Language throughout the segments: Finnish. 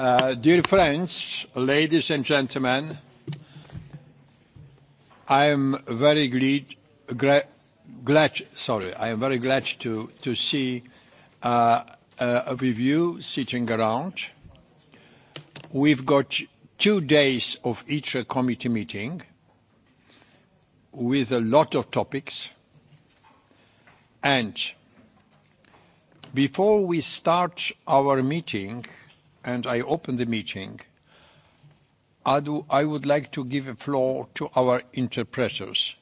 Uh, dear friends, ladies and gentlemen, I am very glad, sorry, I am very glad to, to see uh, uh you a review sitting around. We've got two days of each committee meeting with a lot of topics. And before we start our meeting, and I open the meeting, I would like to give a floor to our interpreters.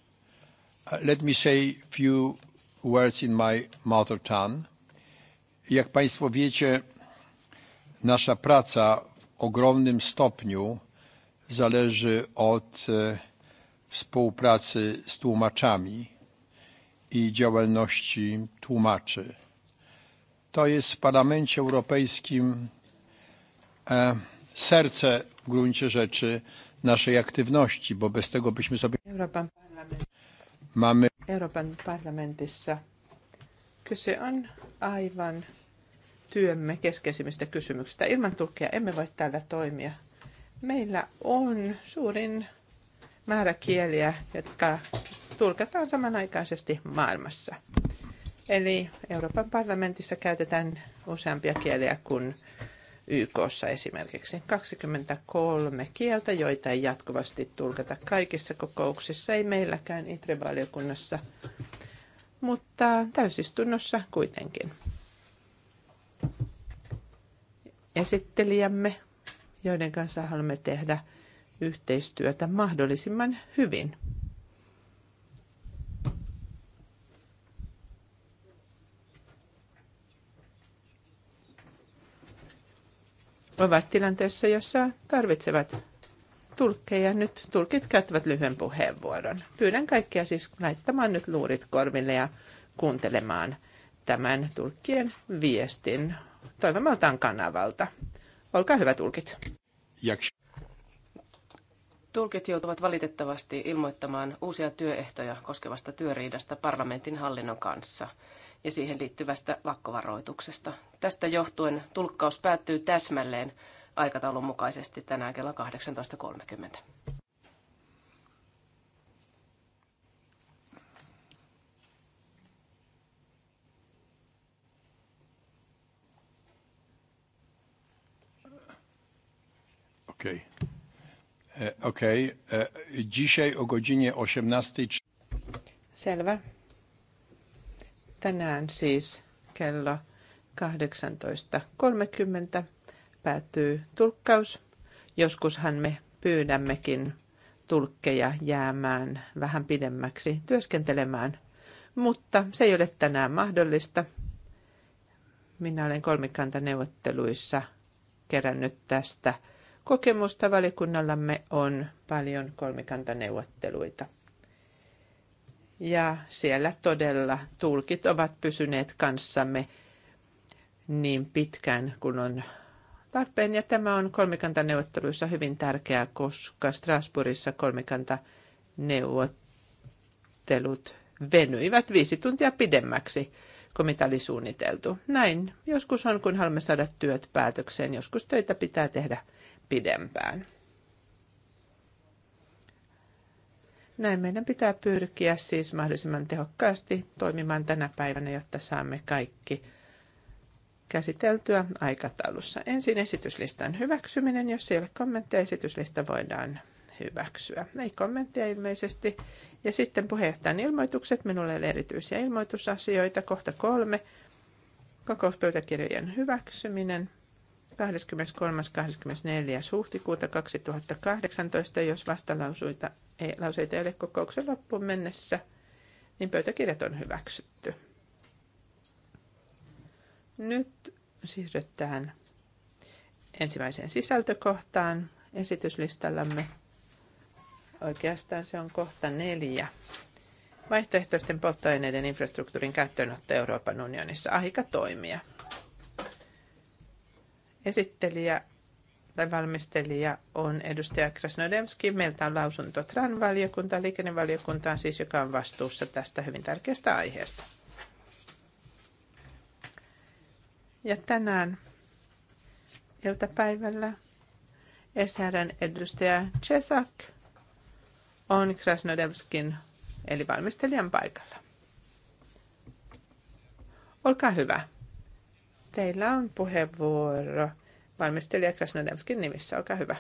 Uh, let me say few words in my mother tongue. Jak Państwo wiecie, nasza praca w ogromnym stopniu zależy od e, współpracy z tłumaczami i działalności tłumaczy. To jest w Parlamencie Europejskim E, serce w gruncie rzeczy naszej aktywności, bo bez tego byśmy sobie... Euroopan, parlament. Mamy... Euroopan parlamentissa kyse on aivan työmme keskeisimmistä kysymyksistä. Ilman tukea emme voi täällä toimia. Meillä on suurin määrä kieliä, jotka tulkataan samanaikaisesti maailmassa. Eli Euroopan parlamentissa käytetään useampia kieliä kuin YKssa esimerkiksi. 23 kieltä, joita ei jatkuvasti tulkata kaikissa kokouksissa, ei meilläkään ITRE-valiokunnassa, mutta täysistunnossa kuitenkin. Esittelijämme, joiden kanssa haluamme tehdä yhteistyötä mahdollisimman hyvin – ovat tilanteessa, jossa tarvitsevat tulkkeja. Nyt tulkit käyttävät lyhyen puheenvuoron. Pyydän kaikkia siis laittamaan nyt luurit korville ja kuuntelemaan tämän tulkkien viestin toivomaltaan kanavalta. Olkaa hyvä tulkit. Tulkit joutuvat valitettavasti ilmoittamaan uusia työehtoja koskevasta työriidasta parlamentin hallinnon kanssa – ja siihen liittyvästä lakkovaroituksesta. Tästä johtuen tulkkaus päättyy täsmälleen aikataulun mukaisesti tänään kello 18.30. Okay. Okay. Dzisiaj o godzinie 18.00. Selvä. Tänään siis kello 18.30 päättyy tulkkaus. Joskushan me pyydämmekin tulkkeja jäämään vähän pidemmäksi työskentelemään, mutta se ei ole tänään mahdollista. Minä olen kolmikantaneuvotteluissa kerännyt tästä kokemusta. Valikunnallamme on paljon kolmikantaneuvotteluita. Ja siellä todella tulkit ovat pysyneet kanssamme niin pitkään kuin on tarpeen. Ja tämä on kolmikantaneuvotteluissa hyvin tärkeää, koska Strasbourgissa kolmikantaneuvottelut venyivät viisi tuntia pidemmäksi kuin mitä oli suunniteltu. Näin joskus on, kun haluamme saada työt päätökseen. Joskus töitä pitää tehdä pidempään. Näin meidän pitää pyrkiä siis mahdollisimman tehokkaasti toimimaan tänä päivänä, jotta saamme kaikki käsiteltyä aikataulussa. Ensin esityslistan hyväksyminen. Jos ei ole kommentteja, esityslista voidaan hyväksyä. Ei kommentteja ilmeisesti. Ja sitten puheenjohtajan ilmoitukset. Minulle ei erityisiä ilmoitusasioita. Kohta kolme. Kokouspöytäkirjojen hyväksyminen. 23.–24. huhtikuuta 2018, jos vastalauseita ei, lauseita ei ole kokouksen loppuun mennessä, niin pöytäkirjat on hyväksytty. Nyt siirrytään ensimmäiseen sisältökohtaan esityslistallamme. Oikeastaan se on kohta neljä. Vaihtoehtoisten polttoaineiden infrastruktuurin käyttöönotto Euroopan unionissa. aika toimia. Esittelijä tai valmistelija on edustaja Krasnodemski. Meiltä on lausunto tran valiokuntaan liikennevaliokuntaan siis, joka on vastuussa tästä hyvin tärkeästä aiheesta. Ja tänään iltapäivällä SRN edustaja Cesak on Krasnodemskin eli valmistelijan paikalla. Olkaa hyvä. Teillä on puheenvuoro valmistelija Krasnodemskin nimissä. Olkaa hyvä.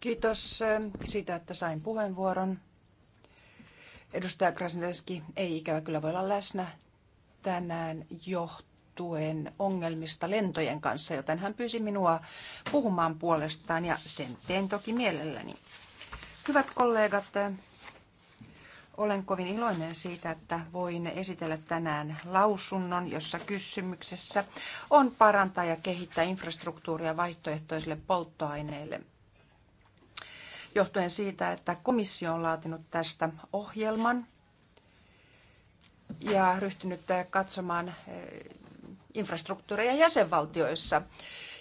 Kiitos ähm, siitä, että sain puheenvuoron. Edustaja Krasnodemski ei ikävä kyllä voi olla läsnä tänään johtuen ongelmista lentojen kanssa, joten hän pyysi minua puhumaan puolestaan ja sen teen toki mielelläni. Hyvät kollegat, olen kovin iloinen siitä, että voin esitellä tänään lausunnon, jossa kysymyksessä on parantaa ja kehittää infrastruktuuria vaihtoehtoisille polttoaineille. Johtuen siitä, että komissio on laatinut tästä ohjelman ja ryhtynyt katsomaan eh, infrastruktuuria jäsenvaltioissa.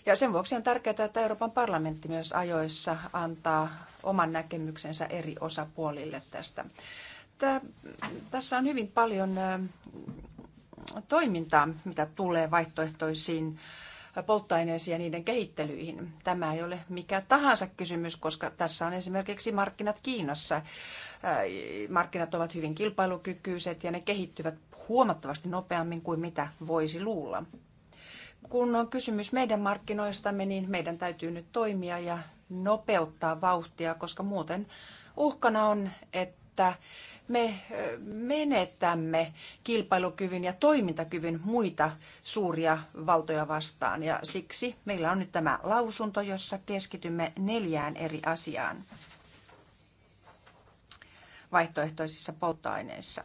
Ja sen vuoksi on tärkeää, että Euroopan parlamentti myös ajoissa antaa oman näkemyksensä eri osapuolille tästä että tässä on hyvin paljon toimintaa, mitä tulee vaihtoehtoisiin polttoaineisiin ja niiden kehittelyihin. Tämä ei ole mikä tahansa kysymys, koska tässä on esimerkiksi markkinat Kiinassa. Markkinat ovat hyvin kilpailukykyiset ja ne kehittyvät huomattavasti nopeammin kuin mitä voisi luulla. Kun on kysymys meidän markkinoistamme, niin meidän täytyy nyt toimia ja nopeuttaa vauhtia, koska muuten uhkana on, että että me menetämme kilpailukyvyn ja toimintakyvyn muita suuria valtoja vastaan. Ja siksi meillä on nyt tämä lausunto, jossa keskitymme neljään eri asiaan vaihtoehtoisissa polttoaineissa.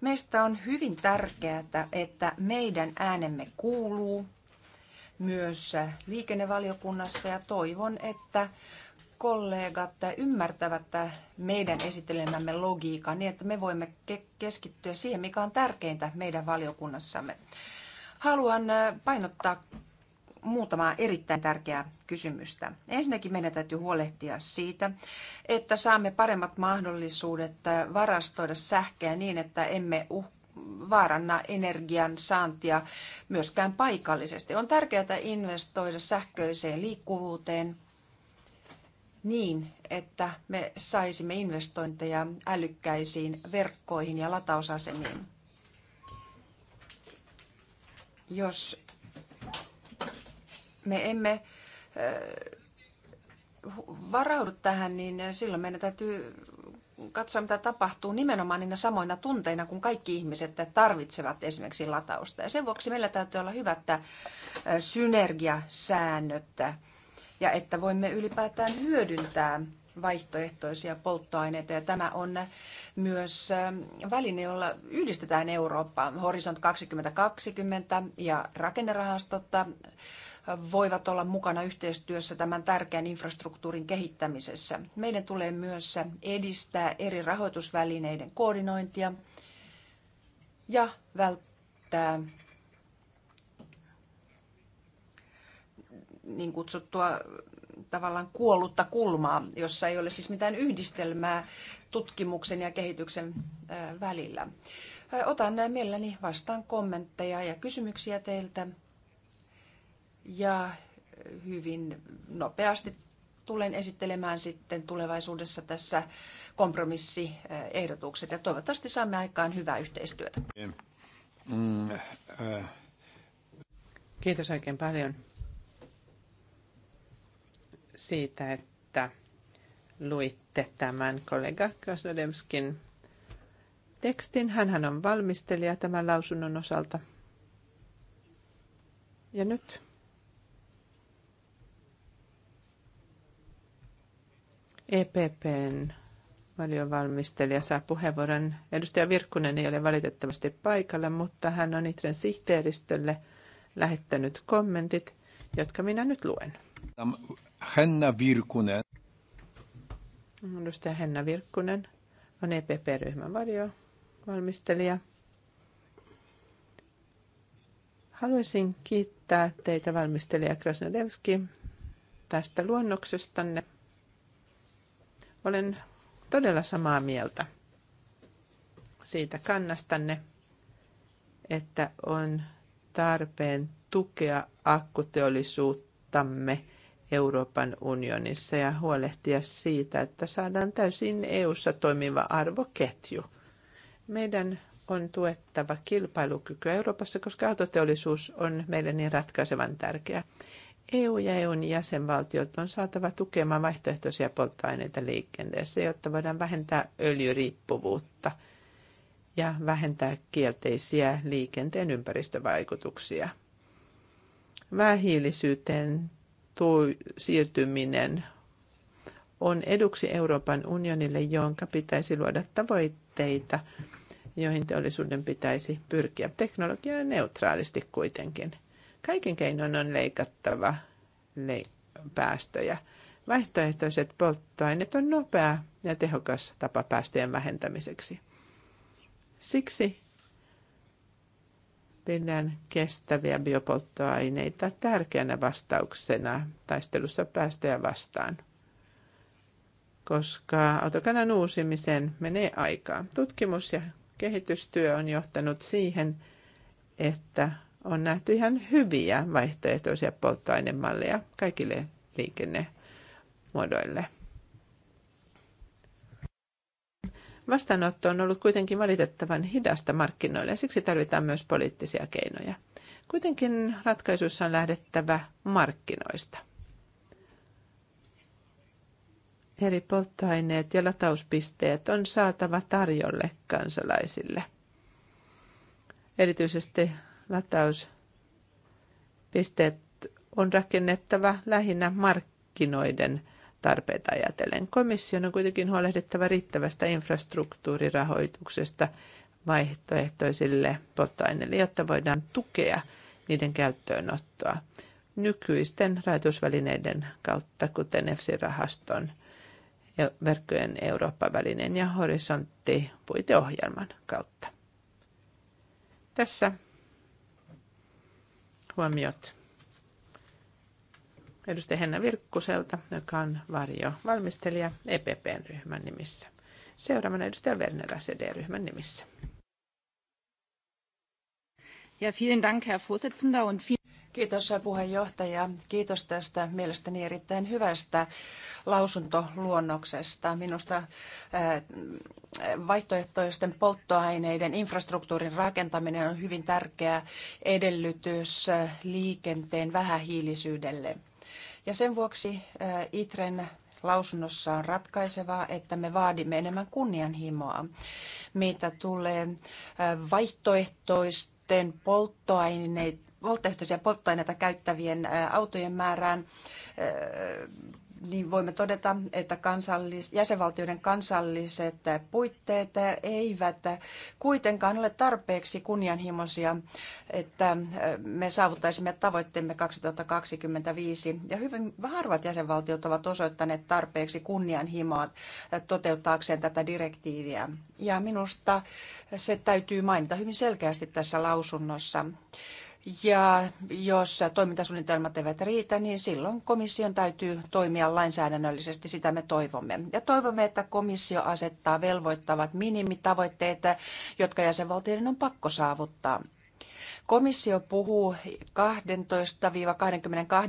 Meistä on hyvin tärkeää, että meidän äänemme kuuluu myös liikennevaliokunnassa ja toivon, että kollegat ymmärtävät meidän esittelemämme logiikan niin, että me voimme ke- keskittyä siihen, mikä on tärkeintä meidän valiokunnassamme. Haluan äh, painottaa muutamaa erittäin tärkeää kysymystä. Ensinnäkin meidän täytyy huolehtia siitä, että saamme paremmat mahdollisuudet äh, varastoida sähköä niin, että emme uh- vaaranna energian saantia myöskään paikallisesti. On tärkeää investoida sähköiseen liikkuvuuteen, niin, että me saisimme investointeja älykkäisiin verkkoihin ja latausasemiin. Jos me emme varaudu tähän, niin silloin meidän täytyy katsoa, mitä tapahtuu nimenomaan niinä samoina tunteina, kun kaikki ihmiset tarvitsevat esimerkiksi latausta. Ja sen vuoksi meillä täytyy olla hyvät synergiasäännöt, ja että voimme ylipäätään hyödyntää vaihtoehtoisia polttoaineita. Ja tämä on myös ähm, väline, jolla yhdistetään Eurooppaa. Horisont 2020 ja rakennerahastotta äh, voivat olla mukana yhteistyössä tämän tärkeän infrastruktuurin kehittämisessä. Meidän tulee myös edistää eri rahoitusvälineiden koordinointia ja välttää niin kutsuttua tavallaan kuollutta kulmaa, jossa ei ole siis mitään yhdistelmää tutkimuksen ja kehityksen välillä. Otan näin mielelläni vastaan kommentteja ja kysymyksiä teiltä ja hyvin nopeasti tulen esittelemään sitten tulevaisuudessa tässä kompromissiehdotukset ja toivottavasti saamme aikaan hyvää yhteistyötä. Mm, äh. Kiitos oikein paljon siitä, että luitte tämän kollega Kosodemskin tekstin. hän on valmistelija tämän lausunnon osalta. Ja nyt EPPn valiovalmistelija saa puheenvuoron. Edustaja Virkkunen ei ole valitettavasti paikalla, mutta hän on Itren sihteeristölle lähettänyt kommentit, jotka minä nyt luen. Henna Virkunen. Edustaja Henna Virkkunen on EPP-ryhmän varjovalmistelija. Haluaisin kiittää teitä valmistelija Krasnodevski tästä luonnoksestanne. Olen todella samaa mieltä siitä kannastanne, että on tarpeen tukea akkuteollisuuttamme Euroopan unionissa ja huolehtia siitä, että saadaan täysin EU-ssa toimiva arvoketju. Meidän on tuettava kilpailukykyä Euroopassa, koska autoteollisuus on meille niin ratkaisevan tärkeä. EU ja EUn jäsenvaltiot on saatava tukemaan vaihtoehtoisia polttoaineita liikenteessä, jotta voidaan vähentää öljyriippuvuutta ja vähentää kielteisiä liikenteen ympäristövaikutuksia. Vähähiilisyyteen tuo siirtyminen on eduksi Euroopan unionille, jonka pitäisi luoda tavoitteita, joihin teollisuuden pitäisi pyrkiä teknologian neutraalisti kuitenkin. Kaiken keinoin on leikattava le- päästöjä. Vaihtoehtoiset polttoaineet on nopea ja tehokas tapa päästöjen vähentämiseksi. Siksi pidän kestäviä biopolttoaineita tärkeänä vastauksena taistelussa päästöjä vastaan, koska autokannan uusimiseen menee aikaa. Tutkimus ja kehitystyö on johtanut siihen, että on nähty ihan hyviä vaihtoehtoisia polttoainemalleja kaikille liikennemuodoille – Vastaanotto on ollut kuitenkin valitettavan hidasta markkinoille ja siksi tarvitaan myös poliittisia keinoja. Kuitenkin ratkaisuissa on lähdettävä markkinoista. Eri polttoaineet ja latauspisteet on saatava tarjolle kansalaisille. Erityisesti latauspisteet on rakennettava lähinnä markkinoiden tarpeita ajatellen. Komission on kuitenkin huolehdittava riittävästä infrastruktuurirahoituksesta vaihtoehtoisille polttoaineille, jotta voidaan tukea niiden käyttöönottoa nykyisten rahoitusvälineiden kautta, kuten EFSI-rahaston ja verkkojen Eurooppa-välinen ja horisontti kautta. Tässä huomiot edustaja Henna Virkkuselta, joka on varjo valmistelija EPPn ryhmän nimissä. Seuraavana edustaja Werner CD-ryhmän e nimissä. Ja vielen Dank, Herr Vorsitzender, und viel... Kiitos puheenjohtaja. Kiitos tästä mielestäni erittäin hyvästä lausuntoluonnoksesta. Minusta äh, vaihtoehtoisten polttoaineiden infrastruktuurin rakentaminen on hyvin tärkeä edellytys äh, liikenteen vähähiilisyydelle. Ja sen vuoksi ITREN lausunnossa on ratkaisevaa, että me vaadimme enemmän kunnianhimoa, mitä tulee vaihtoehtoisten polttoaineiden vaihtoehtoisia polttoaineita käyttävien autojen määrään niin voimme todeta, että kansallis, jäsenvaltioiden kansalliset puitteet eivät kuitenkaan ole tarpeeksi kunnianhimoisia, että me saavuttaisimme tavoitteemme 2025. Ja hyvin harvat jäsenvaltiot ovat osoittaneet tarpeeksi kunnianhimoa toteuttaakseen tätä direktiiviä. Ja minusta se täytyy mainita hyvin selkeästi tässä lausunnossa. Ja jos toimintasuunnitelmat eivät riitä, niin silloin komission täytyy toimia lainsäädännöllisesti, sitä me toivomme. Ja toivomme, että komissio asettaa velvoittavat minimitavoitteet, jotka jäsenvaltioiden on pakko saavuttaa. Komissio puhuu 12-22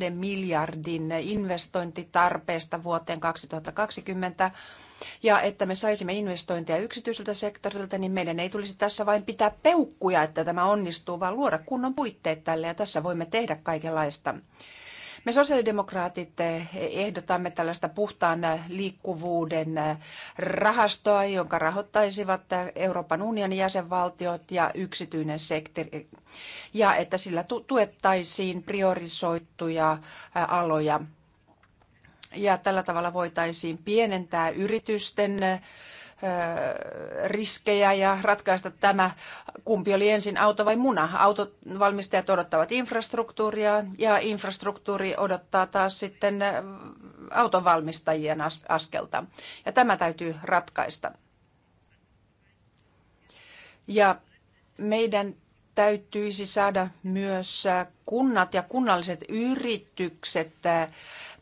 miljardin investointitarpeesta vuoteen 2020 ja että me saisimme investointeja yksityiseltä sektorilta, niin meidän ei tulisi tässä vain pitää peukkuja, että tämä onnistuu, vaan luoda kunnon puitteet tälle ja tässä voimme tehdä kaikenlaista. Me sosiaalidemokraatit eh, ehdotamme tällaista puhtaan eh, liikkuvuuden eh, rahastoa, jonka rahoittaisivat Euroopan unionin jäsenvaltiot ja yksityinen sektori, ja että sillä tuettaisiin priorisoituja aloja ja tällä tavalla voitaisiin pienentää yritysten riskejä ja ratkaista tämä, kumpi oli ensin auto vai muna. Autovalmistajat odottavat infrastruktuuria ja infrastruktuuri odottaa taas sitten autonvalmistajien askelta. Ja tämä täytyy ratkaista. Ja meidän täytyisi saada myös kunnat ja kunnalliset yritykset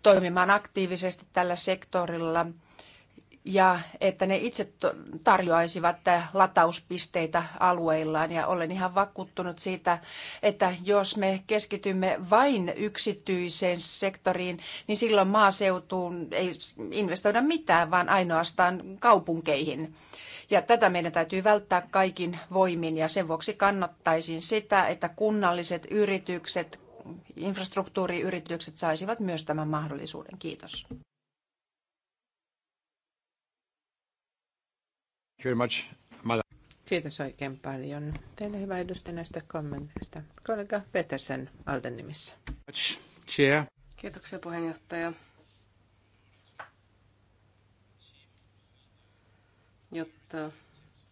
toimimaan aktiivisesti tällä sektorilla ja että ne itse tarjoaisivat latauspisteitä alueillaan. Ja olen ihan vakuuttunut siitä, että jos me keskitymme vain yksityiseen sektoriin, niin silloin maaseutuun ei investoida mitään, vaan ainoastaan kaupunkeihin. Ja tätä meidän täytyy välttää kaikin voimin ja sen vuoksi kannattaisin sitä, että kunnalliset yritykset, infrastruktuuriyritykset saisivat myös tämän mahdollisuuden. Kiitos. Kiitos oikein paljon. Teille hyvä edustaja näistä kommenteista. Kollega Petersen Alden nimissä. Kiitoksia puheenjohtaja. Jotta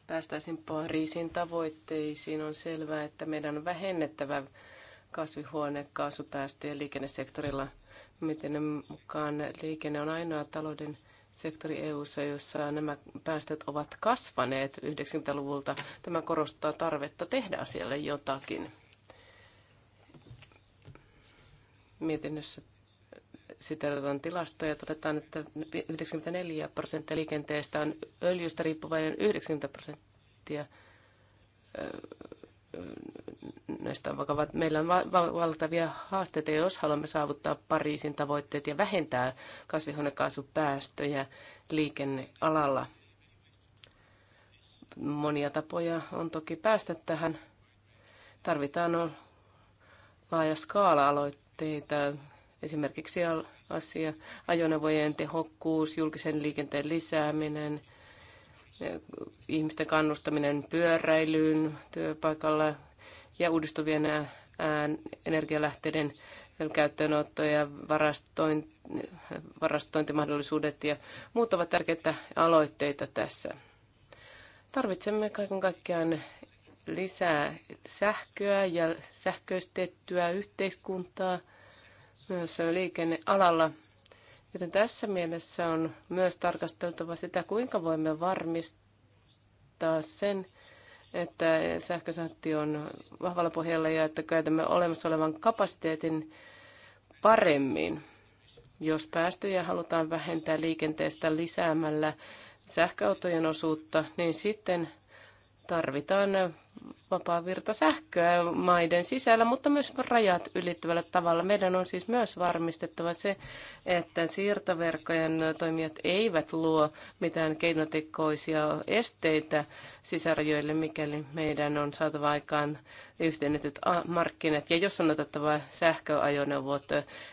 päästäisiin Pariisin tavoitteisiin, on selvää, että meidän on vähennettävä kasvihuonekaasupäästöjen liikennesektorilla. Miten mukaan liikenne on ainoa talouden sektori EU:ssa, jossa nämä päästöt ovat kasvaneet 90-luvulta. Tämä korostaa tarvetta tehdä asialle jotakin. Mietinnössä siteerataan tilastoja todetaan, että 94 prosenttia liikenteestä on öljystä riippuvainen 90 prosenttia näistä on vakavat. Meillä on valtavia haasteita, jos haluamme saavuttaa Pariisin tavoitteet ja vähentää kasvihuonekaasupäästöjä liikennealalla. Monia tapoja on toki päästä tähän. Tarvitaan laaja skaala aloitteita, esimerkiksi asia, ajoneuvojen tehokkuus, julkisen liikenteen lisääminen – ihmisten kannustaminen pyöräilyyn työpaikalla ja uudistuvien energialähteiden käyttöönotto ja varastointimahdollisuudet ja muut ovat tärkeitä aloitteita tässä. Tarvitsemme kaiken kaikkiaan lisää sähköä ja sähköistettyä yhteiskuntaa myös liikennealalla – Joten tässä mielessä on myös tarkasteltava sitä, kuinka voimme varmistaa sen, että sähkösahti on vahvalla pohjalla ja että käytämme olemassa olevan kapasiteetin paremmin. Jos päästöjä halutaan vähentää liikenteestä lisäämällä sähköautojen osuutta, niin sitten tarvitaan vapaa virta sähköä maiden sisällä, mutta myös rajat ylittävällä tavalla. Meidän on siis myös varmistettava se, että siirtoverkkojen toimijat eivät luo mitään keinotekoisia esteitä sisärajoille, mikäli meidän on saatava aikaan yhteenetyt markkinat ja jos on otettava sähköajoneuvot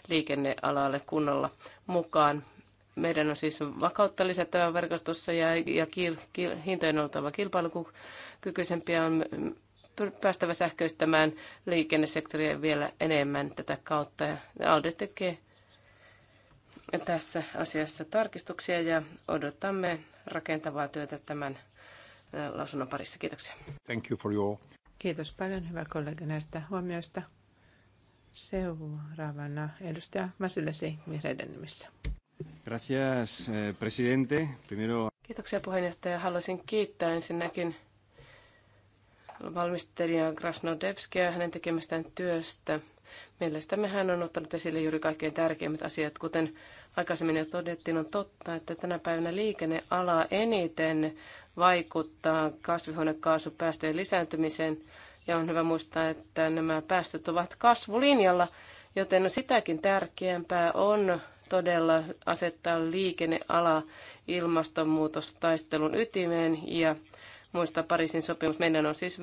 liikennealalle kunnolla mukaan. Meidän on siis vakautta lisättävä verkostossa ja, ja kil, kil, hintojen oltava kilpailukykyisiä kykyisempiä on päästävä sähköistämään liikennesektoria vielä enemmän tätä kautta. Ja Alde tekee tässä asiassa tarkistuksia ja odotamme rakentavaa työtä tämän lausunnon parissa. Kiitoksia. Thank you for your... Kiitos paljon, hyvä kollega, näistä huomioista. Seuraavana edustaja Masilesi vihreiden nimissä. Gracias, eh, presidente. Primero... Kiitoksia puheenjohtaja. Haluaisin kiittää ensinnäkin valmistelija ja hänen tekemästään työstä. Mielestämme hän on ottanut esille juuri kaikkein tärkeimmät asiat. Kuten aikaisemmin jo todettiin, on totta, että tänä päivänä liikenneala eniten vaikuttaa kasvihuonekaasupäästöjen lisääntymiseen. Ja on hyvä muistaa, että nämä päästöt ovat kasvulinjalla, joten no sitäkin tärkeämpää on todella asettaa liikenneala ilmastonmuutostaistelun ytimeen ja muistaa Pariisin sopimus. Meidän on siis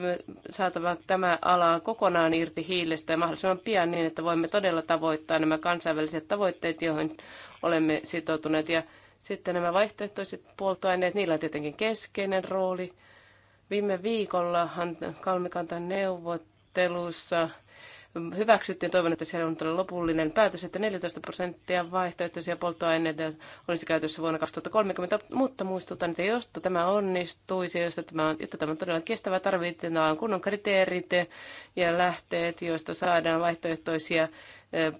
saatava tämä ala kokonaan irti hiilestä ja mahdollisimman pian niin, että voimme todella tavoittaa nämä kansainväliset tavoitteet, joihin olemme sitoutuneet. Ja sitten nämä vaihtoehtoiset polttoaineet, niillä on tietenkin keskeinen rooli. Viime viikollahan kalmikantan neuvottelussa hyväksyttiin. Toivon, että siellä on todella lopullinen päätös, että 14 prosenttia vaihtoehtoisia polttoaineita olisi käytössä vuonna 2030. Mutta muistutan, että jos tämä onnistuisi, jos tämä on, jotta tämä on todella kestävä, tarvitaan kunnon kriteerit ja lähteet, joista saadaan vaihtoehtoisia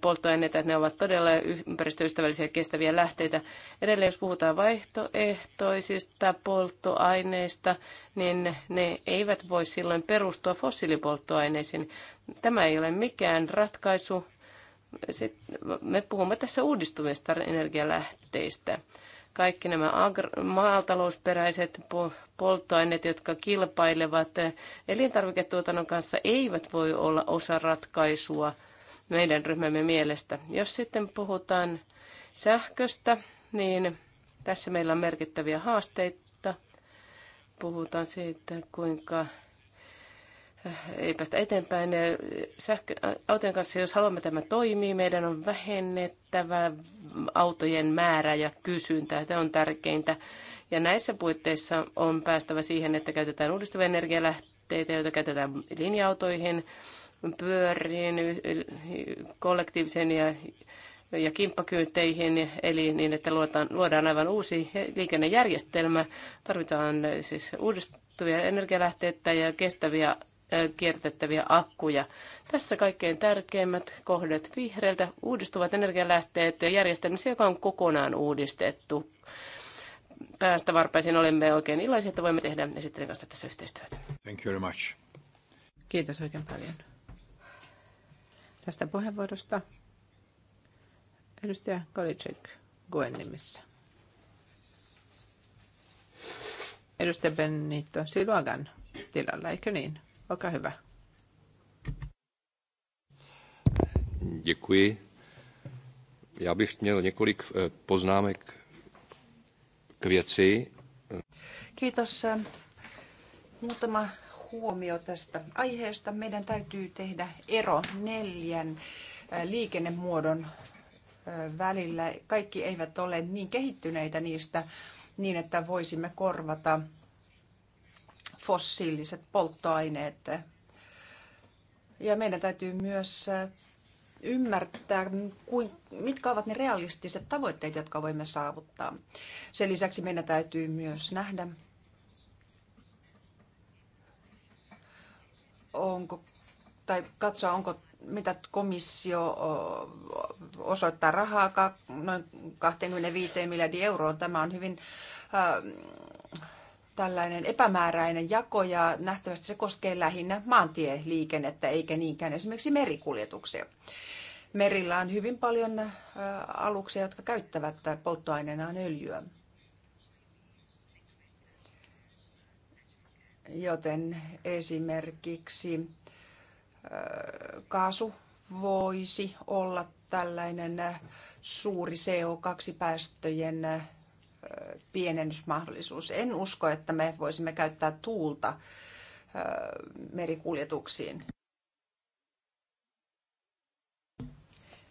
polttoaineita, että ne ovat todella ympäristöystävällisiä kestäviä lähteitä. Edelleen jos puhutaan vaihtoehtoisista polttoaineista, niin ne eivät voi silloin perustua fossiilipolttoaineisiin. Tämä ei ole mikään ratkaisu. me puhumme tässä uudistuvista energialähteistä kaikki nämä maatalousperäiset polttoaineet, jotka kilpailevat elintarviketuotannon kanssa, eivät voi olla osa ratkaisua meidän ryhmämme mielestä. Jos sitten puhutaan sähköstä, niin tässä meillä on merkittäviä haasteita. Puhutaan siitä, kuinka eh, ei päästä eteenpäin. Sähkö, autojen kanssa, jos haluamme tämä toimii, meidän on vähennettävä autojen määrä ja kysyntä, Se on tärkeintä. Ja näissä puitteissa on päästävä siihen, että käytetään uudistuvia energialähteitä, joita käytetään linja-autoihin pyöriin, kollektiivisen ja, ja kimppakyyteihin, eli niin, että luodaan, luodaan aivan uusi liikennejärjestelmä. Tarvitaan siis uudistuvia energialähteitä ja kestäviä kiertettäviä akkuja. Tässä kaikkein tärkeimmät kohdat vihreiltä uudistuvat energialähteet ja järjestelmässä, joka on kokonaan uudistettu. Päästä varpaisin olemme oikein iloisia, että voimme tehdä esittelijän kanssa tässä yhteistyötä. Thank you very much. Kiitos oikein paljon tästä puheenvuorosta. Edustaja Kolicek Guen nimissä. Edustaja Benito Siluagan tilalla, eikö niin? Olkaa hyvä. Děkuji. Já bych měl několik eh, poznámek k věci. Kiitos. Muutama huomio tästä aiheesta. Meidän täytyy tehdä ero neljän liikennemuodon välillä. Kaikki eivät ole niin kehittyneitä niistä niin, että voisimme korvata fossiiliset polttoaineet. Ja meidän täytyy myös ymmärtää, mitkä ovat ne realistiset tavoitteet, jotka voimme saavuttaa. Sen lisäksi meidän täytyy myös nähdä, onko, tai katsoa, onko mitä komissio osoittaa rahaa noin 25 miljardia euroa. Tämä on hyvin tällainen epämääräinen jako ja nähtävästi se koskee lähinnä maantieliikennettä eikä niinkään esimerkiksi merikuljetuksia. Merillä on hyvin paljon aluksia, jotka käyttävät polttoaineenaan öljyä. joten esimerkiksi kaasu voisi olla tällainen suuri CO2-päästöjen pienennysmahdollisuus. En usko, että me voisimme käyttää tuulta merikuljetuksiin.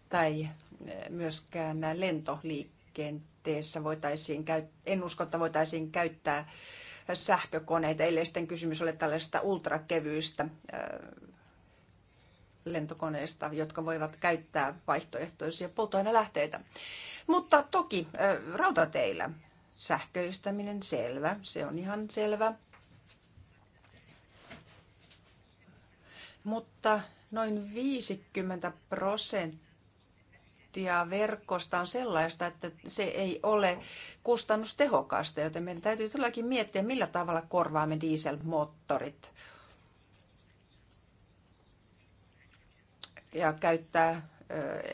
Tai myöskään lentoliikenteessä voitaisiin käyttää, en usko, että voitaisiin käyttää sähkökoneita, ellei sitten kysymys ole tällaisista ultrakevyistä äh, lentokoneista, jotka voivat käyttää vaihtoehtoisia polttoainelähteitä. Mutta toki äh, rautateillä sähköistäminen selvä, se on ihan selvä. Mutta noin 50 prosenttia huolehtia verkostaan sellaista, että se ei ole kustannustehokasta, joten meidän täytyy todellakin miettiä, millä tavalla korvaamme dieselmoottorit. Ja käyttää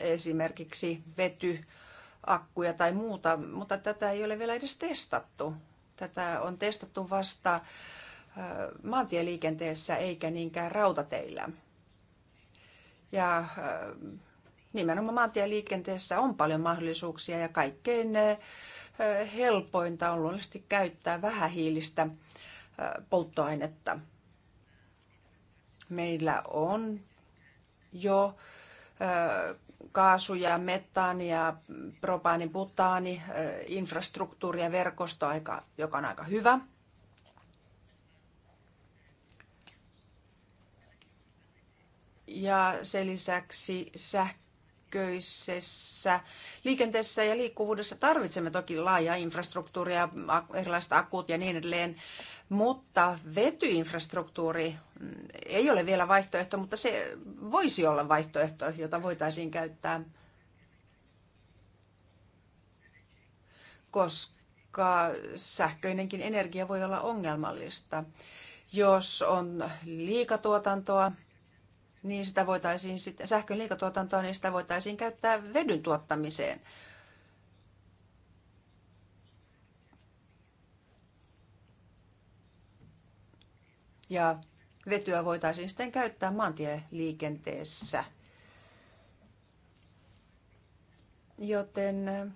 esimerkiksi vetyakkuja tai muuta, mutta tätä ei ole vielä edes testattu. Tätä on testattu vasta maantieliikenteessä eikä niinkään rautateillä. Ja nimenomaan maantieliikenteessä on paljon mahdollisuuksia ja kaikkein eh, eh, helpointa on luonnollisesti käyttää vähähiilistä eh, polttoainetta. Meillä on jo kaasuja, metaania, propaani, butaani, infrastruktuuria, verkostoa, joka on aika hyvä. Ja sen lisäksi sähkö sähköisessä liikenteessä ja liikkuvuudessa tarvitsemme toki laajaa infrastruktuuria, erilaiset akut ja niin edelleen, mutta vetyinfrastruktuuri mm, ei ole vielä vaihtoehto, mutta se voisi olla vaihtoehto, jota voitaisiin käyttää, koska sähköinenkin energia voi olla ongelmallista. Jos on liikatuotantoa, niin sitä voitaisiin sitten, sähkön liikatuotantoa, niin sitä voitaisiin käyttää vedyn tuottamiseen. Ja vetyä voitaisiin sitten käyttää maantieliikenteessä. Joten eh,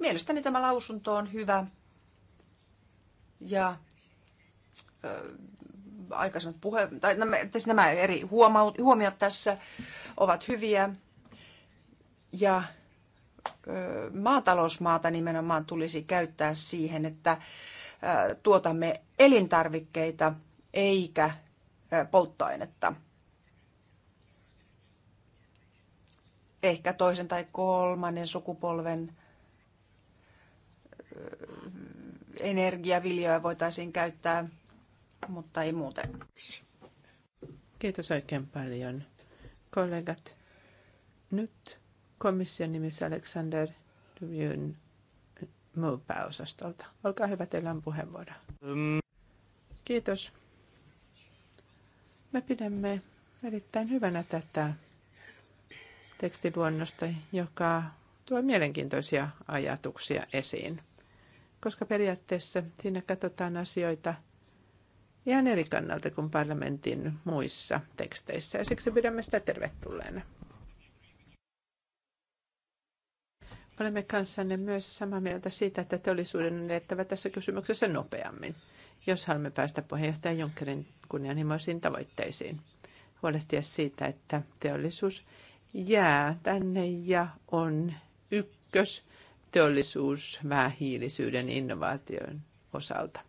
mielestäni tämä lausunto on hyvä ja eh, aikaisemmat puhe, tai nämä, nämä eri huomiot tässä ovat hyviä. Ja maatalousmaata nimenomaan tulisi käyttää siihen, että tuotamme elintarvikkeita eikä polttoainetta. Ehkä toisen tai kolmannen sukupolven energiaviljoja voitaisiin käyttää mutta ei muuten. Kiitos oikein paljon, kollegat. Nyt komission nimissä Alexander Duvjun MUPA-osastolta. Olkaa hyvä, teillä on puheenvuoro. Mm. Kiitos. Me pidämme erittäin hyvänä tätä tekstiluonnosta, joka tuo mielenkiintoisia ajatuksia esiin, koska periaatteessa siinä katsotaan asioita – ihan eri kannalta kuin parlamentin muissa teksteissä ja siksi pidämme sitä tervetulleena. Olemme kanssanne myös samaa mieltä siitä, että teollisuuden on edettävä tässä kysymyksessä nopeammin, jos haluamme päästä puheenjohtaja Junckerin kunnianhimoisiin tavoitteisiin. Huolehtia siitä, että teollisuus jää tänne ja on ykkös teollisuus vähähiilisyyden innovaation osalta.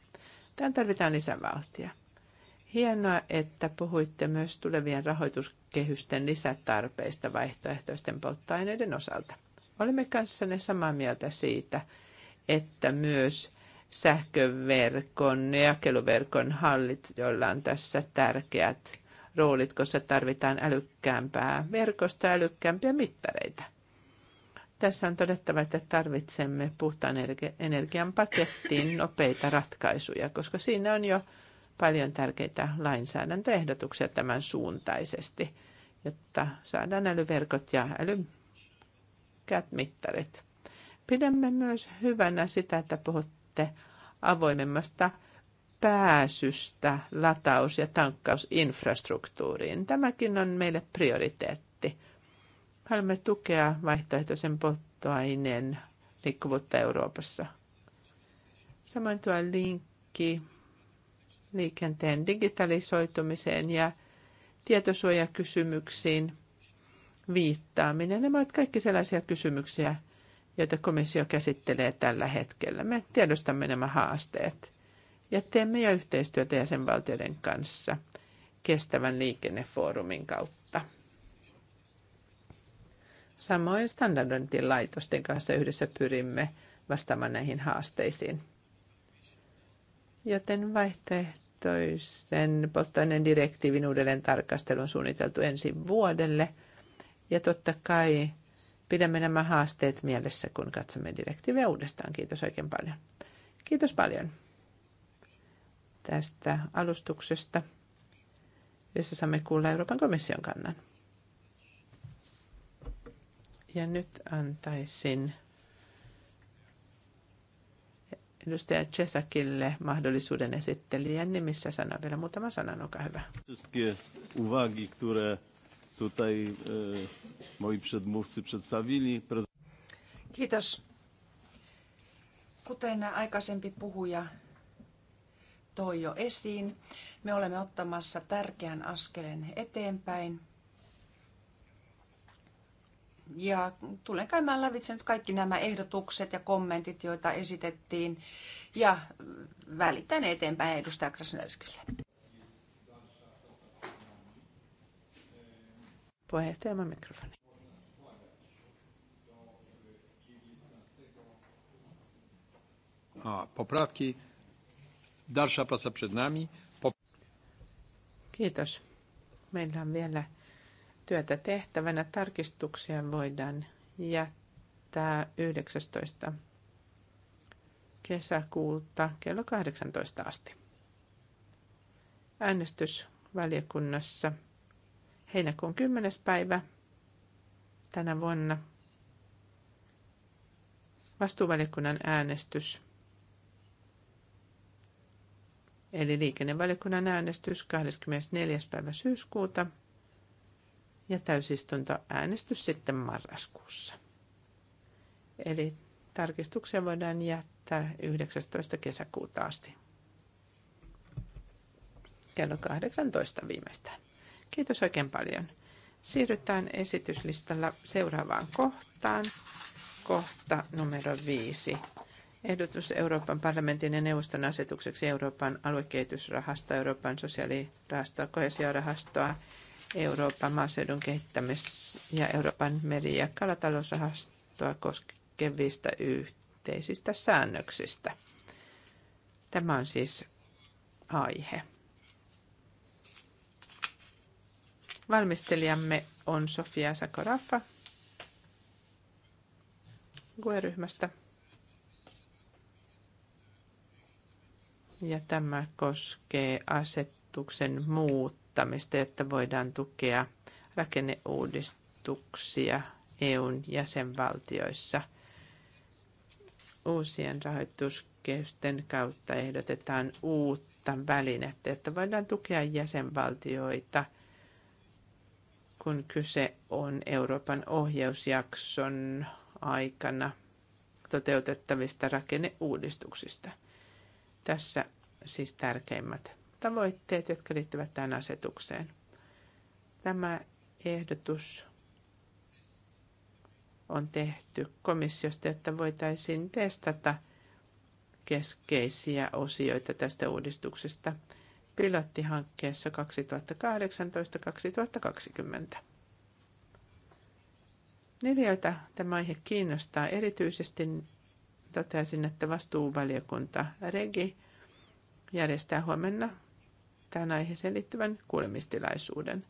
Tähän tarvitaan lisävauhtia. Hienoa, että puhuitte myös tulevien rahoituskehysten lisätarpeista vaihtoehtoisten polttoaineiden osalta. Olemme kanssanne samaa mieltä siitä, että myös sähköverkon ja jakeluverkon hallit, joilla on tässä tärkeät roolit, koska tarvitaan älykkäämpää verkosta älykkäämpiä mittareita. Tässä on todettava, että tarvitsemme puhtaan energian pakettiin nopeita ratkaisuja, koska siinä on jo paljon tärkeitä lainsäädäntöehdotuksia tämän suuntaisesti, jotta saadaan älyverkot ja älykät mittarit. Pidämme myös hyvänä sitä, että puhutte avoimemmasta pääsystä lataus- ja tankkausinfrastruktuuriin. Tämäkin on meille prioriteetti Haluamme tukea vaihtoehtoisen polttoaineen liikkuvuutta Euroopassa. Samoin tuo linkki liikenteen digitalisoitumiseen ja tietosuojakysymyksiin viittaaminen. Nämä ovat kaikki sellaisia kysymyksiä, joita komissio käsittelee tällä hetkellä. Me tiedostamme nämä haasteet ja teemme jo yhteistyötä jäsenvaltioiden kanssa kestävän liikennefoorumin kautta. Samoin standardointilaitosten kanssa yhdessä pyrimme vastaamaan näihin haasteisiin. Joten vaihtoehtoisen polttoaineen direktiivin uudelleen tarkastelu on suunniteltu ensi vuodelle. Ja totta kai pidämme nämä haasteet mielessä, kun katsomme direktiiviä uudestaan. Kiitos oikein paljon. Kiitos paljon tästä alustuksesta, jossa saamme kuulla Euroopan komission kannan. Ja nyt antaisin edustaja Cesakille mahdollisuuden esittelijän nimissä sanoa vielä muutama sana, olkaa hyvä. Wszystkie uwagi, które tutaj e, moi przedmówcy przedstawili. Kiitos. Kuten aikaisempi puhuja toi jo esiin, me olemme ottamassa tärkeän askelen eteenpäin – ja tulen käymään lävitse nyt kaikki nämä ehdotukset ja kommentit, joita esitettiin, ja välitän eteenpäin edustaja Krasnelskille. Puheenjohtajamme mikrofoni. Popravki. darsha Dalsza praca przed nami. Kiitos. Meillä on vielä työtä tehtävänä. Tarkistuksia voidaan jättää 19. kesäkuuta kello 18 asti. Äänestys valiokunnassa heinäkuun 10. päivä tänä vuonna. Vastuuvaliokunnan äänestys eli liikennevaliokunnan äänestys 24. päivä syyskuuta – ja täysistunto äänestys sitten marraskuussa. Eli tarkistuksia voidaan jättää 19. kesäkuuta asti. Kello 18 viimeistään. Kiitos oikein paljon. Siirrytään esityslistalla seuraavaan kohtaan. Kohta numero 5. Ehdotus Euroopan parlamentin ja neuvoston asetukseksi Euroopan aluekehitysrahastoa, Euroopan sosiaalirahastoa, kohesiorahastoa, Euroopan maaseudun kehittämis- ja Euroopan meri- ja kalatalousrahastoa koskevista yhteisistä säännöksistä. Tämä on siis aihe. Valmistelijamme on Sofia Sakoraffa GUE-ryhmästä. Ja tämä koskee asetuksen muut vaikuttamista, jotta voidaan tukea rakenneuudistuksia EUn jäsenvaltioissa. Uusien rahoituskehysten kautta ehdotetaan uutta välinettä, että voidaan tukea jäsenvaltioita, kun kyse on Euroopan ohjausjakson aikana toteutettavista rakenneuudistuksista. Tässä siis tärkeimmät tavoitteet, jotka liittyvät tähän asetukseen. Tämä ehdotus on tehty komissiosta, että voitaisiin testata keskeisiä osioita tästä uudistuksesta pilottihankkeessa 2018-2020. Neliöitä tämä aihe kiinnostaa erityisesti. Toteaisin, että vastuuvaliokunta Regi järjestää huomenna tämän aiheeseen liittyvän kuulemistilaisuuden.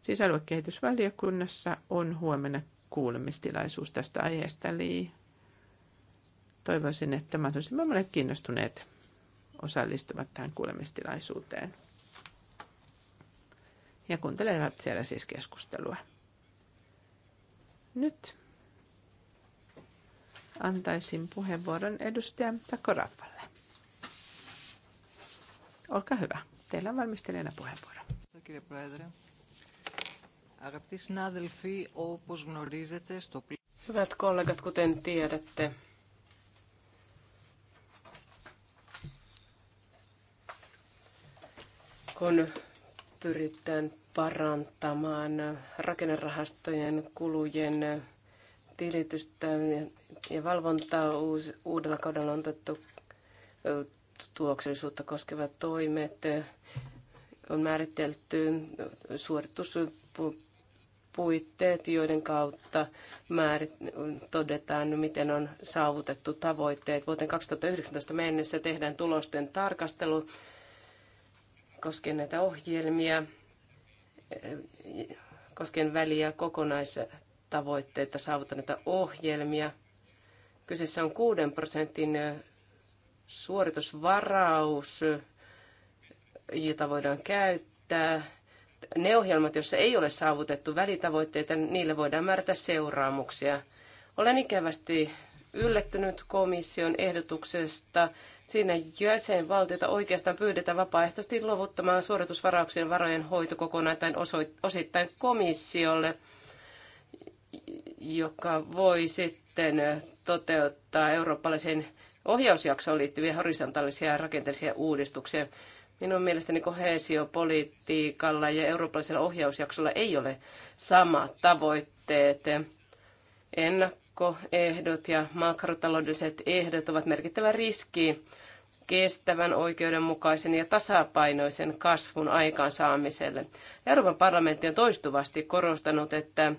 Siis aluekehitysvaliokunnassa on huomenna kuulemistilaisuus tästä aiheesta, eli toivoisin, että mahdollisimman monet kiinnostuneet osallistuvat tähän kuulemistilaisuuteen ja kuuntelevat siellä siis keskustelua. Nyt antaisin puheenvuoron edustaja Takoraffalle. Olkaa hyvä. Teillä on valmistelijana puheenvuoro. Hyvät kollegat, kuten tiedätte, kun pyritään parantamaan rakennerahastojen kulujen tilitystä ja valvontaa uudella kaudella on otettu tuloksellisuutta koskevat toimet eh, on määritelty suorituspuitteet, joiden kautta määrit, todetaan, miten on saavutettu tavoitteet. Vuoteen 2019 mennessä tehdään tulosten tarkastelu koskien näitä ohjelmia, eh, koskien väliä kokonaistavoitteita saavuttaneita ohjelmia. Kyseessä on 6 prosentin eh, suoritusvaraus, jota voidaan käyttää. Ne ohjelmat, joissa ei ole saavutettu välitavoitteita, niille voidaan määrätä seuraamuksia. Olen ikävästi yllättynyt komission ehdotuksesta. Siinä jäsenvaltiota oikeastaan pyydetään vapaaehtoisesti luovuttamaan suoritusvarauksien varojen hoito kokonaan tai osittain komissiolle, joka voi sitten toteuttaa eurooppalaisen ohjausjaksoon liittyviä horisontaalisia ja rakenteellisia uudistuksia. Minun mielestäni kohesiopolitiikalla ja eurooppalaisella ohjausjaksolla ei ole samat tavoitteet. Ennakkoehdot ja makrotaloudelliset ehdot ovat merkittävä riski kestävän, oikeudenmukaisen ja tasapainoisen kasvun aikaansaamiselle. Euroopan parlamentti on toistuvasti korostanut, että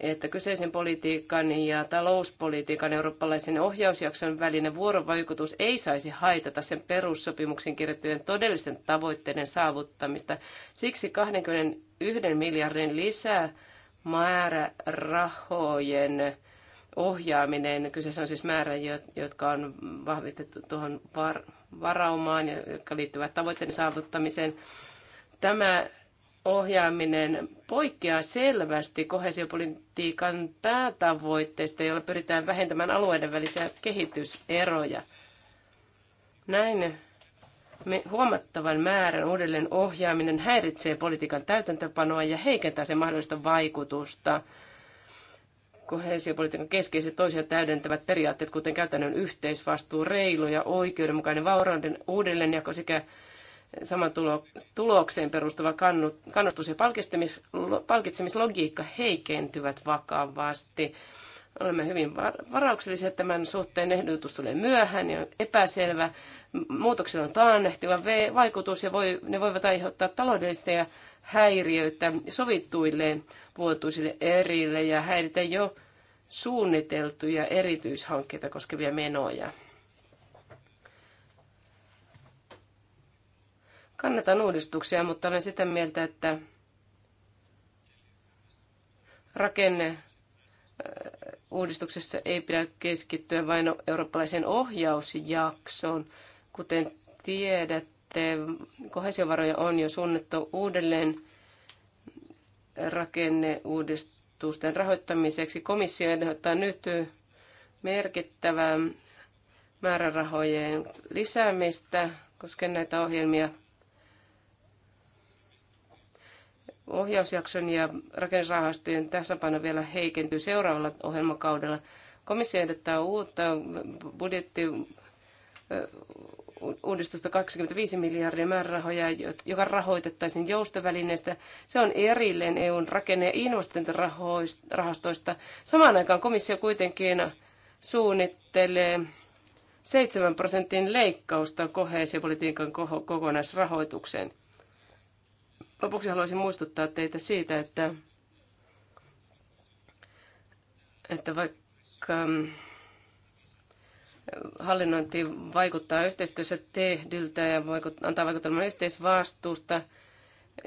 että kyseisen politiikan ja talouspolitiikan eurooppalaisen ohjausjakson välinen vuorovaikutus ei saisi haitata sen perussopimuksen kirjattujen todellisten tavoitteiden saavuttamista. Siksi 21 miljardin lisää rahojen ohjaaminen, kyseessä on siis määrä, jotka on vahvistettu tuohon varaumaan ja jotka liittyvät tavoitteiden saavuttamiseen. Tämä ohjaaminen poikkeaa selvästi kohesiopolitiikan päätavoitteista, joilla pyritään vähentämään alueiden välisiä kehityseroja. Näin huomattavan määrän uudelleen ohjaaminen häiritsee politiikan täytäntöpanoa ja heikentää sen mahdollista vaikutusta. Kohesiopolitiikan keskeiset toisia täydentävät periaatteet, kuten käytännön yhteisvastuu, reilu ja oikeudenmukainen vaurauden uudelleenjako sekä saman tulo, tulokseen perustuva kannustus- ja palkitsemislogiikka heikentyvät vakavasti. Olemme hyvin varauksellisia tämän suhteen. Ehdotus tulee myöhään ja epäselvä. Muutoksella on taannehtiva vaikutus ja voi, ne voivat aiheuttaa taloudellista ja häiriöitä sovittuille vuotuisille erille ja häiritä jo suunniteltuja erityishankkeita koskevia menoja. Kannatan uudistuksia, mutta olen sitä mieltä, että rakenne uudistuksessa ei pidä keskittyä vain eurooppalaisen ohjausjaksoon. Kuten tiedätte, kohesiovaroja on jo suunnattu uudelleen rakenneuudistusten rahoittamiseksi. Komissio ehdottaa nyt merkittävää määrärahojen lisäämistä koskien näitä ohjelmia – ohjausjakson ja rakennusrahastojen tasapaino vielä heikentyy seuraavalla ohjelmakaudella. Komissio ehdottaa uutta budjetti uudistusta 25 miljardia määrärahoja, joka rahoitettaisiin joustovälineestä. Se on erilleen EUn rakenne- ja investointirahastoista. Samaan aikaan komissio kuitenkin suunnittelee 7 prosentin leikkausta koheesiopolitiikan kokonaisrahoitukseen. Lopuksi haluaisin muistuttaa teitä siitä, että, että vaikka mm, hallinnointi vaikuttaa yhteistyössä tehdyltä ja antaa vaikutelman yhteisvastuusta,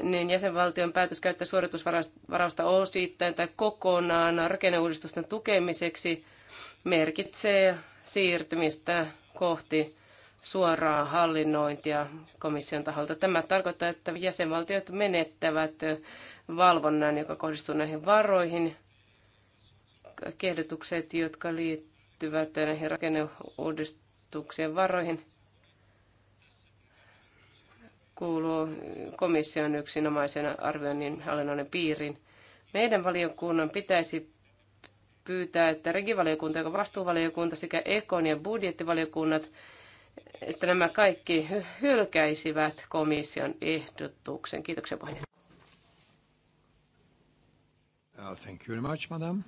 niin jäsenvaltion päätös käyttää suoritusvarausta osittain tai kokonaan rakenneuudistusten tukemiseksi merkitsee siirtymistä kohti suoraa hallinnointia komission taholta. Tämä tarkoittaa, että jäsenvaltiot menettävät valvonnan, joka kohdistuu näihin varoihin. Kehdotukset, jotka liittyvät näihin rakenneuudistuksien varoihin, kuuluu komission yksinomaisen arvioinnin hallinnoinnin piiriin. Meidän valiokunnan pitäisi pyytää, että regivaliokunta, joka vastuuvaliokunta sekä ekon ja budjettivaliokunnat että nämä kaikki hylkäisivät komission ehdotuksen. Kiitoksia puheenjohtaja. Uh, thank you very much, madam.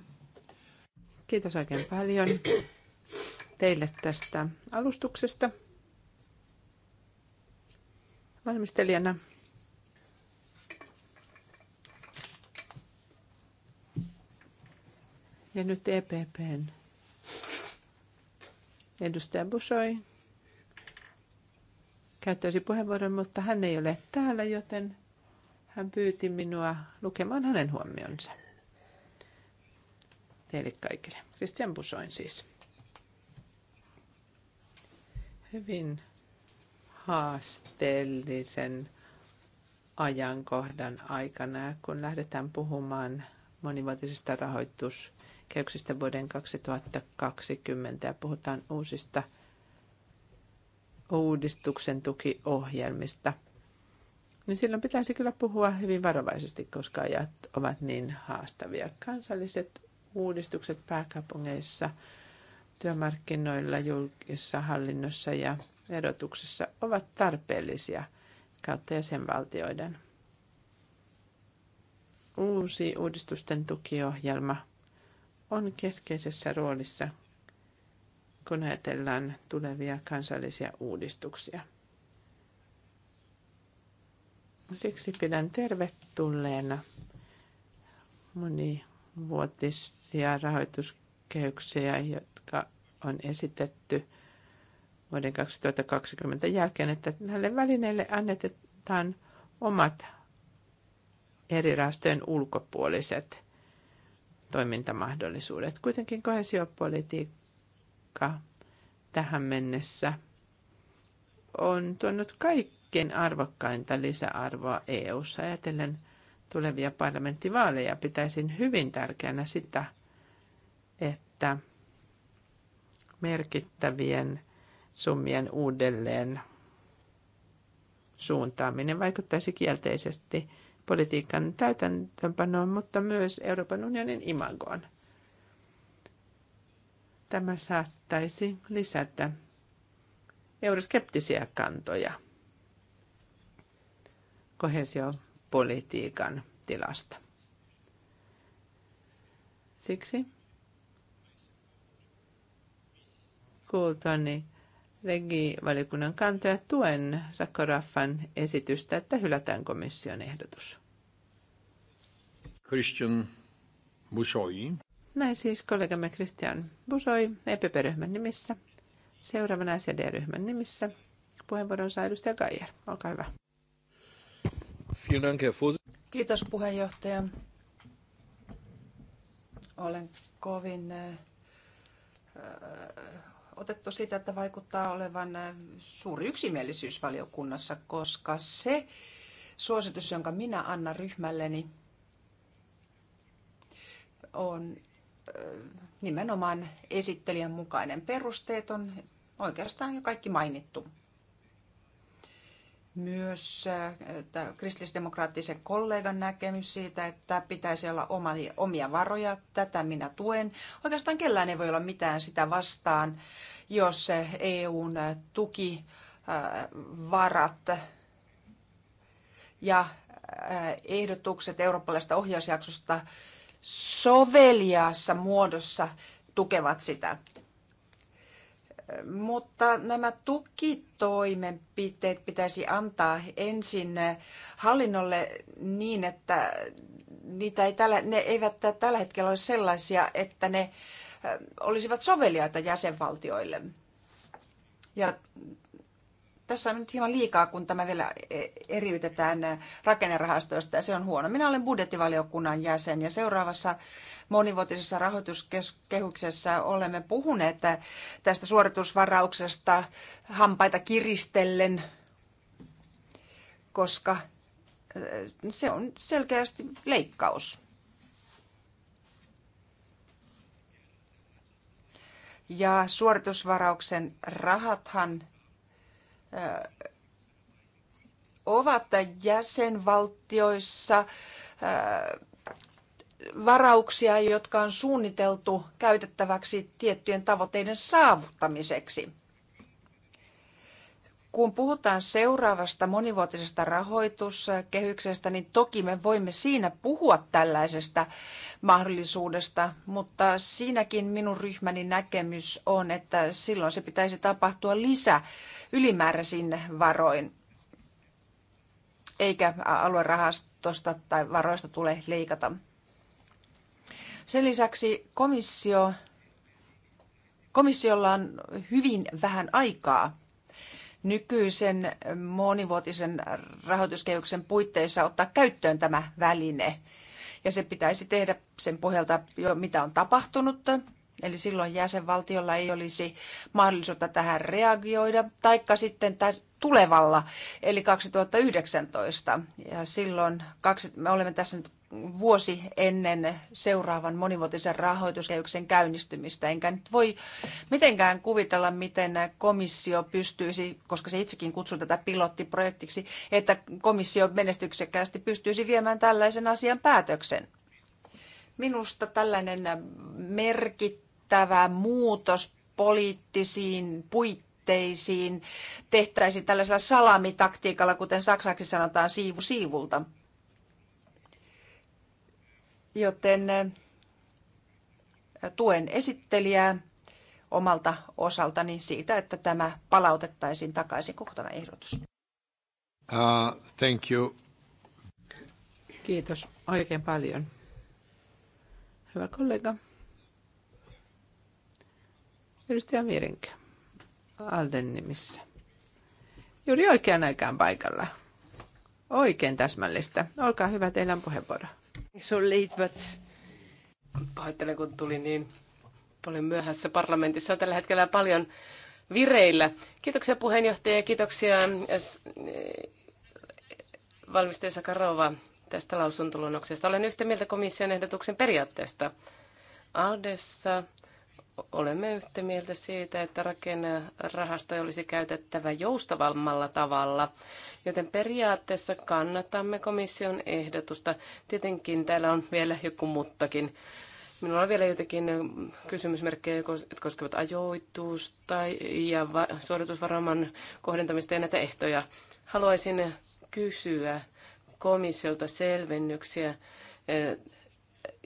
Kiitos oikein paljon teille tästä alustuksesta. Valmistelijana Ja nyt EPPn edustaja Busoi käyttäisi puheenvuoron, mutta hän ei ole täällä, joten hän pyyti minua lukemaan hänen huomionsa. Teille kaikille. Kristian Busoin siis. Hyvin haasteellisen ajankohdan aikana, kun lähdetään puhumaan monivuotisista rahoituskeuksista vuoden 2020 ja puhutaan uusista – uudistuksen tukiohjelmista, niin silloin pitäisi kyllä puhua hyvin varovaisesti, koska ajat ovat niin haastavia. Kansalliset uudistukset pääkaupungeissa, työmarkkinoilla, julkisessa hallinnossa ja erotuksessa ovat tarpeellisia kautta jäsenvaltioiden. Uusi uudistusten tukiohjelma on keskeisessä roolissa, kun ajatellaan tulevia kansallisia uudistuksia. Siksi pidän tervetulleena monivuotisia rahoituskehyksiä, jotka on esitetty vuoden 2020 jälkeen, että näille välineille annetaan omat eri rahastojen ulkopuoliset toimintamahdollisuudet. Kuitenkin kohesiopolitiikka joka tähän mennessä on tuonut kaikkein arvokkainta lisäarvoa EU-ssa. Ajatellen tulevia parlamenttivaaleja pitäisin hyvin tärkeänä sitä, että merkittävien summien uudelleen suuntaaminen vaikuttaisi kielteisesti politiikan täytäntöönpanoon, mutta myös Euroopan unionin imagoon. Tämä saattaisi lisätä euroskeptisiä kantoja kohesiopolitiikan tilasta. Siksi kuultuani regivalikunnan kantoja tuen Sakoraffan esitystä, että hylätään komission ehdotus. Christian Musoi. Näin siis kollegamme Christian Busoi EPP-ryhmän nimissä. Seuraavana SED-ryhmän nimissä puheenvuoron saa edustaja Geier. Olkaa hyvä. Kiitos puheenjohtaja. Olen kovin äh, äh, otettu sitä, että vaikuttaa olevan äh, suuri yksimielisyys valiokunnassa, koska se suositus, jonka minä annan ryhmälleni, on nimenomaan esittelijän mukainen perusteet on oikeastaan jo kaikki mainittu. Myös äh, kristillisdemokraattisen kollegan näkemys siitä, että pitäisi olla omia varoja, tätä minä tuen. Oikeastaan kellään ei voi olla mitään sitä vastaan, jos EUn äh, tukivarat äh, ja ehdotukset eurooppalaisesta ohjausjaksosta soveliaassa muodossa tukevat sitä. Mutta nämä tukitoimenpiteet pitäisi antaa ensin hallinnolle niin, että niitä ei tällä, ne eivät tällä hetkellä ole sellaisia, että ne olisivat soveliaita jäsenvaltioille. Ja tässä on nyt hieman liikaa, kun tämä vielä e, eriytetään rakennerahastoista ja se on huono. Minä olen budjettivaliokunnan jäsen ja seuraavassa monivuotisessa rahoituskehyksessä olemme puhuneet tästä suoritusvarauksesta hampaita kiristellen, koska e, se on selkeästi leikkaus. Ja suoritusvarauksen rahathan ovat jäsenvaltioissa varauksia, jotka on suunniteltu käytettäväksi tiettyjen tavoitteiden saavuttamiseksi. Kun puhutaan seuraavasta monivuotisesta rahoituskehyksestä, niin toki me voimme siinä puhua tällaisesta mahdollisuudesta, mutta siinäkin minun ryhmäni näkemys on, että silloin se pitäisi tapahtua lisä ylimääräisin varoin, eikä aluerahastosta tai varoista tule leikata. Sen lisäksi komissio, komissiolla on hyvin vähän aikaa nykyisen monivuotisen rahoituskehyksen puitteissa ottaa käyttöön tämä väline. Ja se pitäisi tehdä sen pohjalta, jo, mitä on tapahtunut. Eli silloin jäsenvaltiolla ei olisi mahdollisuutta tähän reagoida, taikka sitten tulevalla, eli 2019. Ja silloin kaksi, me olemme tässä nyt vuosi ennen seuraavan monivuotisen rahoituskehyksen käynnistymistä. Enkä nyt voi mitenkään kuvitella, miten komissio pystyisi, koska se itsekin kutsuu tätä pilottiprojektiksi, että komissio menestyksekkäästi pystyisi viemään tällaisen asian päätöksen. Minusta tällainen merkittävä muutos poliittisiin puitteisiin aloitteisiin tehtäisiin tällaisella salamitaktiikalla, kuten saksaksi sanotaan, siivu siivulta. Joten eh, tuen esittelijää omalta osaltani siitä, että tämä palautettaisiin takaisin koko tämä ehdotus. Uh, thank you. Kiitos oikein paljon. Hyvä kollega. Edustaja Mirinkä. Alden nimissä. Juuri oikean aikaan paikalla. Oikein täsmällistä. Olkaa hyvä, teillä on puheenvuoro. So late, but... Pahoittelen, kun tuli niin paljon myöhässä parlamentissa. On tällä hetkellä paljon vireillä. Kiitoksia puheenjohtaja ja kiitoksia äh, valmistaja Sakarova tästä lausuntoluonnoksesta. Olen yhtä mieltä komission ehdotuksen periaatteesta. Aldessa olemme yhtä mieltä siitä, että rakennerahastoja olisi käytettävä joustavammalla tavalla, joten periaatteessa kannatamme komission ehdotusta. Tietenkin täällä on vielä joku muttakin. Minulla on vielä jotakin kysymysmerkkejä, jotka koskevat ajoitusta ja suoritusvaraman kohdentamista ja näitä ehtoja. Haluaisin kysyä komissiolta selvennyksiä eh,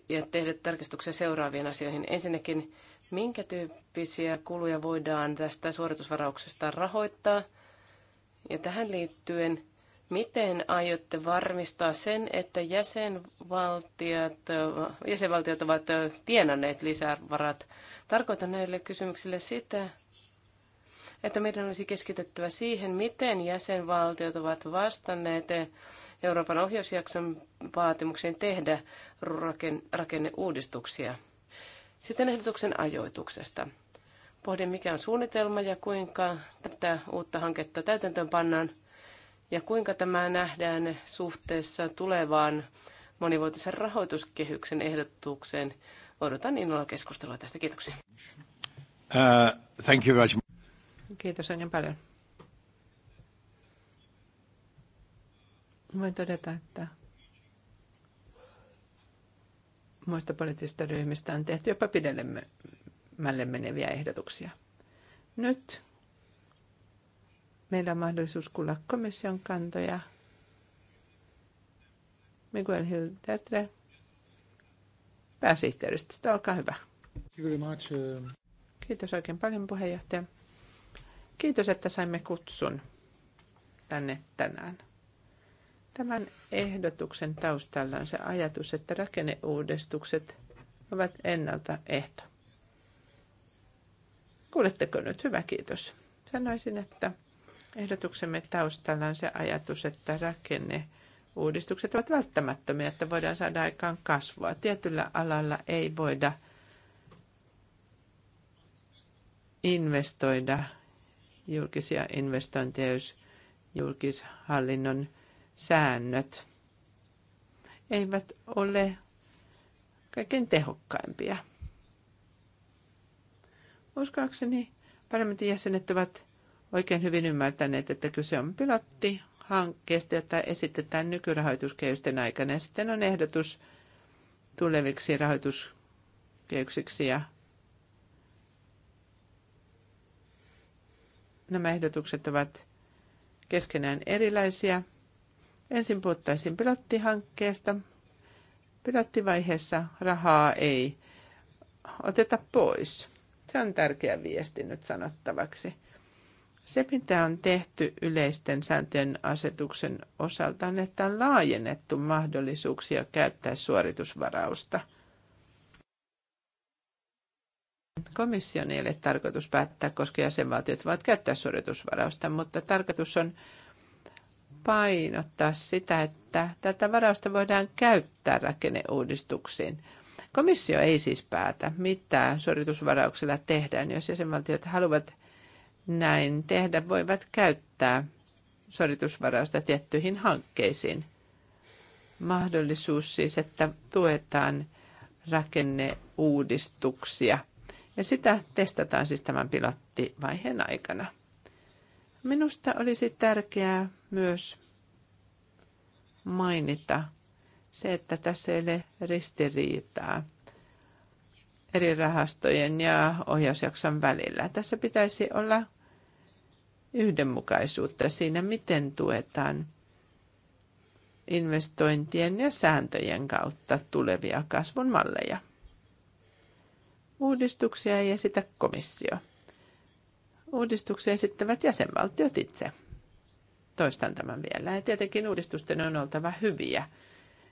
ja tehdä tarkistuksia seuraaviin asioihin. Ensinnäkin Minkä tyyppisiä kuluja voidaan tästä suoritusvarauksesta rahoittaa? Ja tähän liittyen, miten aiotte varmistaa sen, että jäsenvaltiot, jäsenvaltiot ovat tienanneet lisävarat? Tarkoitan näille kysymyksille sitä, että meidän olisi keskityttävä siihen, miten jäsenvaltiot ovat vastanneet Euroopan ohjausjakson vaatimukseen tehdä rakenneuudistuksia. Sitten ehdotuksen ajoituksesta. Pohdin, mikä on suunnitelma ja kuinka tätä uutta hanketta täytäntöön pannaan ja kuinka tämä nähdään suhteessa tulevaan monivuotisen rahoituskehyksen ehdotukseen. Odotan innolla keskustelua tästä. Kiitoksia. Uh, thank you very much. Kiitos oikein paljon. Voin todeta, että muista poliittisista ryhmistä on tehty jopa pidemmälle meneviä ehdotuksia. Nyt meillä on mahdollisuus kuulla komission kantoja. Miguel Tertre, pääsihteeristä, olkaa hyvä. Uh, Kiitos oikein paljon puheenjohtaja. Kiitos, että saimme kutsun tänne tänään. Tämän ehdotuksen taustalla on se ajatus, että rakenneuudistukset ovat ennalta ehto. Kuuletteko nyt? Hyvä, kiitos. Sanoisin, että ehdotuksemme taustalla on se ajatus, että rakenneuudistukset ovat välttämättömiä, että voidaan saada aikaan kasvua. Tietyllä alalla ei voida investoida julkisia investointeja, jos julkishallinnon säännöt eivät ole kaiken tehokkaimpia. Uskoakseni parlamentin jäsenet ovat oikein hyvin ymmärtäneet, että kyse on hankkeesta, jota esitetään nykyrahoituskehysten aikana. Ja sitten on ehdotus tuleviksi rahoituskehyksiksi ja nämä ehdotukset ovat keskenään erilaisia – Ensin puhuttaisiin pilottihankkeesta. Pilottivaiheessa rahaa ei oteta pois. Se on tärkeä viesti nyt sanottavaksi. Se, mitä on tehty yleisten sääntöjen asetuksen osalta, on, että on laajennettu mahdollisuuksia käyttää suoritusvarausta. Komission ei ole tarkoitus päättää, koska jäsenvaltiot voivat käyttää suoritusvarausta, mutta tarkoitus on painottaa sitä, että tätä varausta voidaan käyttää rakenneuudistuksiin. Komissio ei siis päätä, mitä suoritusvarauksella tehdään. Jos jäsenvaltiot haluavat näin tehdä, voivat käyttää suoritusvarausta tiettyihin hankkeisiin. Mahdollisuus siis, että tuetaan rakenneuudistuksia. Ja sitä testataan siis tämän pilottivaiheen aikana. Minusta olisi tärkeää myös mainita se, että tässä ei ole ristiriitaa eri rahastojen ja ohjausjakson välillä. Tässä pitäisi olla yhdenmukaisuutta siinä, miten tuetaan investointien ja sääntöjen kautta tulevia kasvun malleja. Uudistuksia ei esitä komissio uudistuksia esittävät jäsenvaltiot itse. Toistan tämän vielä. Ja tietenkin uudistusten on oltava hyviä.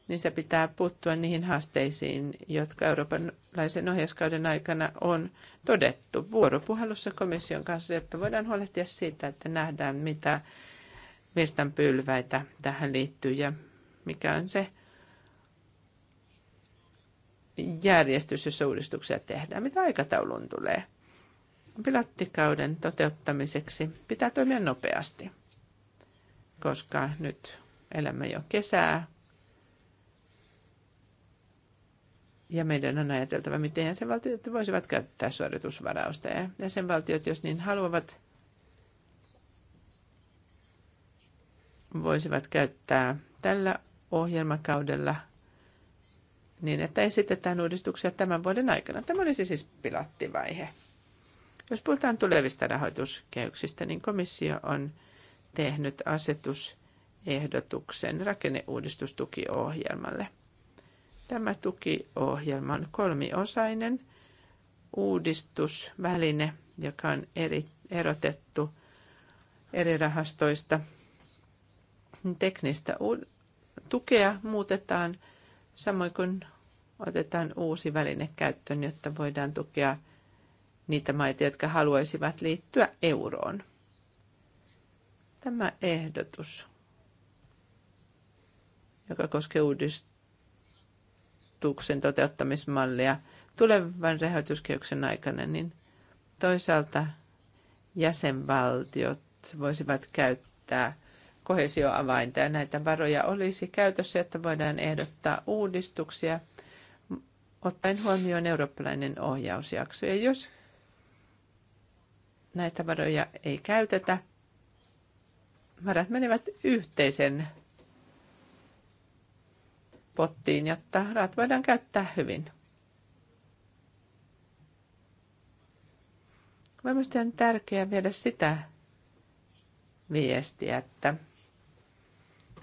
Niin se pitää puuttua niihin haasteisiin, jotka eurooppalaisen ohjauskauden aikana on todettu vuoropuhelussa komission kanssa, että voidaan huolehtia siitä, että nähdään mitä pylväitä tähän liittyy ja mikä on se järjestys, jossa uudistuksia tehdään, mitä aikatauluun tulee pilattikauden toteuttamiseksi pitää toimia nopeasti, koska nyt elämme jo kesää. Ja meidän on ajateltava, miten jäsenvaltiot voisivat käyttää suoritusvarausta. Ja jäsenvaltiot, jos niin haluavat, voisivat käyttää tällä ohjelmakaudella niin, että esitetään uudistuksia tämän vuoden aikana. Tämä olisi siis pilattivaihe. Jos puhutaan tulevista rahoituskehyksistä, niin komissio on tehnyt asetusehdotuksen rakenneuudistustukiohjelmalle. Tämä tukiohjelma on kolmiosainen uudistusväline, joka on eri, erotettu eri rahastoista. Teknistä tukea muutetaan samoin kuin otetaan uusi väline käyttöön, jotta voidaan tukea – niitä maita, jotka haluaisivat liittyä euroon. Tämä ehdotus, joka koskee uudistuksen toteuttamismallia tulevan rahoituskehyksen aikana, niin toisaalta jäsenvaltiot voisivat käyttää kohesioavainta ja näitä varoja olisi käytössä, että voidaan ehdottaa uudistuksia ottaen huomioon eurooppalainen ohjausjakso. Ja jos näitä varoja ei käytetä. Varat menevät yhteisen pottiin, jotta rahat voidaan käyttää hyvin. Mielestäni on tärkeää viedä sitä viestiä, että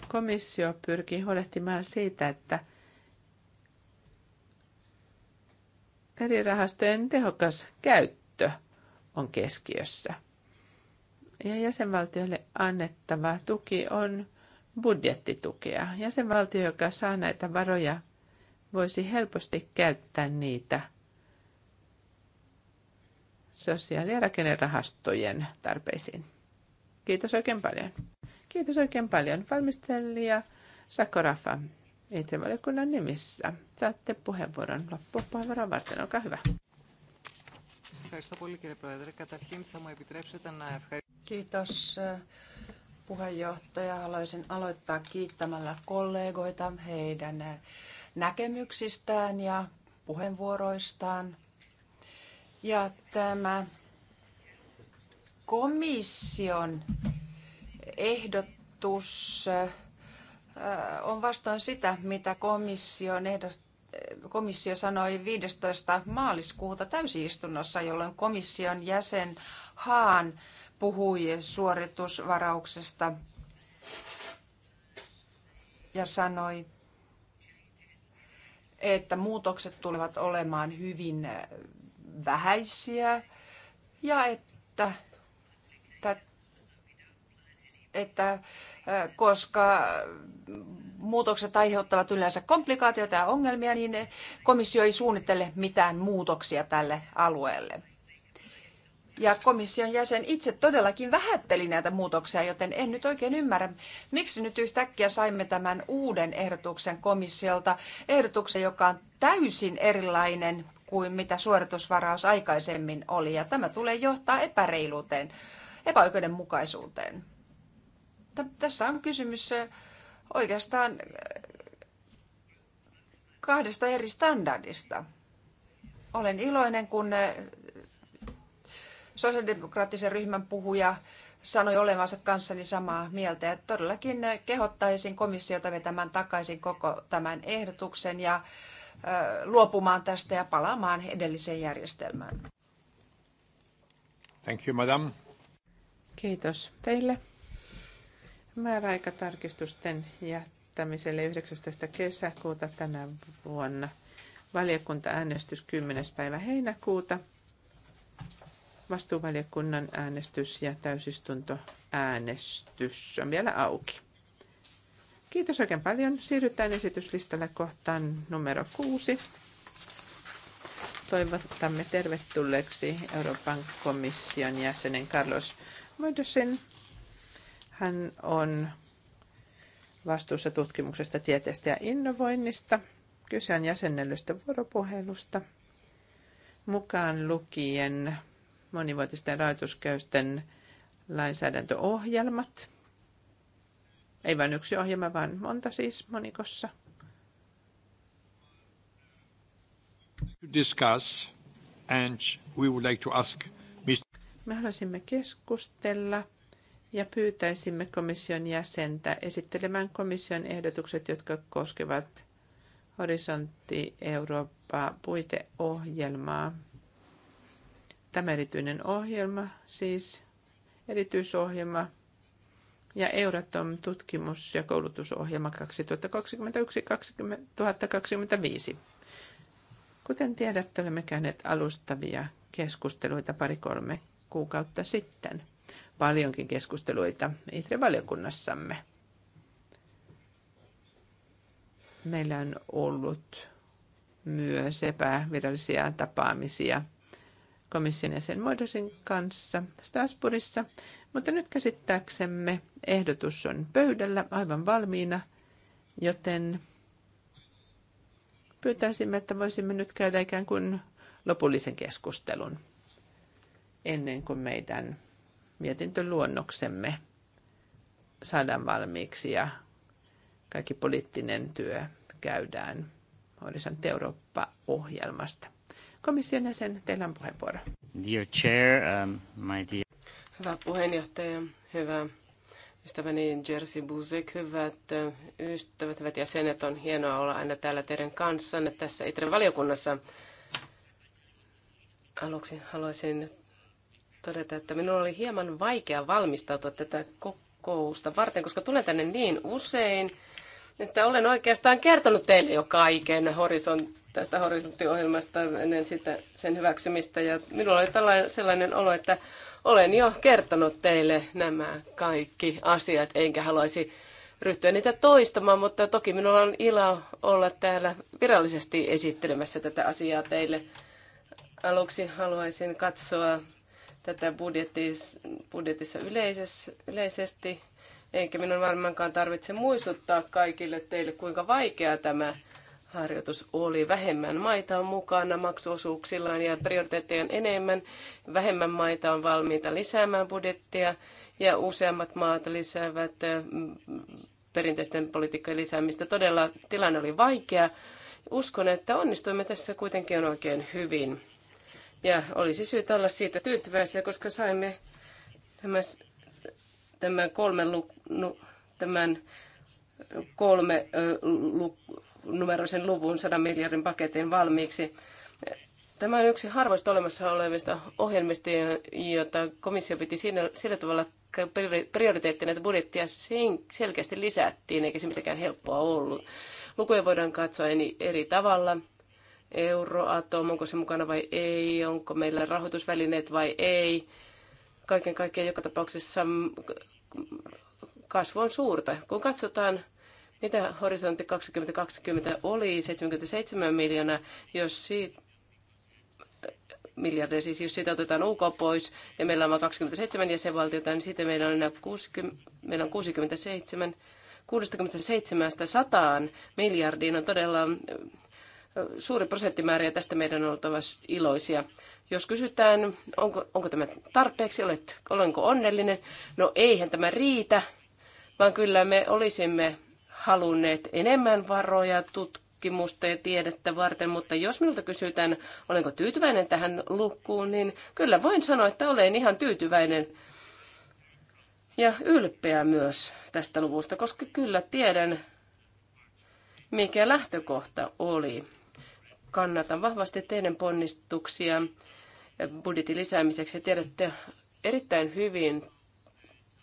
komissio pyrkii huolehtimaan siitä, että eri rahastojen tehokas käyttö – on keskiössä. Ja jäsenvaltioille annettava tuki on budjettitukea. Jäsenvaltio, joka saa näitä varoja, voisi helposti käyttää niitä sosiaali- ja rakennerahastojen tarpeisiin. Kiitos oikein paljon. Kiitos oikein paljon valmistelija Sakorafa. itsevaliokunnan nimissä. Saatte puheenvuoron loppupuheenvuoron varten. Olkaa hyvä. Ευχαριστώ πολύ κύριε Πρόεδρε. Καταρχήν θα μου επιτρέψετε να Kiitos puheenjohtaja. Haluaisin aloittaa kiittämällä kollegoita heidän näkemyksistään ja puheenvuoroistaan. Ja tämä komission ehdotus äh, on vastoin sitä, mitä komission ehdotus komissio sanoi 15. maaliskuuta täysistunnossa, jolloin komission jäsen Haan puhui suoritusvarauksesta ja sanoi, että muutokset tulevat olemaan hyvin vähäisiä ja että että äh, koska muutokset aiheuttavat yleensä komplikaatioita ja ongelmia, niin komissio ei suunnittele mitään muutoksia tälle alueelle. Ja komission jäsen itse todellakin vähätteli näitä muutoksia, joten en nyt oikein ymmärrä, miksi nyt yhtäkkiä saimme tämän uuden ehdotuksen komissiolta, ehdotuksen, joka on täysin erilainen kuin mitä suoritusvaraus aikaisemmin oli, ja tämä tulee johtaa epäreiluuteen, epäoikeudenmukaisuuteen tässä on kysymys oikeastaan kahdesta eri standardista. Olen iloinen, kun sosiaalidemokraattisen ryhmän puhuja sanoi olevansa kanssani samaa mieltä. Ja todellakin kehottaisin komissiota vetämään takaisin koko tämän ehdotuksen ja luopumaan tästä ja palaamaan edelliseen järjestelmään. Thank you, madam. Kiitos teille määräaikatarkistusten jättämiselle 19. kesäkuuta tänä vuonna. Valiokunta-äänestys 10. päivä heinäkuuta. Vastuuvaliokunnan äänestys ja täysistuntoäänestys on vielä auki. Kiitos oikein paljon. Siirrytään esityslistalle kohtaan numero kuusi. Toivottamme tervetulleeksi Euroopan komission jäsenen Carlos Mödersin. Hän on vastuussa tutkimuksesta, tieteestä ja innovoinnista. Kyse on jäsennellystä vuoropuhelusta, mukaan lukien monivuotisten rahoituskäysten lainsäädäntöohjelmat. Ei vain yksi ohjelma, vaan monta siis monikossa. Discuss and we would like to ask Me haluaisimme keskustella ja pyytäisimme komission jäsentä esittelemään komission ehdotukset, jotka koskevat Horisontti Eurooppaa puiteohjelmaa. Tämä erityinen ohjelma, siis erityisohjelma ja Euratom tutkimus- ja koulutusohjelma 2021-2025. Kuten tiedätte, olemme käyneet alustavia keskusteluita pari-kolme kuukautta sitten paljonkin keskusteluita ITRE-valiokunnassamme. Meillä on ollut myös epävirallisia tapaamisia komission jäsenmuodosin kanssa Strasbourgissa, mutta nyt käsittääksemme ehdotus on pöydällä aivan valmiina, joten pyytäisimme, että voisimme nyt käydä ikään kuin lopullisen keskustelun ennen kuin meidän mietintöluonnoksemme saadaan valmiiksi ja kaikki poliittinen työ käydään Horisontti Eurooppa-ohjelmasta. Komission jäsen, teillä on puheenvuoro. Dear chair, um, my dear... Hyvä puheenjohtaja, hyvä ystäväni Jerzy Buzek, hyvät ystävät, hyvät jäsenet, on hienoa olla aina täällä teidän kanssanne tässä Itren valiokunnassa. Aluksi haluaisin todeta, että minulla oli hieman vaikea valmistautua tätä kokousta varten, koska tulen tänne niin usein, että olen oikeastaan kertonut teille jo kaiken horisont, tästä horisonttiohjelmasta ennen sitä, sen hyväksymistä. Ja minulla oli tällainen, sellainen olo, että olen jo kertonut teille nämä kaikki asiat, enkä haluaisi ryhtyä niitä toistamaan, mutta toki minulla on ilo olla täällä virallisesti esittelemässä tätä asiaa teille. Aluksi haluaisin katsoa tätä budjetissa, budjetissa yleisesti, eikä minun varmaankaan tarvitse muistuttaa kaikille teille, kuinka vaikea tämä harjoitus oli. Vähemmän maita on mukana maksuosuuksillaan ja prioriteetteja on enemmän. Vähemmän maita on valmiita lisäämään budjettia ja useammat maat lisäävät perinteisten politiikkojen lisäämistä. Todella tilanne oli vaikea. Uskon, että onnistuimme tässä kuitenkin oikein hyvin. Ja olisi syytä olla siitä tyytyväisiä, koska saimme tämän, tämän kolmen luk, nu, tämän kolme luk, numeroisen luvun 100 miljardin paketin valmiiksi. Tämä on yksi harvoista olemassa olevista ohjelmista, jota komissio piti siinä, sillä tavalla prioriteettina, että budjettia selkeästi lisättiin, eikä se mitenkään helppoa ollut. Lukuja voidaan katsoa eri tavalla. Euroatom, onko se mukana vai ei, onko meillä rahoitusvälineet vai ei. Kaiken kaikkiaan joka tapauksessa kasvu on suurta. Kun katsotaan, mitä horisontti 2020 oli, 77 miljoonaa, jos siitä miljardia, siis jos siitä otetaan UK pois ja meillä on vain 27 jäsenvaltiota, niin sitten meillä on enää 60, meillä on 67, 67 100 miljardiin on todella suuri prosenttimäärä ja tästä meidän on oltava iloisia. Jos kysytään, onko, onko tämä tarpeeksi, olet, olenko onnellinen, no eihän tämä riitä, vaan kyllä me olisimme halunneet enemmän varoja tutkimusta ja tiedettä varten, mutta jos minulta kysytään, olenko tyytyväinen tähän lukuun, niin kyllä voin sanoa, että olen ihan tyytyväinen ja ylpeä myös tästä luvusta, koska kyllä tiedän, mikä lähtökohta oli. Kannatan vahvasti teidän ponnistuksia budjetin lisäämiseksi. Tiedätte erittäin hyvin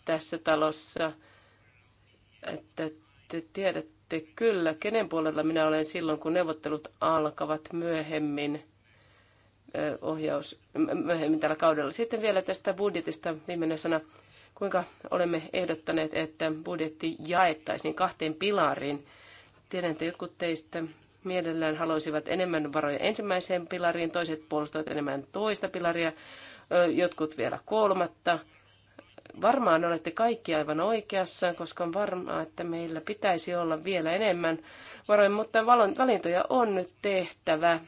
tässä talossa, että te tiedätte kyllä, kenen puolella minä olen silloin, kun neuvottelut alkavat myöhemmin ohjaus myöhemmin tällä kaudella. Sitten vielä tästä budjetista viimeinen sana. Kuinka olemme ehdottaneet, että budjetti jaettaisiin kahteen pilariin. Tiedän, että jotkut teistä mielellään haluaisivat enemmän varoja ensimmäiseen pilariin, toiset puolustavat enemmän toista pilaria, jotkut vielä kolmatta. Varmaan olette kaikki aivan oikeassa, koska on varmaa, että meillä pitäisi olla vielä enemmän varoja, mutta valintoja on nyt tehtävä.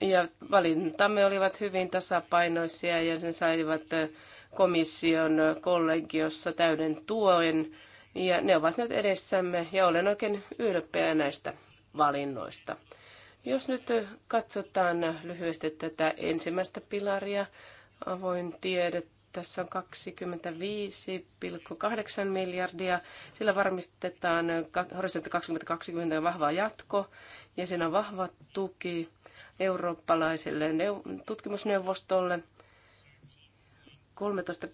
Ja valintamme olivat hyvin tasapainoisia ja ne saivat komission kollegiossa täyden tuen ja ne ovat nyt edessämme ja olen oikein ylpeä näistä valinnoista. Jos nyt katsotaan lyhyesti tätä ensimmäistä pilaria, avoin tiede, tässä on 25,8 miljardia. Sillä varmistetaan horisontti 2020 vahva jatko ja siinä on vahva tuki eurooppalaiselle tutkimusneuvostolle – 13,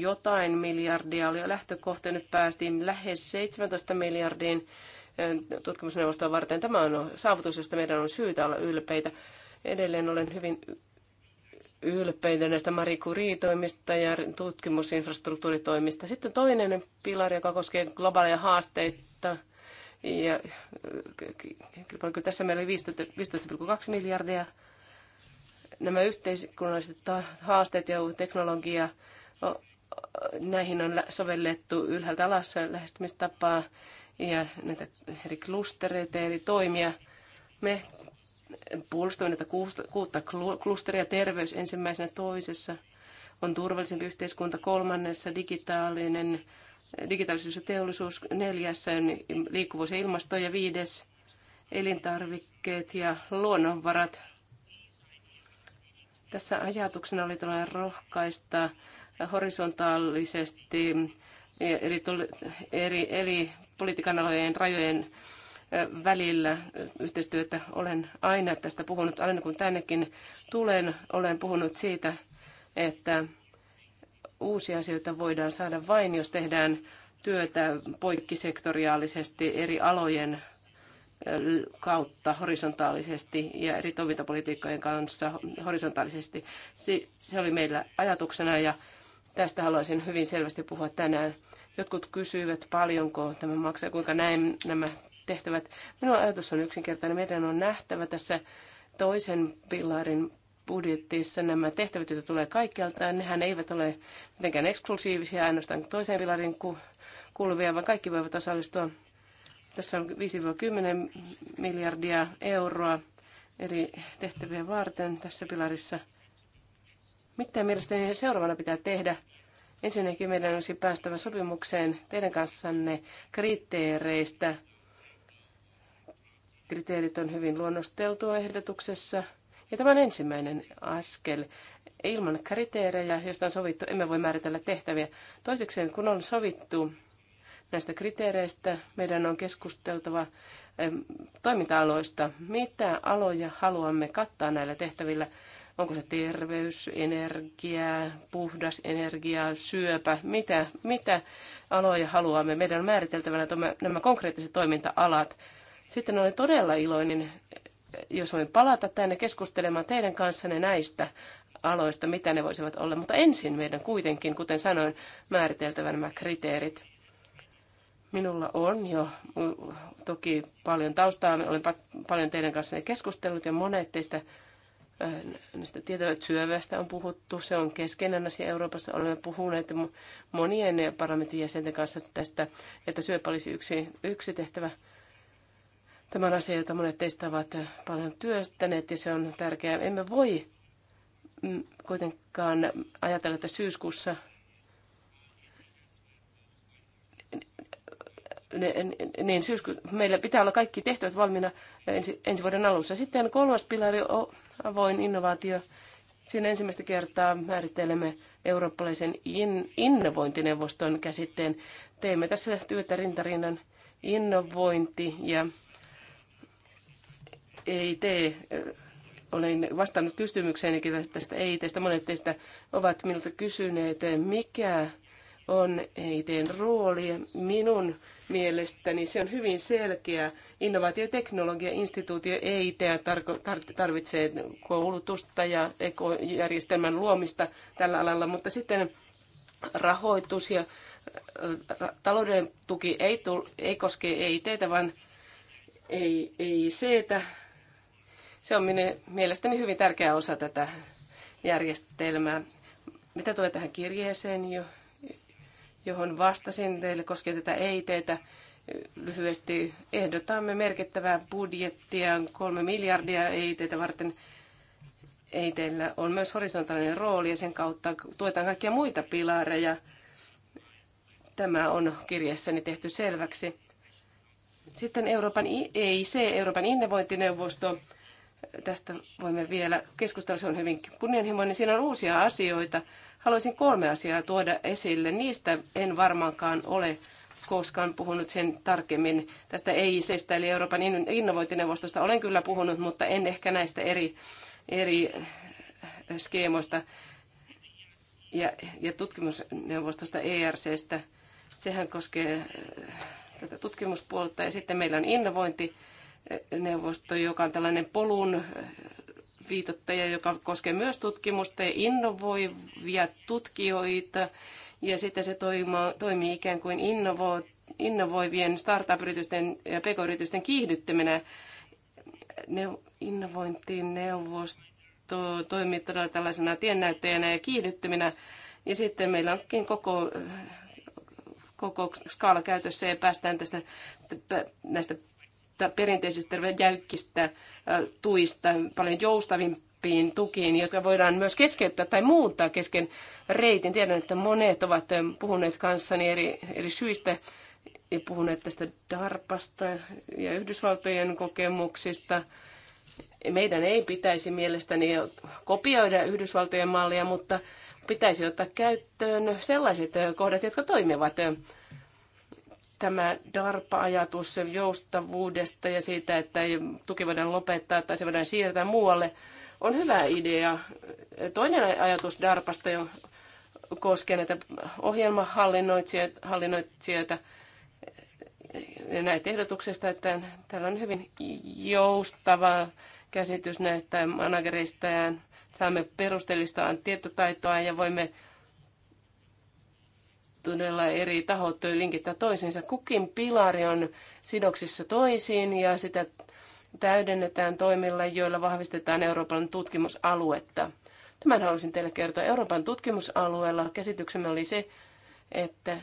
jotain miljardia oli lähtökohta. Nyt päästiin lähes 17 miljardiin eh, tutkimusneuvostoa varten. Tämä on saavutus, josta meidän on syytä olla ylpeitä. Edelleen olen hyvin ylpeitä näistä Marie Curie-toimista ja tutkimusinfrastruktuuritoimista. Sitten toinen pilari, joka koskee globaaleja haasteita. Ja, eh, tässä meillä oli 15,2 miljardia Nämä yhteiskunnalliset haasteet ja teknologia, näihin on sovellettu ylhäältä alas lähestymistapaa ja näitä eri klustereita eri toimia. Me puolustamme näitä kuutta klusteria terveys ensimmäisenä toisessa on turvallisempi yhteiskunta, kolmannessa digitaalinen, digitaalisuus ja teollisuus, neljässä liikkuvuus ja ilmasto ja viides elintarvikkeet ja luonnonvarat. Tässä ajatuksena oli tällainen rohkaista horisontaalisesti eri, eri, eri politiikan alojen rajojen välillä yhteistyötä. Olen aina tästä puhunut, aina kun tännekin tulen, olen puhunut siitä, että uusia asioita voidaan saada vain, jos tehdään työtä poikkisektoriaalisesti eri alojen kautta horisontaalisesti ja eri toimintapolitiikkojen kanssa horisontaalisesti. Se oli meillä ajatuksena ja tästä haluaisin hyvin selvästi puhua tänään. Jotkut kysyivät paljonko tämä maksaa, kuinka näin nämä tehtävät. Minun ajatus on yksinkertainen. Meidän on nähtävä tässä toisen pilarin budjettissa nämä tehtävät, joita tulee kaikkialta, nehän eivät ole mitenkään eksklusiivisia ainoastaan toisen pilarin kuuluvia, vaan kaikki voivat osallistua tässä on 5-10 miljardia euroa eri tehtäviä varten tässä pilarissa. Mitä mielestäni seuraavana pitää tehdä? Ensinnäkin meidän olisi päästävä sopimukseen teidän kanssanne kriteereistä. Kriteerit on hyvin luonnosteltua ehdotuksessa. Ja tämä on ensimmäinen askel. Ilman kriteerejä, joista on sovittu, emme voi määritellä tehtäviä. Toisekseen, kun on sovittu näistä kriteereistä. Meidän on keskusteltava toiminta-aloista. Mitä aloja haluamme kattaa näillä tehtävillä? Onko se terveys, energia, puhdas energia, syöpä? Mitä, mitä aloja haluamme? Meidän on määriteltävänä nämä konkreettiset toiminta-alat. Sitten olen todella iloinen, jos voin palata tänne keskustelemaan teidän kanssanne näistä aloista, mitä ne voisivat olla. Mutta ensin meidän kuitenkin, kuten sanoin, määriteltävä nämä kriteerit. Minulla on jo toki paljon taustaa. Olen paljon teidän kanssa keskustellut ja monet teistä näistä tietävät syövästä on puhuttu. Se on keskeinen asia Euroopassa. Olemme puhuneet monien parlamentin jäsenten kanssa tästä, että syöpä olisi yksi, yksi tehtävä. Tämä on asia, jota monet teistä ovat paljon työstäneet ja se on tärkeää. Emme voi mm, kuitenkaan ajatella, että syyskuussa – niin syysku, meillä pitää olla kaikki tehtävät valmiina ensi, ensi vuoden alussa. Sitten kolmas pilari on avoin innovaatio. Siinä ensimmäistä kertaa määrittelemme eurooppalaisen in, innovointineuvoston käsitteen. Teemme tässä työtä rintarinnan innovointi ja ei tee olen vastannut kysymykseen tästä EITstä. Monet teistä ovat minulta kysyneet, mikä on EITn rooli. Minun mielestäni se on hyvin selkeä. Innovaatioteknologia-instituutio EIT tarvitsee koulutusta ja ekojärjestelmän luomista tällä alalla, mutta sitten rahoitus ja äh, talouden tuki ei, tul, ei koske EITtä, vaan ei, ei seetä. Se on mielestäni hyvin tärkeä osa tätä järjestelmää. Mitä tulee tähän kirjeeseen, jo, johon vastasin teille koskien tätä EITtä lyhyesti. Ehdotamme merkittävää budjettia, kolme miljardia EITtä varten. EITllä on myös horisontaalinen rooli ja sen kautta tuetaan kaikkia muita pilareja. Tämä on kirjassani tehty selväksi. Sitten Euroopan EIC, Euroopan innovointineuvosto. Tästä voimme vielä keskustella, se on hyvin kunnianhimoinen. Siinä on uusia asioita Haluaisin kolme asiaa tuoda esille. Niistä en varmaankaan ole koskaan puhunut sen tarkemmin tästä EICstä, eli Euroopan innovointineuvostosta olen kyllä puhunut, mutta en ehkä näistä eri, eri eh, skeemoista ja, ja tutkimusneuvostosta ERCstä. Sehän koskee eh, tätä tutkimuspuolta ja sitten meillä on innovointineuvosto, joka on tällainen polun eh, viitotteja, joka koskee myös tutkimusta ja innovoivia tutkijoita. Ja sitten se toima, toimii ikään kuin innovo, innovoivien startup-yritysten ja pk-yritysten kiihdyttämänä. Ne, innovointineuvosto toimii todella tällaisena tiennäyttäjänä ja kiihdyttäminä. Ja sitten meillä onkin koko koko skaala käytössä ja päästään tästä, näistä perinteisistä jäykkistä tuista paljon joustavimpiin tukiin, jotka voidaan myös keskeyttää tai muuttaa kesken reitin. Tiedän, että monet ovat puhuneet kanssani eri, eri syistä ja puhuneet tästä DARPasta ja Yhdysvaltojen kokemuksista. Meidän ei pitäisi mielestäni kopioida Yhdysvaltojen mallia, mutta pitäisi ottaa käyttöön sellaiset kohdat, jotka toimivat tämä DARPA-ajatus joustavuudesta ja siitä, että ei tuki voidaan lopettaa tai se voidaan siirtää muualle, on hyvä idea. Toinen ajatus DARPasta jo koskee näitä ohjelmahallinnoitsijoita näitä ehdotuksesta, että täällä on hyvin joustava käsitys näistä managereista ja saamme perusteellista tietotaitoa ja voimme todella eri tahot linkittää toisiinsa. Kukin pilari on sidoksissa toisiin ja sitä täydennetään toimilla, joilla vahvistetaan Euroopan tutkimusaluetta. Tämän halusin teille kertoa. Euroopan tutkimusalueella käsityksemme oli se, että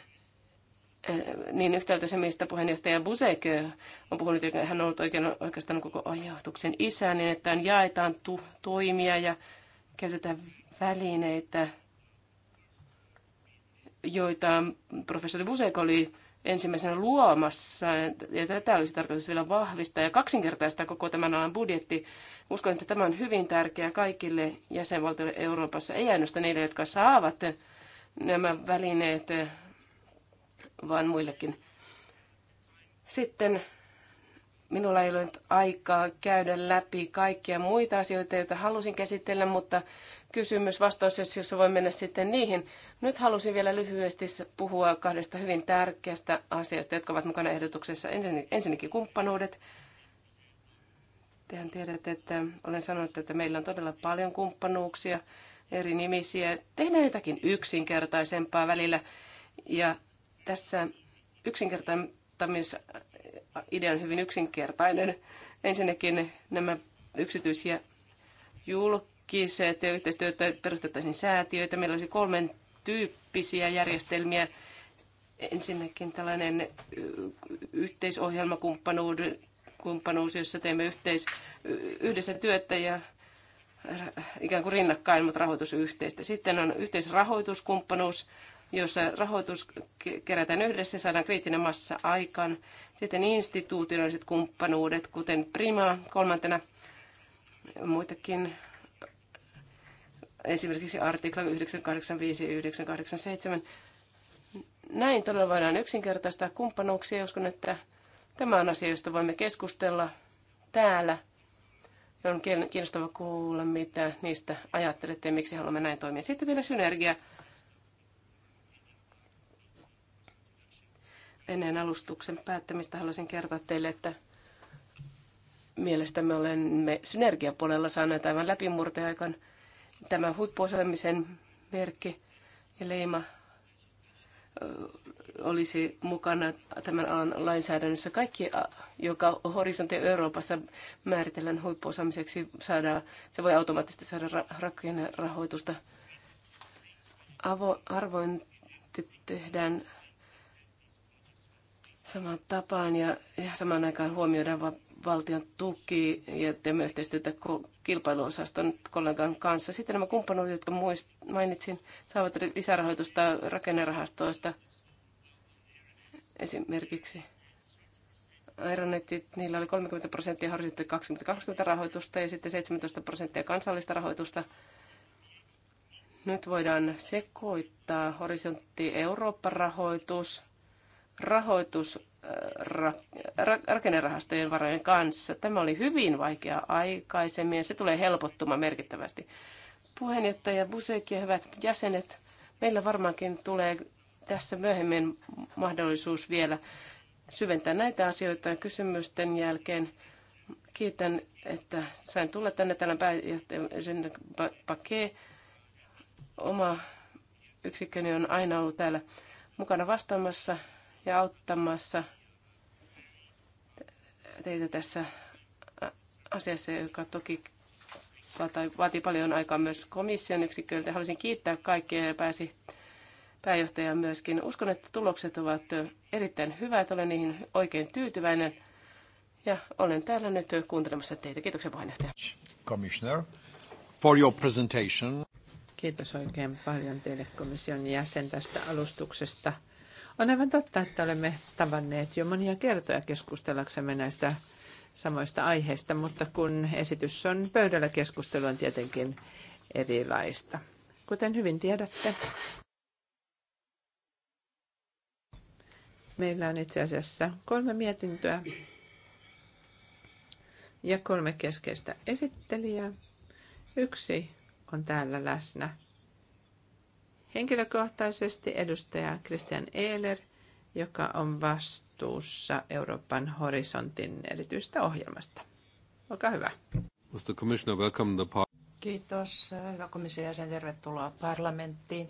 eh, niin yhtäältä se, mistä puheenjohtaja Busek on puhunut, että hän on ollut oikein, oikeastaan koko ajatuksen isä, niin että jaetaan tu- toimia ja käytetään välineitä – joita professori Busek oli ensimmäisenä luomassa, ja tätä olisi tarkoitus vielä vahvistaa ja kaksinkertaistaa koko tämän alan budjetti. Uskon, että tämä on hyvin tärkeää kaikille jäsenvaltioille Euroopassa, ei ainoastaan niille, jotka saavat nämä välineet, vaan muillekin. Sitten minulla ei ole nyt aikaa käydä läpi kaikkia muita asioita, joita halusin käsitellä, mutta kysymys, vastaus, jos voi mennä sitten niihin. Nyt halusin vielä lyhyesti puhua kahdesta hyvin tärkeästä asiasta, jotka ovat mukana ehdotuksessa. Ensinnäkin kumppanuudet. Tehän tiedätte, että olen sanonut, että meillä on todella paljon kumppanuuksia, eri nimisiä. Tehdään jotakin yksinkertaisempaa välillä. Ja tässä yksinkertaisammisidea on hyvin yksinkertainen. Ensinnäkin nämä yksityisiä julkisia julkiset ja yhteistyötä perustettaisiin säätiöitä. Meillä olisi kolmen tyyppisiä järjestelmiä. Ensinnäkin tällainen yhteisohjelmakumppanuus, jossa teemme yhteis, yhdessä työtä ja ikään kuin rinnakkain, mutta rahoitus yhteistä. Sitten on yhteisrahoituskumppanuus, jossa rahoitus kerätään yhdessä, saadaan kriittinen massa aikaan. Sitten instituutionaaliset kumppanuudet, kuten Prima kolmantena, muitakin esimerkiksi artikla 985 ja 987. Näin todella voidaan yksinkertaistaa kumppanuuksia. Uskon, että tämä on asia, josta voimme keskustella täällä. on kiinnostava kuulla, mitä niistä ajattelette ja miksi haluamme näin toimia. Sitten vielä synergia. Ennen alustuksen päättämistä haluaisin kertoa teille, että mielestämme olemme synergiapuolella saaneet aivan läpimurtoja aikaan tämä huippuosaamisen merkki ja leima olisi mukana tämän alan lainsäädännössä. Kaikki, joka Horisontti Euroopassa määritellään huippuosaamiseksi, saadaan, se voi automaattisesti saada rakkojen rahoitusta. Avo, arvoin te tehdään samaan tapaan ja, ja samaan aikaan huomioidaan valtion tuki ja teemme yhteistyötä kilpailuosaston kollegan kanssa. Sitten nämä kumppanuudet, jotka mainitsin, saavat lisärahoitusta rakennerahastoista esimerkiksi. Aeronetit, niillä oli 30 prosenttia horisontti 2020 rahoitusta ja sitten 17 prosenttia kansallista rahoitusta. Nyt voidaan sekoittaa horisontti Eurooppa-rahoitus, rahoitus rakennerahastojen varojen kanssa. Tämä oli hyvin vaikea aikaisemmin ja se tulee helpottumaan merkittävästi. Puheenjohtaja Busek ja hyvät jäsenet, meillä varmaankin tulee tässä myöhemmin mahdollisuus vielä syventää näitä asioita kysymysten jälkeen. Kiitän, että sain tulla tänne tänään pääjohtajan pakee. Oma yksikköni on aina ollut täällä mukana vastaamassa ja auttamassa teitä tässä asiassa, joka toki vaatii paljon aikaa myös komission yksiköiltä. Haluaisin kiittää kaikkia ja pääsi pääjohtajaa myöskin. Uskon, että tulokset ovat erittäin hyvät. Olen niihin oikein tyytyväinen. Ja olen täällä nyt kuuntelemassa teitä. Kiitoksia puheenjohtaja. Commissioner, for your presentation. Kiitos oikein paljon teille komission jäsen tästä alustuksesta. On aivan totta, että olemme tavanneet jo monia kertoja keskustellaksemme näistä samoista aiheista, mutta kun esitys on pöydällä, keskustelu on tietenkin erilaista. Kuten hyvin tiedätte, meillä on itse asiassa kolme mietintöä ja kolme keskeistä esittelijää. Yksi on täällä läsnä Henkilökohtaisesti edustaja Christian Ehler, joka on vastuussa Euroopan horisontin erityistä ohjelmasta. Olkaa hyvä. Kiitos. Hyvä komission jäsen, tervetuloa parlamenttiin.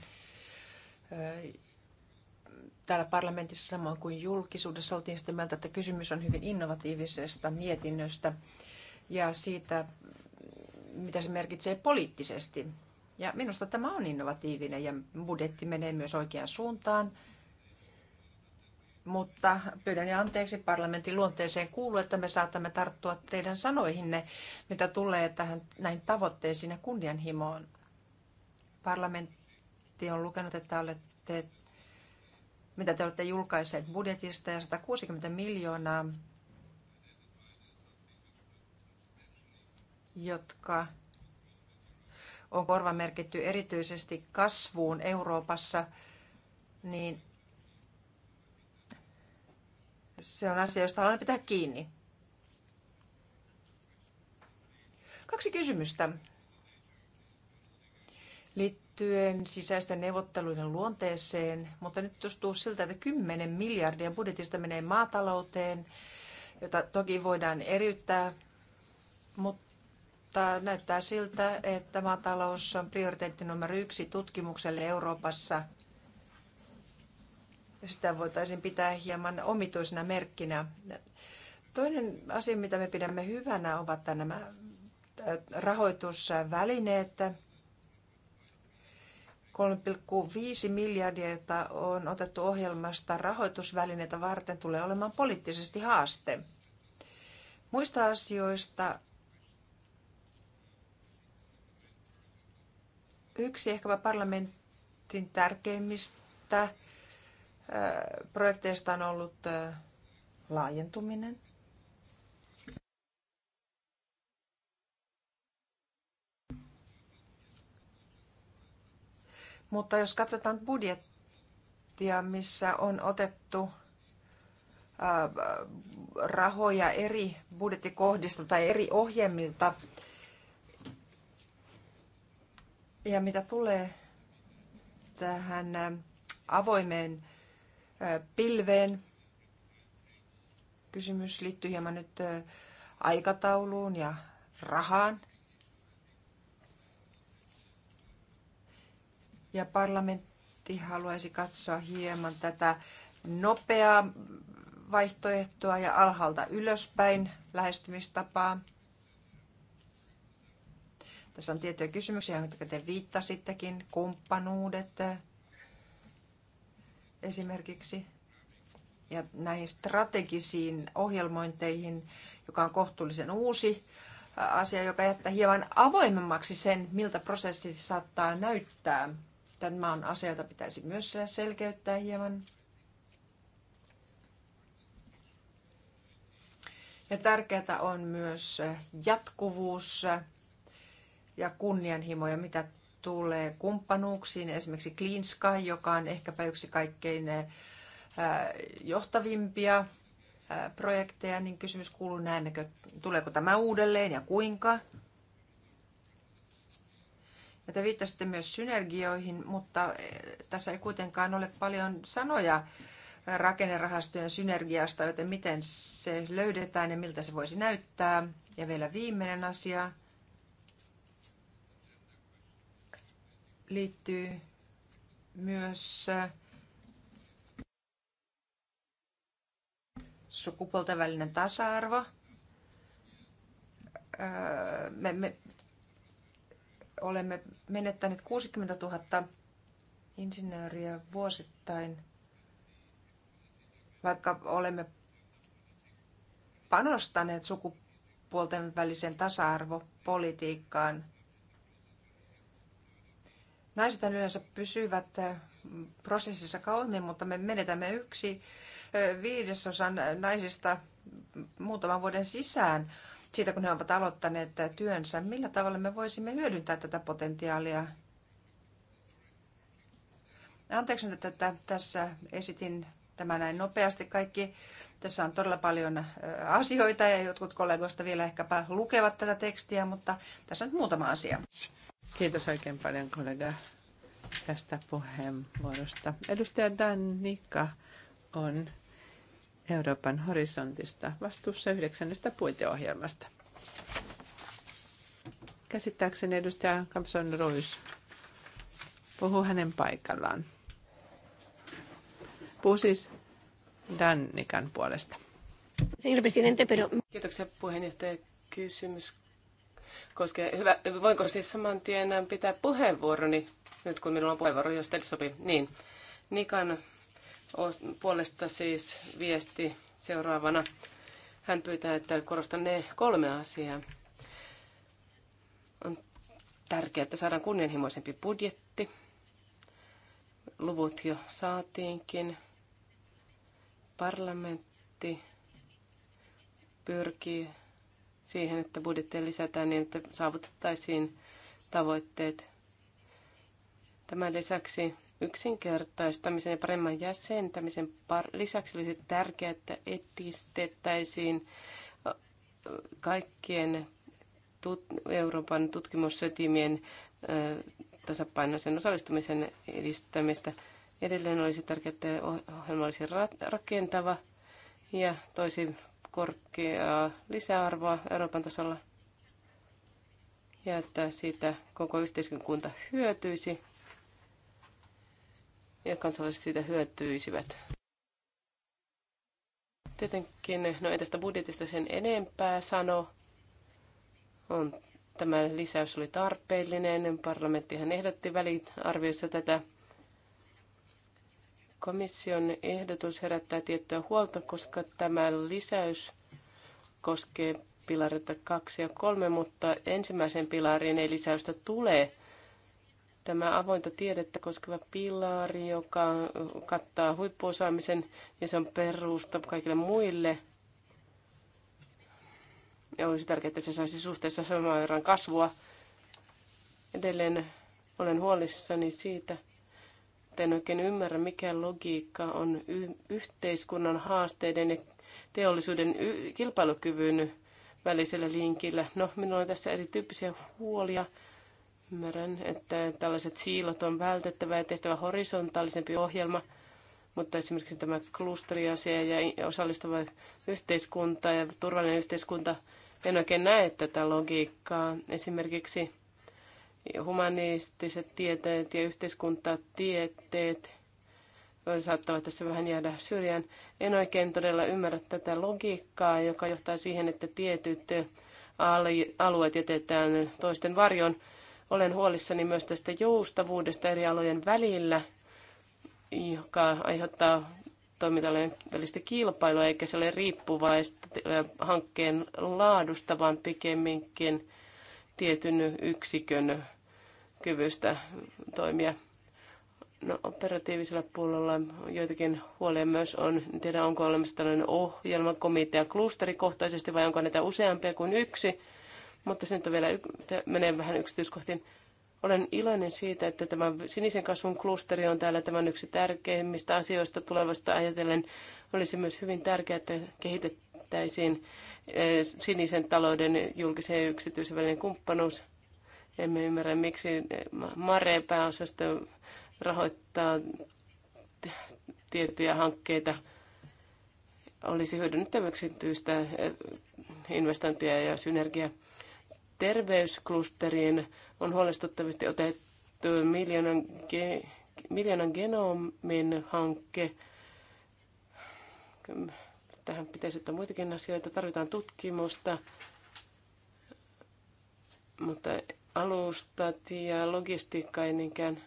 Täällä parlamentissa samoin kuin julkisuudessa oltiin sitä mieltä, että kysymys on hyvin innovatiivisesta mietinnöstä ja siitä, mitä se merkitsee poliittisesti. Ja minusta tämä on innovatiivinen ja budjetti menee myös oikeaan suuntaan. Mutta pyydän ja anteeksi parlamentin luonteeseen kuuluu, että me saatamme tarttua teidän sanoihinne, mitä tulee tähän näin tavoitteisiin ja kunnianhimoon. Parlamentti on lukenut, että olette, mitä te olette julkaiseet budjetista ja 160 miljoonaa, jotka on korvamerkitty erityisesti kasvuun Euroopassa, niin se on asia, josta haluan pitää kiinni. Kaksi kysymystä liittyen sisäisten neuvotteluiden luonteeseen, mutta nyt tuntuu siltä, että 10 miljardia budjetista menee maatalouteen, jota toki voidaan eriyttää, mutta mutta näyttää siltä, että maatalous on prioriteetti numero yksi tutkimukselle Euroopassa. Sitä voitaisiin pitää hieman omituisena merkkinä. Toinen asia, mitä me pidämme hyvänä, ovat nämä äh, rahoitusvälineet. 3,5 miljardia, jota on otettu ohjelmasta rahoitusvälineitä varten, tulee olemaan poliittisesti haaste. Muista asioista yksi ehkä parlamentin tärkeimmistä projekteista on ollut laajentuminen. Mutta jos katsotaan budjettia, missä on otettu rahoja eri budjettikohdista tai eri ohjelmilta Ja mitä tulee tähän avoimeen pilveen, kysymys liittyy hieman nyt aikatauluun ja rahaan. Ja parlamentti haluaisi katsoa hieman tätä nopeaa vaihtoehtoa ja alhaalta ylöspäin lähestymistapaa. Tässä on tiettyjä kysymyksiä, joita te viittasittekin, kumppanuudet eh, esimerkiksi ja näihin strategisiin ohjelmointeihin, joka on kohtuullisen uusi eh, asia, joka jättää hieman avoimemmaksi sen, miltä prosessi saattaa näyttää. Tämä on asia, jota pitäisi myös selkeyttää hieman. Ja tärkeää on myös eh, jatkuvuus ja kunnianhimoja, mitä tulee kumppanuuksiin. Esimerkiksi Clean Sky, joka on ehkäpä yksi kaikkein johtavimpia projekteja, niin kysymys kuuluu, näemmekö, tuleeko tämä uudelleen ja kuinka? Ja te viittasitte myös synergioihin, mutta tässä ei kuitenkaan ole paljon sanoja rakennerahastojen synergiasta, joten miten se löydetään ja miltä se voisi näyttää. Ja vielä viimeinen asia. liittyy myös äh, sukupuolten välinen tasa-arvo. Äh, me, me olemme menettäneet 60 000 insinööriä vuosittain, vaikka olemme panostaneet sukupuolten välisen tasa-arvopolitiikkaan. Naiset yleensä pysyvät eh, prosessissa kauemmin, mutta me menetämme yksi eh, viidesosan naisista muutaman vuoden sisään siitä, kun he ovat aloittaneet eh, työnsä. Millä tavalla me voisimme hyödyntää tätä potentiaalia? Anteeksi nyt, että tässä esitin tämä näin nopeasti kaikki. Tässä on todella paljon asioita ja jotkut kollegoista vielä ehkäpä lukevat tätä tekstiä, mutta tässä on muutama asia. Kiitos oikein paljon kollega tästä puheenvuorosta. Edustaja Dan Nikka on Euroopan horisontista vastuussa yhdeksännestä puiteohjelmasta. Käsittääkseni edustaja Kamson Ruis puhuu hänen paikallaan. Puhu siis Dannikan puolesta. Kiitoksia puheenjohtaja. Kysymys koskee, hyvä, voinko siis saman tien pitää puheenvuoroni, nyt kun minulla on puheenvuoro, jos teille sopii, niin. Nikan puolesta siis viesti seuraavana. Hän pyytää, että korostan ne kolme asiaa. On tärkeää, että saadaan kunnianhimoisempi budjetti. Luvut jo saatiinkin. Parlamentti pyrkii siihen, että budjettia lisätään niin, että saavutettaisiin tavoitteet. Tämän lisäksi yksinkertaistamisen ja paremman jäsentämisen lisäksi olisi tärkeää, että edistettäisiin kaikkien Euroopan tutkimussetimien tasapainoisen osallistumisen edistämistä. Edelleen olisi tärkeää, että ohjelma olisi rakentava ja toisi korkeaa lisäarvoa Euroopan tasolla ja että siitä koko yhteiskunta hyötyisi ja kansalaiset siitä hyötyisivät. Tietenkin, no ei tästä budjetista sen enempää sano. On, tämä lisäys oli tarpeellinen. Parlamenttihan ehdotti väliarviossa tätä Komission ehdotus herättää tiettyä huolta, koska tämä lisäys koskee pilareita 2 ja 3, mutta ensimmäisen pilariin ei lisäystä tule. Tämä avointa tiedettä koskeva pilari, joka kattaa huippuosaamisen ja se on perusta kaikille muille. Ja olisi tärkeää, että se saisi suhteessa saman verran kasvua. Edelleen olen huolissani siitä, en oikein ymmärrä, mikä logiikka on yhteiskunnan haasteiden ja teollisuuden kilpailukyvyn välisellä linkillä. No, minulla on tässä erityyppisiä huolia. Ymmärrän, että tällaiset siilot on vältettävä ja tehtävä horisontaalisempi ohjelma, mutta esimerkiksi tämä klusteriasia ja osallistava yhteiskunta ja turvallinen yhteiskunta, en oikein näe tätä logiikkaa. Esimerkiksi humanistiset tieteet ja yhteiskuntatieteet saattavat tässä vähän jäädä syrjään. En oikein todella ymmärrä tätä logiikkaa, joka johtaa siihen, että tietyt alueet jätetään toisten varjon. Olen huolissani myös tästä joustavuudesta eri alojen välillä, joka aiheuttaa toimintalojen välistä kilpailua, eikä se ole riippuvaista hankkeen laadusta, vaan pikemminkin – tietyn yksikön kyvystä toimia. No, operatiivisella puolella joitakin huolia myös on. En tiedä, onko olemassa tällainen ohjelmakomitea komitea, klusterikohtaisesti vai onko näitä useampia kuin yksi. Mutta se nyt on vielä, menee vähän yksityiskohtiin. Olen iloinen siitä, että tämä sinisen kasvun klusteri on täällä tämän yksi tärkeimmistä asioista tulevasta ajatellen. Olisi myös hyvin tärkeää, että kehitettäisiin Eh, sinisen talouden julkisen ja yksityisen välinen kumppanuus. Emme ymmärrä, miksi eh, Mare pääosasto rahoittaa tiettyjä hankkeita. Olisi hyödynnettävä yksityistä eh, investointia ja synergia. Terveysklusterien on huolestuttavasti otettu miljoonan, ge, miljoonan genomin hanke Tähän pitäisi ottaa muitakin asioita. Tarvitaan tutkimusta, mutta alustat ja logistiikka ei niinkään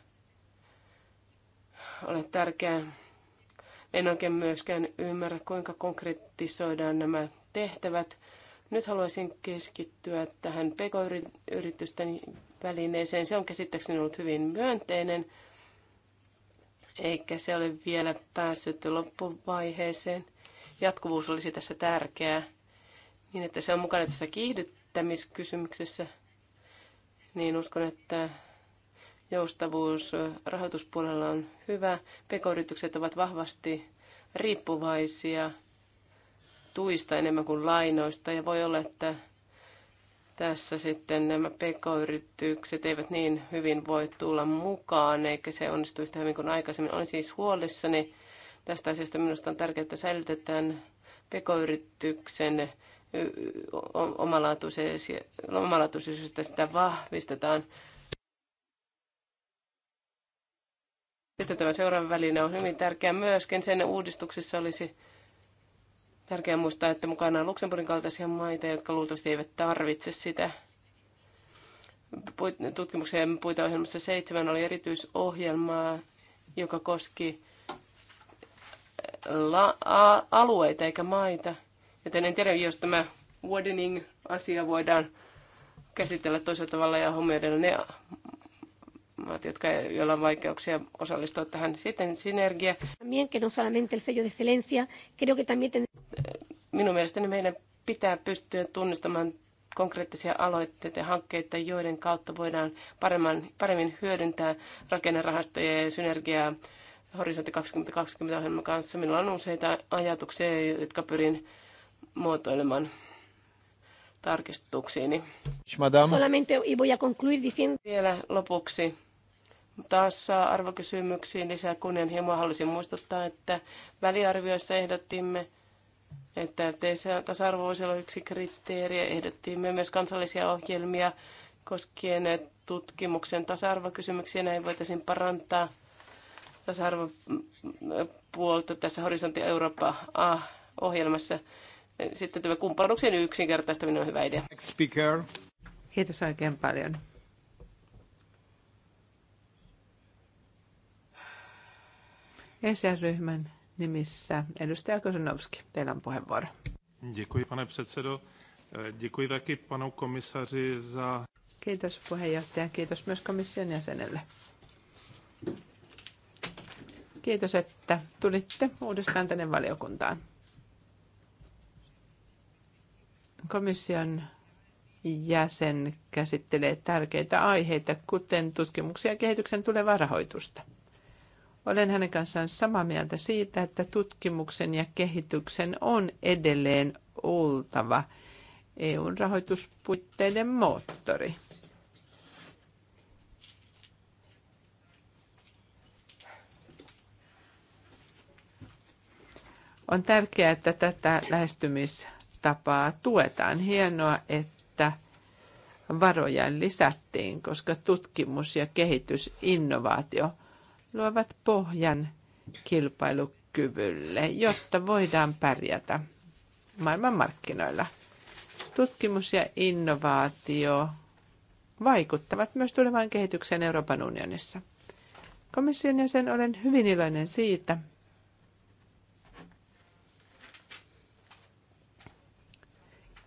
ole tärkeää. En oikein myöskään ymmärrä, kuinka konkretisoidaan nämä tehtävät. Nyt haluaisin keskittyä tähän pk-yritysten välineeseen. Se on käsittääkseni ollut hyvin myönteinen, eikä se ole vielä päässyt loppuvaiheeseen jatkuvuus olisi tässä tärkeää, niin että se on mukana tässä kiihdyttämiskysymyksessä, niin uskon, että joustavuus rahoituspuolella on hyvä. Pekoyritykset ovat vahvasti riippuvaisia tuista enemmän kuin lainoista ja voi olla, että tässä sitten nämä pk-yritykset eivät niin hyvin voi tulla mukaan, eikä se onnistu yhtä hyvin niin kuin aikaisemmin. Olen siis huolissani Tästä asiasta minusta on tärkeää, että säilytetään pekoyrityksen omalaatuisuus, että sitä vahvistetaan. Sitten tämä seuraava väline on hyvin tärkeä myöskin. Sen uudistuksissa olisi tärkeää muistaa, että mukana on Luxemburgin kaltaisia maita, jotka luultavasti eivät tarvitse sitä. Tutkimuksen ohjelmassa seitsemän oli erityisohjelmaa, joka koski alueita eikä maita. Joten en tiedä, jos tämä wardening-asia voidaan käsitellä toisella tavalla ja huomioida ne maat, jotka, joilla on vaikeuksia osallistua tähän. Sitten synergia. No Minun mielestäni meidän pitää pystyä tunnistamaan konkreettisia aloitteita ja hankkeita, joiden kautta voidaan paremmin hyödyntää rakennerahastoja ja synergiaa Horisontti 2020 ohjelman kanssa. Minulla on useita ajatuksia, jotka pyrin muotoilemaan tarkistuksiini. Solamente voy a concluir diciendo... Vielä lopuksi taas saa arvokysymyksiin lisää kunnianhimoa. Haluaisin muistuttaa, että väliarvioissa ehdottimme, että tasa-arvo voisi olla yksi kriteeri. Ehdottimme myös kansallisia ohjelmia koskien tutkimuksen tasa-arvokysymyksiä. Näin voitaisiin parantaa tasa-arvon puolta tässä Horisontti Eurooppa-ohjelmassa. Sitten tämä kumppanuksen yksinkertaistaminen on hyvä idea. Speaker. Kiitos oikein paljon. ESR-ryhmän nimissä edustaja Kosunovski, teillä on puheenvuoro. Kiitos pane předsedo. Děkuji taky panu komisaři za... Kiitos puheenjohtaja, kiitos myös komission jäsenelle. Kiitos, että tulitte uudestaan tänne valiokuntaan. Komission jäsen käsittelee tärkeitä aiheita, kuten tutkimuksia ja kehityksen tulevaa rahoitusta. Olen hänen kanssaan samaa mieltä siitä, että tutkimuksen ja kehityksen on edelleen oltava EUn rahoituspuitteiden moottori. On tärkeää, että tätä lähestymistapaa tuetaan. Hienoa, että varoja lisättiin, koska tutkimus ja kehitys, innovaatio luovat pohjan kilpailukyvylle, jotta voidaan pärjätä maailmanmarkkinoilla. Tutkimus ja innovaatio vaikuttavat myös tulevaan kehitykseen Euroopan unionissa. Komission jäsen olen hyvin iloinen siitä,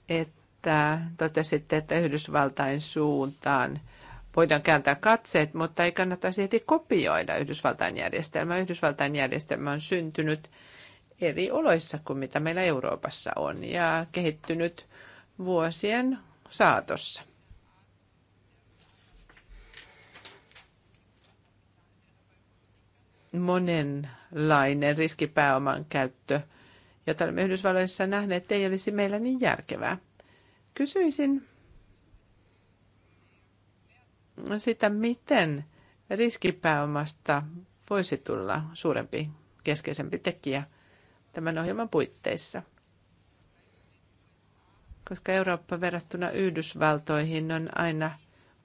että totesitte, että Yhdysvaltain suuntaan voidaan kääntää katseet, mutta ei kannata silti kopioida Yhdysvaltain järjestelmää. Yhdysvaltain järjestelmä on syntynyt eri oloissa kuin mitä meillä Euroopassa on ja kehittynyt vuosien saatossa. Monenlainen riskipääoman käyttö – jota olemme Yhdysvalloissa nähneet, ei olisi meillä niin järkevää. Kysyisin sitä, miten riskipääomasta voisi tulla suurempi, keskeisempi tekijä tämän ohjelman puitteissa. Koska Eurooppa verrattuna Yhdysvaltoihin on aina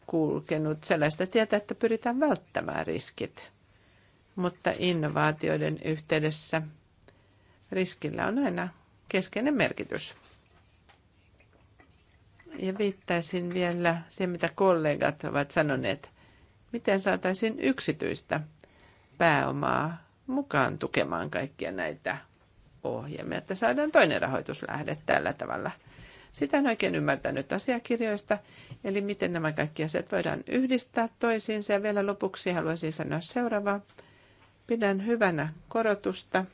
kulkenut sellaista tietä, että pyritään välttämään riskit. Mutta innovaatioiden yhteydessä – riskillä on aina keskeinen merkitys. Ja viittaisin vielä siihen, mitä kollegat ovat sanoneet. Miten saataisiin yksityistä pääomaa mukaan tukemaan kaikkia näitä ohjelmia, että saadaan toinen rahoituslähde tällä tavalla. Sitä en oikein ymmärtänyt asiakirjoista, eli miten nämä kaikki asiat voidaan yhdistää toisiinsa. Ja vielä lopuksi haluaisin sanoa seuraavaa. Pidän hyvänä korotusta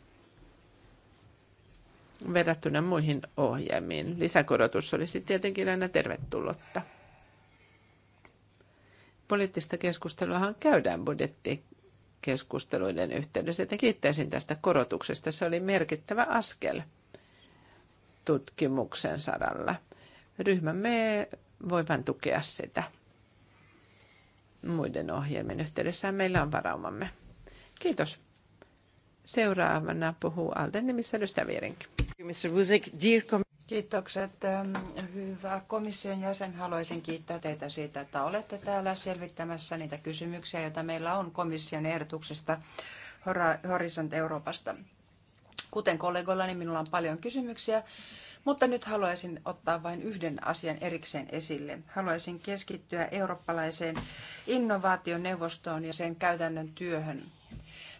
verrattuna muihin ohjelmiin. Lisäkorotus olisi tietenkin aina tervetullutta. Poliittista keskusteluahan käydään budjettikeskusteluiden yhteydessä, ja kiittäisin tästä korotuksesta. Se oli merkittävä askel tutkimuksen saralla. Ryhmämme voi vain tukea sitä. Muiden ohjelmien yhteydessä meillä on varaumamme. Kiitos. Seuraavana puhuu Alden nimissä edustaja Kiitokset. Ähm, hyvä komission jäsen. Haluaisin kiittää teitä siitä, että olette täällä selvittämässä niitä kysymyksiä, joita meillä on komission ehdotuksesta Horizont Euroopasta. Kuten kollegoillani, minulla on paljon kysymyksiä, mutta nyt haluaisin ottaa vain yhden asian erikseen esille. Haluaisin keskittyä eurooppalaiseen innovaationeuvostoon ja sen käytännön työhön.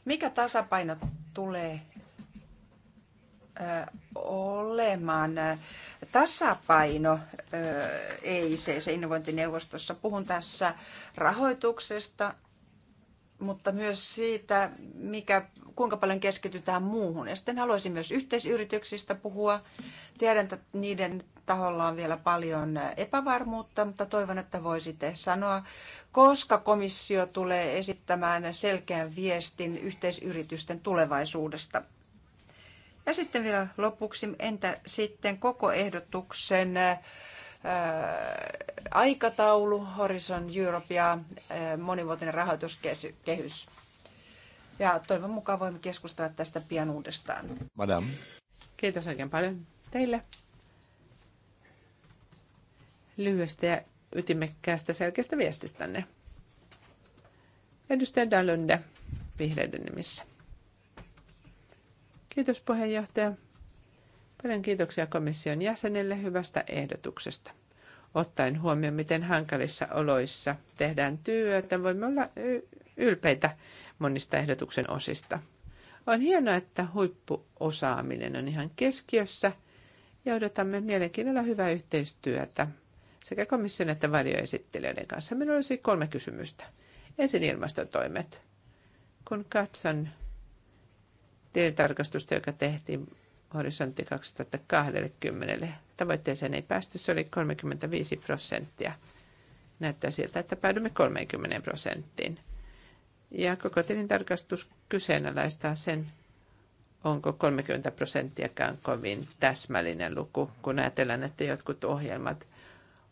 Mikä tasapaino tulee olemaan tasapaino se innovointineuvostossa Puhun tässä rahoituksesta, mutta myös siitä, mikä, kuinka paljon keskitytään muuhun. Ja sitten haluaisin myös yhteisyrityksistä puhua. Tiedän, että niiden taholla on vielä paljon epävarmuutta, mutta toivon, että voisitte sanoa, koska komissio tulee esittämään selkeän viestin yhteisyritysten tulevaisuudesta – ja sitten vielä lopuksi, entä sitten koko ehdotuksen äh, aikataulu, Horizon Europe ja äh, monivuotinen rahoituskehys. Ja toivon mukaan voimme keskustella tästä pian uudestaan. Madam. Kiitos oikein paljon teille. Lyhyestä ja ytimekkäästä selkeästä viestistänne. Edustaja Dalunde, vihreiden nimissä. Kiitos puheenjohtaja. Paljon kiitoksia komission jäsenelle hyvästä ehdotuksesta. Ottaen huomioon, miten hankalissa oloissa tehdään työtä, voimme olla ylpeitä monista ehdotuksen osista. On hienoa, että huippuosaaminen on ihan keskiössä ja odotamme mielenkiinnolla hyvää yhteistyötä sekä komission että varjoesittelijöiden kanssa. Minulla olisi kolme kysymystä. Ensin ilmastotoimet. Kun katson tilintarkastusta, joka tehtiin horisontti 2020. Tavoitteeseen ei päästy, se oli 35 prosenttia. Näyttää siltä, että päädymme 30 prosenttiin. Ja koko tilintarkastus kyseenalaistaa sen, onko 30 prosenttiakaan kovin täsmällinen luku, kun ajatellaan, että jotkut ohjelmat –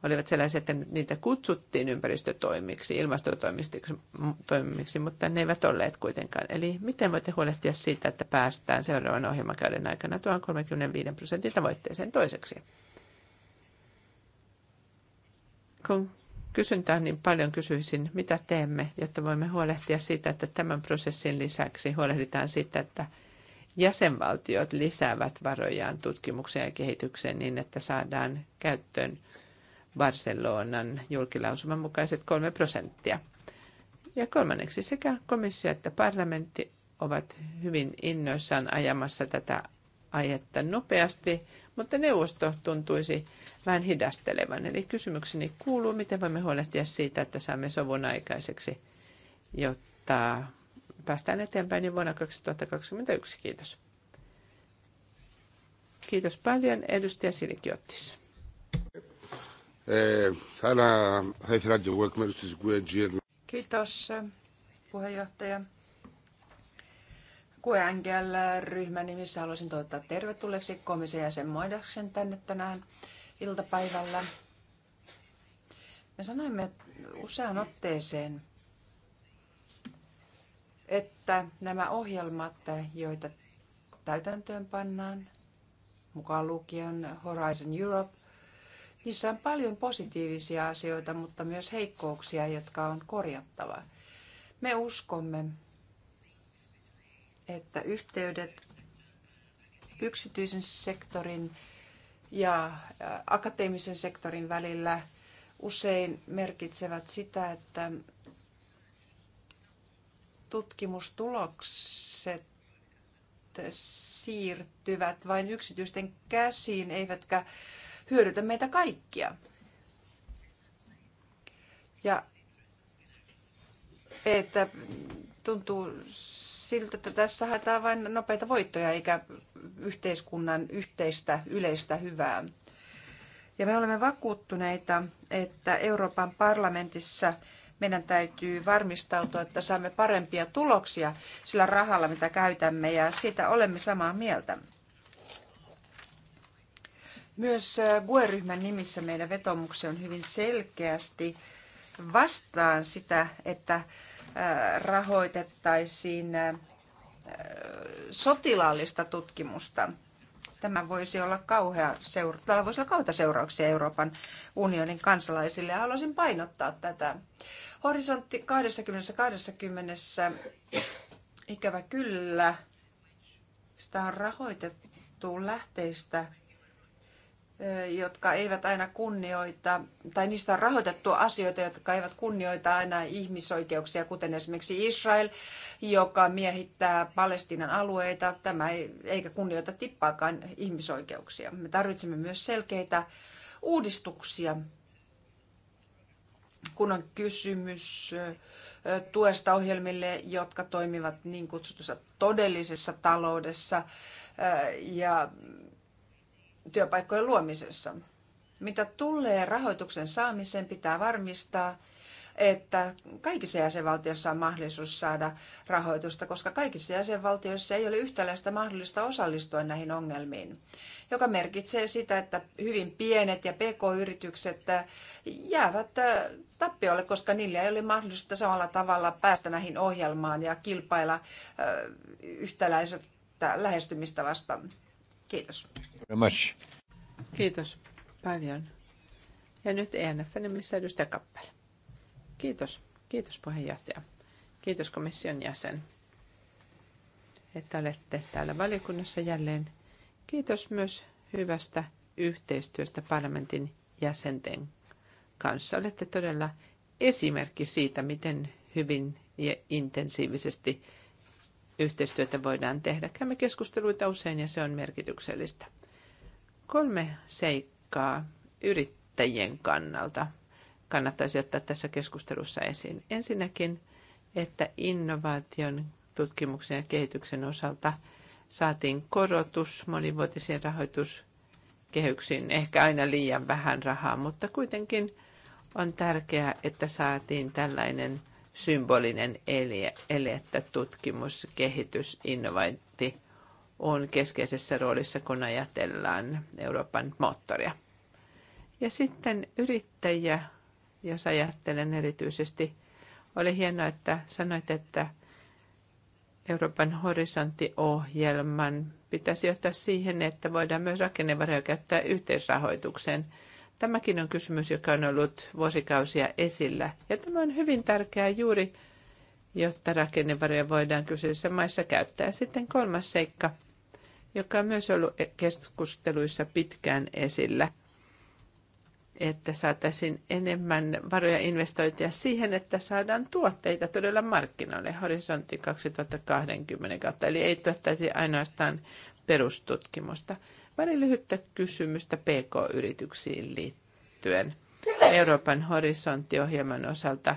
olivat sellaisia, että niitä kutsuttiin ympäristötoimiksi, ilmastotoimiksi, mutta ne eivät olleet kuitenkaan. Eli miten voitte huolehtia siitä, että päästään seuraavan ohjelmakauden aikana tuohon 35 prosentin tavoitteeseen toiseksi? Kun kysyntää niin paljon kysyisin, mitä teemme, jotta voimme huolehtia siitä, että tämän prosessin lisäksi huolehditaan siitä, että jäsenvaltiot lisäävät varojaan tutkimukseen ja kehitykseen niin, että saadaan käyttöön – Barcelonan julkilausuman mukaiset kolme prosenttia. Ja kolmanneksi sekä komissio että parlamentti ovat hyvin innoissaan ajamassa tätä aihetta nopeasti, mutta neuvosto tuntuisi vähän hidastelevan. Eli kysymykseni kuuluu, miten voimme huolehtia siitä, että saamme sovun aikaiseksi, jotta päästään eteenpäin jo vuonna 2021. Kiitos. Kiitos paljon, edustaja Silikiottis. Eh, Kiitos puheenjohtaja. QNGL-ryhmän nimissä haluaisin toivottaa tervetulleeksi komisen jäsen Moidaksen tänne tänään iltapäivällä. Me sanoimme useaan otteeseen, että nämä ohjelmat, joita täytäntöön pannaan, mukaan lukien Horizon Europe, Niissä on paljon positiivisia asioita, mutta myös heikkouksia, jotka on korjattava. Me uskomme, että yhteydet yksityisen sektorin ja akateemisen sektorin välillä usein merkitsevät sitä, että tutkimustulokset siirtyvät vain yksityisten käsiin, eivätkä hyödytä meitä kaikkia. Ja että tuntuu siltä, että tässä haetaan vain nopeita voittoja eikä yhteiskunnan yhteistä yleistä hyvää. Ja me olemme vakuuttuneita, että Euroopan parlamentissa meidän täytyy varmistautua, että saamme parempia tuloksia sillä rahalla, mitä käytämme, ja siitä olemme samaa mieltä. Myös äh, GUE-ryhmän nimissä meidän vetomuksemme on hyvin selkeästi vastaan sitä, että äh, rahoitettaisiin äh, sotilaallista tutkimusta. Tämä voisi olla kauhea seura- Tällä voisi olla kauheita seurauksia Euroopan unionin kansalaisille ja haluaisin painottaa tätä. Horisontti 20-20 ikävä kyllä, sitä on rahoitettu lähteistä, jotka eivät aina kunnioita, tai niistä on rahoitettu asioita, jotka eivät kunnioita aina ihmisoikeuksia, kuten esimerkiksi Israel, joka miehittää Palestiinan alueita, tämä ei, eikä kunnioita tippaakaan ihmisoikeuksia. Me tarvitsemme myös selkeitä uudistuksia, kun on kysymys tuesta ohjelmille, jotka toimivat niin kutsutussa todellisessa taloudessa ja työpaikkojen luomisessa. Mitä tulee rahoituksen saamiseen, pitää varmistaa, että kaikissa jäsenvaltioissa on mahdollisuus saada rahoitusta, koska kaikissa jäsenvaltioissa ei ole yhtäläistä mahdollista osallistua näihin ongelmiin, joka merkitsee sitä, että hyvin pienet ja pk-yritykset jäävät tappiolle, koska niillä ei ole mahdollista samalla tavalla päästä näihin ohjelmaan ja kilpailla yhtäläisestä lähestymistä vastaan. Kiitos. Kiitos paljon. Ja nyt ENFN, missä edustaja Kappale. Kiitos. Kiitos puheenjohtaja. Kiitos komission jäsen, että olette täällä valiokunnassa jälleen. Kiitos myös hyvästä yhteistyöstä parlamentin jäsenten kanssa. Olette todella esimerkki siitä, miten hyvin ja intensiivisesti yhteistyötä voidaan tehdä. Käymme keskusteluita usein ja se on merkityksellistä. Kolme seikkaa yrittäjien kannalta kannattaisi ottaa tässä keskustelussa esiin. Ensinnäkin, että innovaation tutkimuksen ja kehityksen osalta saatiin korotus monivuotisiin rahoituskehyksiin, ehkä aina liian vähän rahaa, mutta kuitenkin on tärkeää, että saatiin tällainen – symbolinen eli, eli että tutkimus, kehitys, innovointi on keskeisessä roolissa, kun ajatellaan Euroopan moottoria. Ja sitten yrittäjiä, jos ajattelen erityisesti, oli hienoa, että sanoit, että Euroopan horisonttiohjelman pitäisi ottaa siihen, että voidaan myös rakennevaroja käyttää yhteisrahoitukseen – Tämäkin on kysymys, joka on ollut vuosikausia esillä. Ja tämä on hyvin tärkeää juuri, jotta rakennevaroja voidaan kyseisissä maissa käyttää. Sitten kolmas seikka, joka on myös ollut keskusteluissa pitkään esillä, että saataisiin enemmän varoja investointia siihen, että saadaan tuotteita todella markkinoille horisontti 2020 kautta. Eli ei tuottaisi ainoastaan perustutkimusta. Pari lyhyttä kysymystä PK-yrityksiin liittyen. Euroopan horisonttiohjelman osalta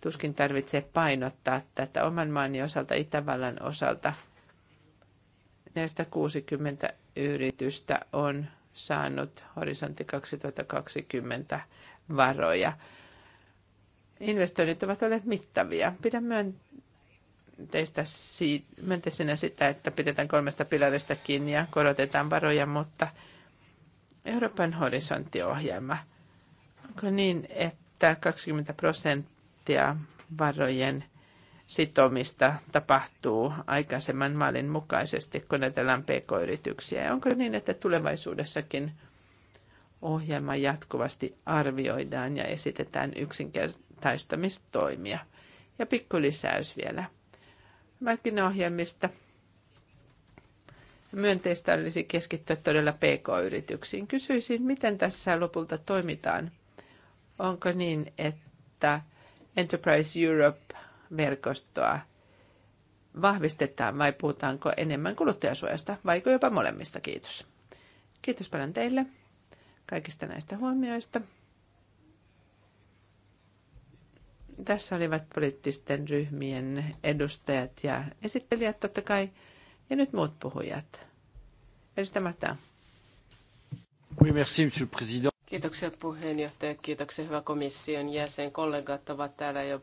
tuskin tarvitsee painottaa tätä oman maan osalta, Itävallan osalta. 460 yritystä on saanut horisontti 2020 varoja. Investoinnit ovat olleet mittavia. Pidän myön, teistä si myönteisenä sitä, että pidetään kolmesta pilarista kiinni ja korotetaan varoja, mutta Euroopan horisonttiohjelma, onko niin, että 20 prosenttia varojen sitomista tapahtuu aikaisemman mallin mukaisesti, kun ajatellaan pk-yrityksiä. Onko niin, että tulevaisuudessakin ohjelma jatkuvasti arvioidaan ja esitetään yksinkertaistamistoimia? Ja pikku lisäys vielä. Mäkin markkinaohjelmista. Myönteistä olisi keskittyä todella PK-yrityksiin. Kysyisin, miten tässä lopulta toimitaan? Onko niin, että Enterprise Europe-verkostoa vahvistetaan vai puhutaanko enemmän kuluttajasuojasta, vaiko jopa molemmista? Kiitos. Kiitos paljon teille kaikista näistä huomioista. Tässä olivat poliittisten ryhmien edustajat ja esittelijät totta kai, ja nyt muut puhujat. Edustaja Martin. Oui, merci, monsieur le président. Kiitoksia puheenjohtaja, kiitoksia hyvä komission jäsen. Kollegat ovat täällä jo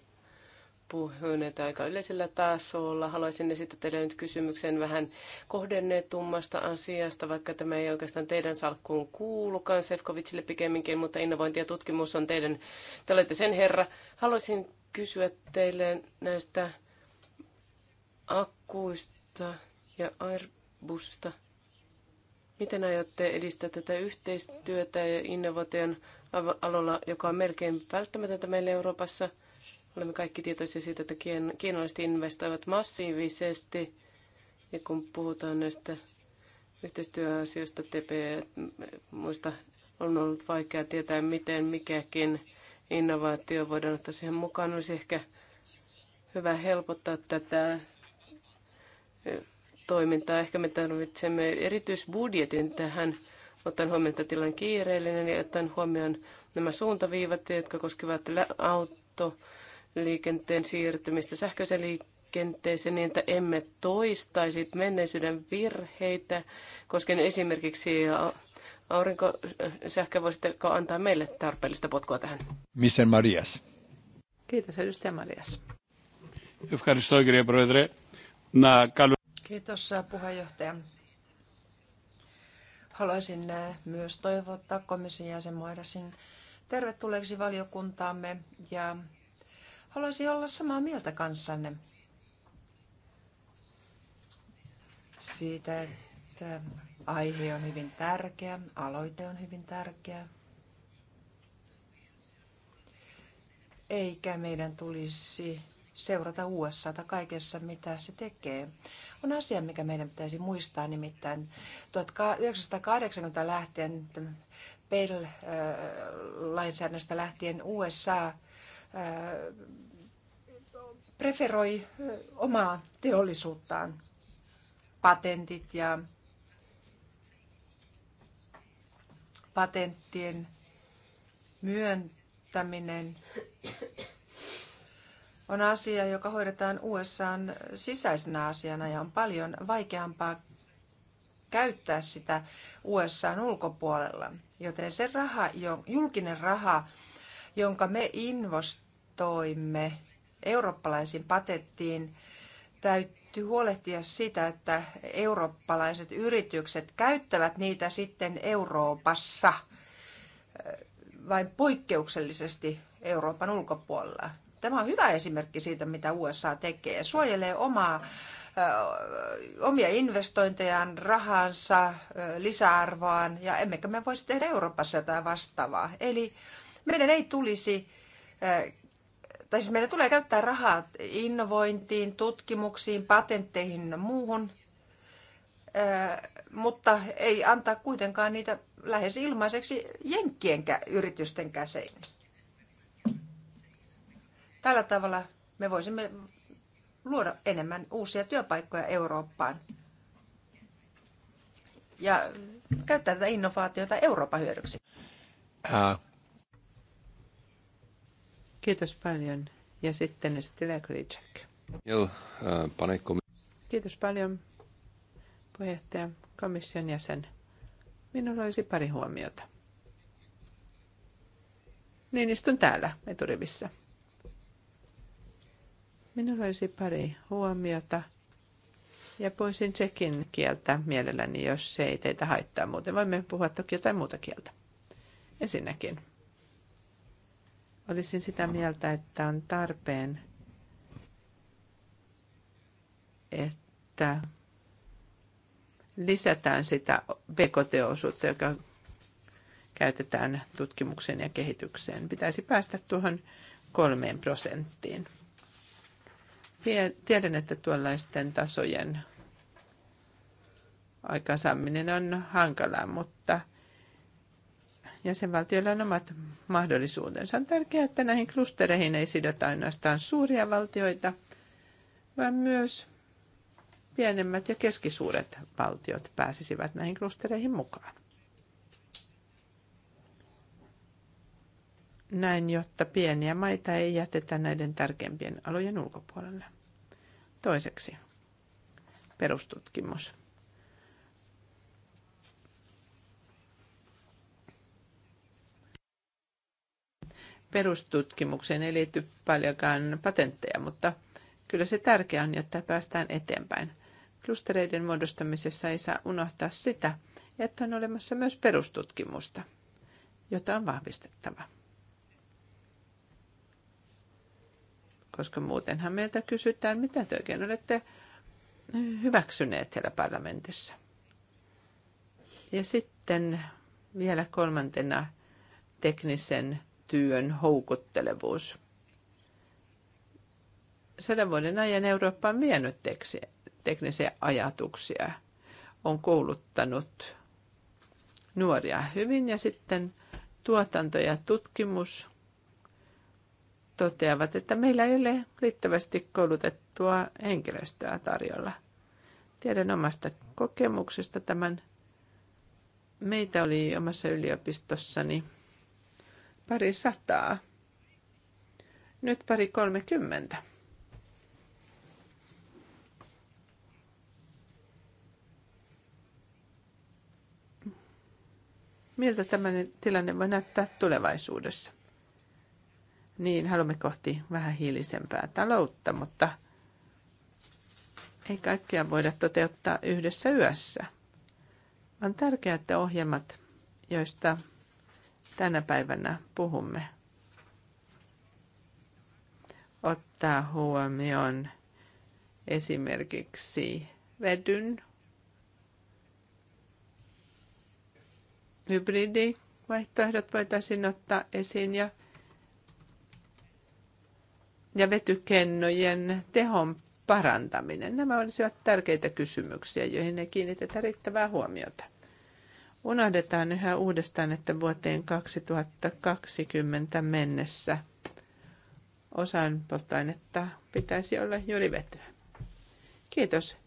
puhuneet aika yleisellä tasolla. Haluaisin esittää teille nyt kysymyksen vähän kohdennetummasta asiasta, vaikka tämä ei oikeastaan teidän salkkuun kuulukaan Sefkovicille pikemminkin, mutta innovointi ja tutkimus on teidän, te olette sen herra. Haluaisin kysyä teille näistä akkuista ja airbusista, Miten aiotte edistää tätä yhteistyötä ja innovaation alalla, joka on melkein välttämätöntä meille Euroopassa – Olemme kaikki tietoisia siitä, että kiinalaiset investoivat massiivisesti. Ja kun puhutaan näistä yhteistyöasioista, TP muista on ollut vaikea tietää, miten mikäkin innovaatio voidaan ottaa siihen mukaan. Olisi ehkä hyvä helpottaa tätä toimintaa. Ehkä me tarvitsemme erityisbudjetin tähän, ottaen huomioon, että tilanne kiireellinen ja ottaen huomioon nämä suuntaviivat, jotka koskevat auto liikenteen siirtymistä sähköiseen liikenteeseen niin, että emme toistaisi menneisyyden virheitä, koskien esimerkiksi aurinkosähkö, voisitteko antaa meille tarpeellista potkua tähän? Missä Marias. Kiitos, edustaja Marias. Kiitos, puheenjohtaja. Haluaisin äh, myös toivottaa komission jäsen Moirasin tervetulleeksi valiokuntaamme ja Haluaisin olla samaa mieltä kanssanne siitä, että aihe on hyvin tärkeä, aloite on hyvin tärkeä. Eikä meidän tulisi seurata USAta kaikessa, mitä se tekee. On asia, mikä meidän pitäisi muistaa, nimittäin 1980 lähtien Pell-lainsäädännöstä äh, lähtien USA äh, preferoi omaa teollisuuttaan. Patentit ja patenttien myöntäminen on asia, joka hoidetaan USAn sisäisenä asiana ja on paljon vaikeampaa käyttää sitä USAn ulkopuolella. Joten se raha, julkinen raha, jonka me investoimme eurooppalaisiin patettiin, täytyy huolehtia sitä, että eurooppalaiset yritykset käyttävät niitä sitten Euroopassa eh, vain poikkeuksellisesti Euroopan ulkopuolella. Tämä on hyvä esimerkki siitä, mitä USA tekee. Suojelee omaa, eh, omia investointejaan, rahansa, eh, lisäarvoaan ja emmekä me voisi tehdä Euroopassa jotain vastaavaa. Eli meidän ei tulisi tai siis meidän tulee käyttää rahaa innovointiin, tutkimuksiin, patentteihin ja muuhun, mutta ei antaa kuitenkaan niitä lähes ilmaiseksi jenkkien yritysten käsiin. Tällä tavalla me voisimme luoda enemmän uusia työpaikkoja Eurooppaan ja käyttää tätä innovaatiota Euroopan hyödyksi. Uh, Kiitos paljon. Ja sitten Stila Kriček. Äh, Kiitos paljon, puheenjohtaja, komission jäsen. Minulla olisi pari huomiota. Niin istun täällä eturivissä. Minulla olisi pari huomiota. Ja poisin tsekin kieltä mielelläni, jos se ei teitä haittaa. Muuten voimme puhua toki jotain muuta kieltä. Ensinnäkin Olisin sitä mieltä, että on tarpeen, että lisätään sitä BKT-osuutta, joka käytetään tutkimukseen ja kehitykseen. Pitäisi päästä tuohon kolmeen prosenttiin. Tiedän, että tuollaisten tasojen aikaansaaminen on hankalaa, mutta – jäsenvaltioilla on omat mahdollisuutensa. On tärkeää, että näihin klustereihin ei sidota ainoastaan suuria valtioita, vaan myös pienemmät ja keskisuuret valtiot pääsisivät näihin klustereihin mukaan. Näin, jotta pieniä maita ei jätetä näiden tärkeimpien alojen ulkopuolelle. Toiseksi, perustutkimus. perustutkimukseen ei liity paljonkaan patentteja, mutta kyllä se tärkeää on, jotta päästään eteenpäin. Klustereiden muodostamisessa ei saa unohtaa sitä, että on olemassa myös perustutkimusta, jota on vahvistettava. Koska muutenhan meiltä kysytään, mitä te oikein olette hyväksyneet siellä parlamentissa. Ja sitten vielä kolmantena teknisen työn houkuttelevuus. Sadan vuoden ajan Eurooppa on vienyt teknisiä ajatuksia, on kouluttanut nuoria hyvin ja sitten tuotanto ja tutkimus toteavat, että meillä ei ole riittävästi koulutettua henkilöstöä tarjolla. Tiedän omasta kokemuksesta tämän. Meitä oli omassa yliopistossani – pari sataa, nyt pari kolmekymmentä. Miltä tämä tilanne voi näyttää tulevaisuudessa? Niin, haluamme kohti vähän hiilisempää taloutta, mutta ei kaikkea voida toteuttaa yhdessä yössä. On tärkeää, että ohjelmat, joista tänä päivänä puhumme. Ottaa huomioon esimerkiksi vedyn, hybridivaihtoehdot voitaisiin ottaa esiin ja, ja vetykennojen tehon parantaminen. Nämä olisivat tärkeitä kysymyksiä, joihin ne kiinnitetä riittävää huomiota. Unohdetaan yhä uudestaan, että vuoteen 2020 mennessä osan polttoainetta pitäisi olla vetyä. Kiitos.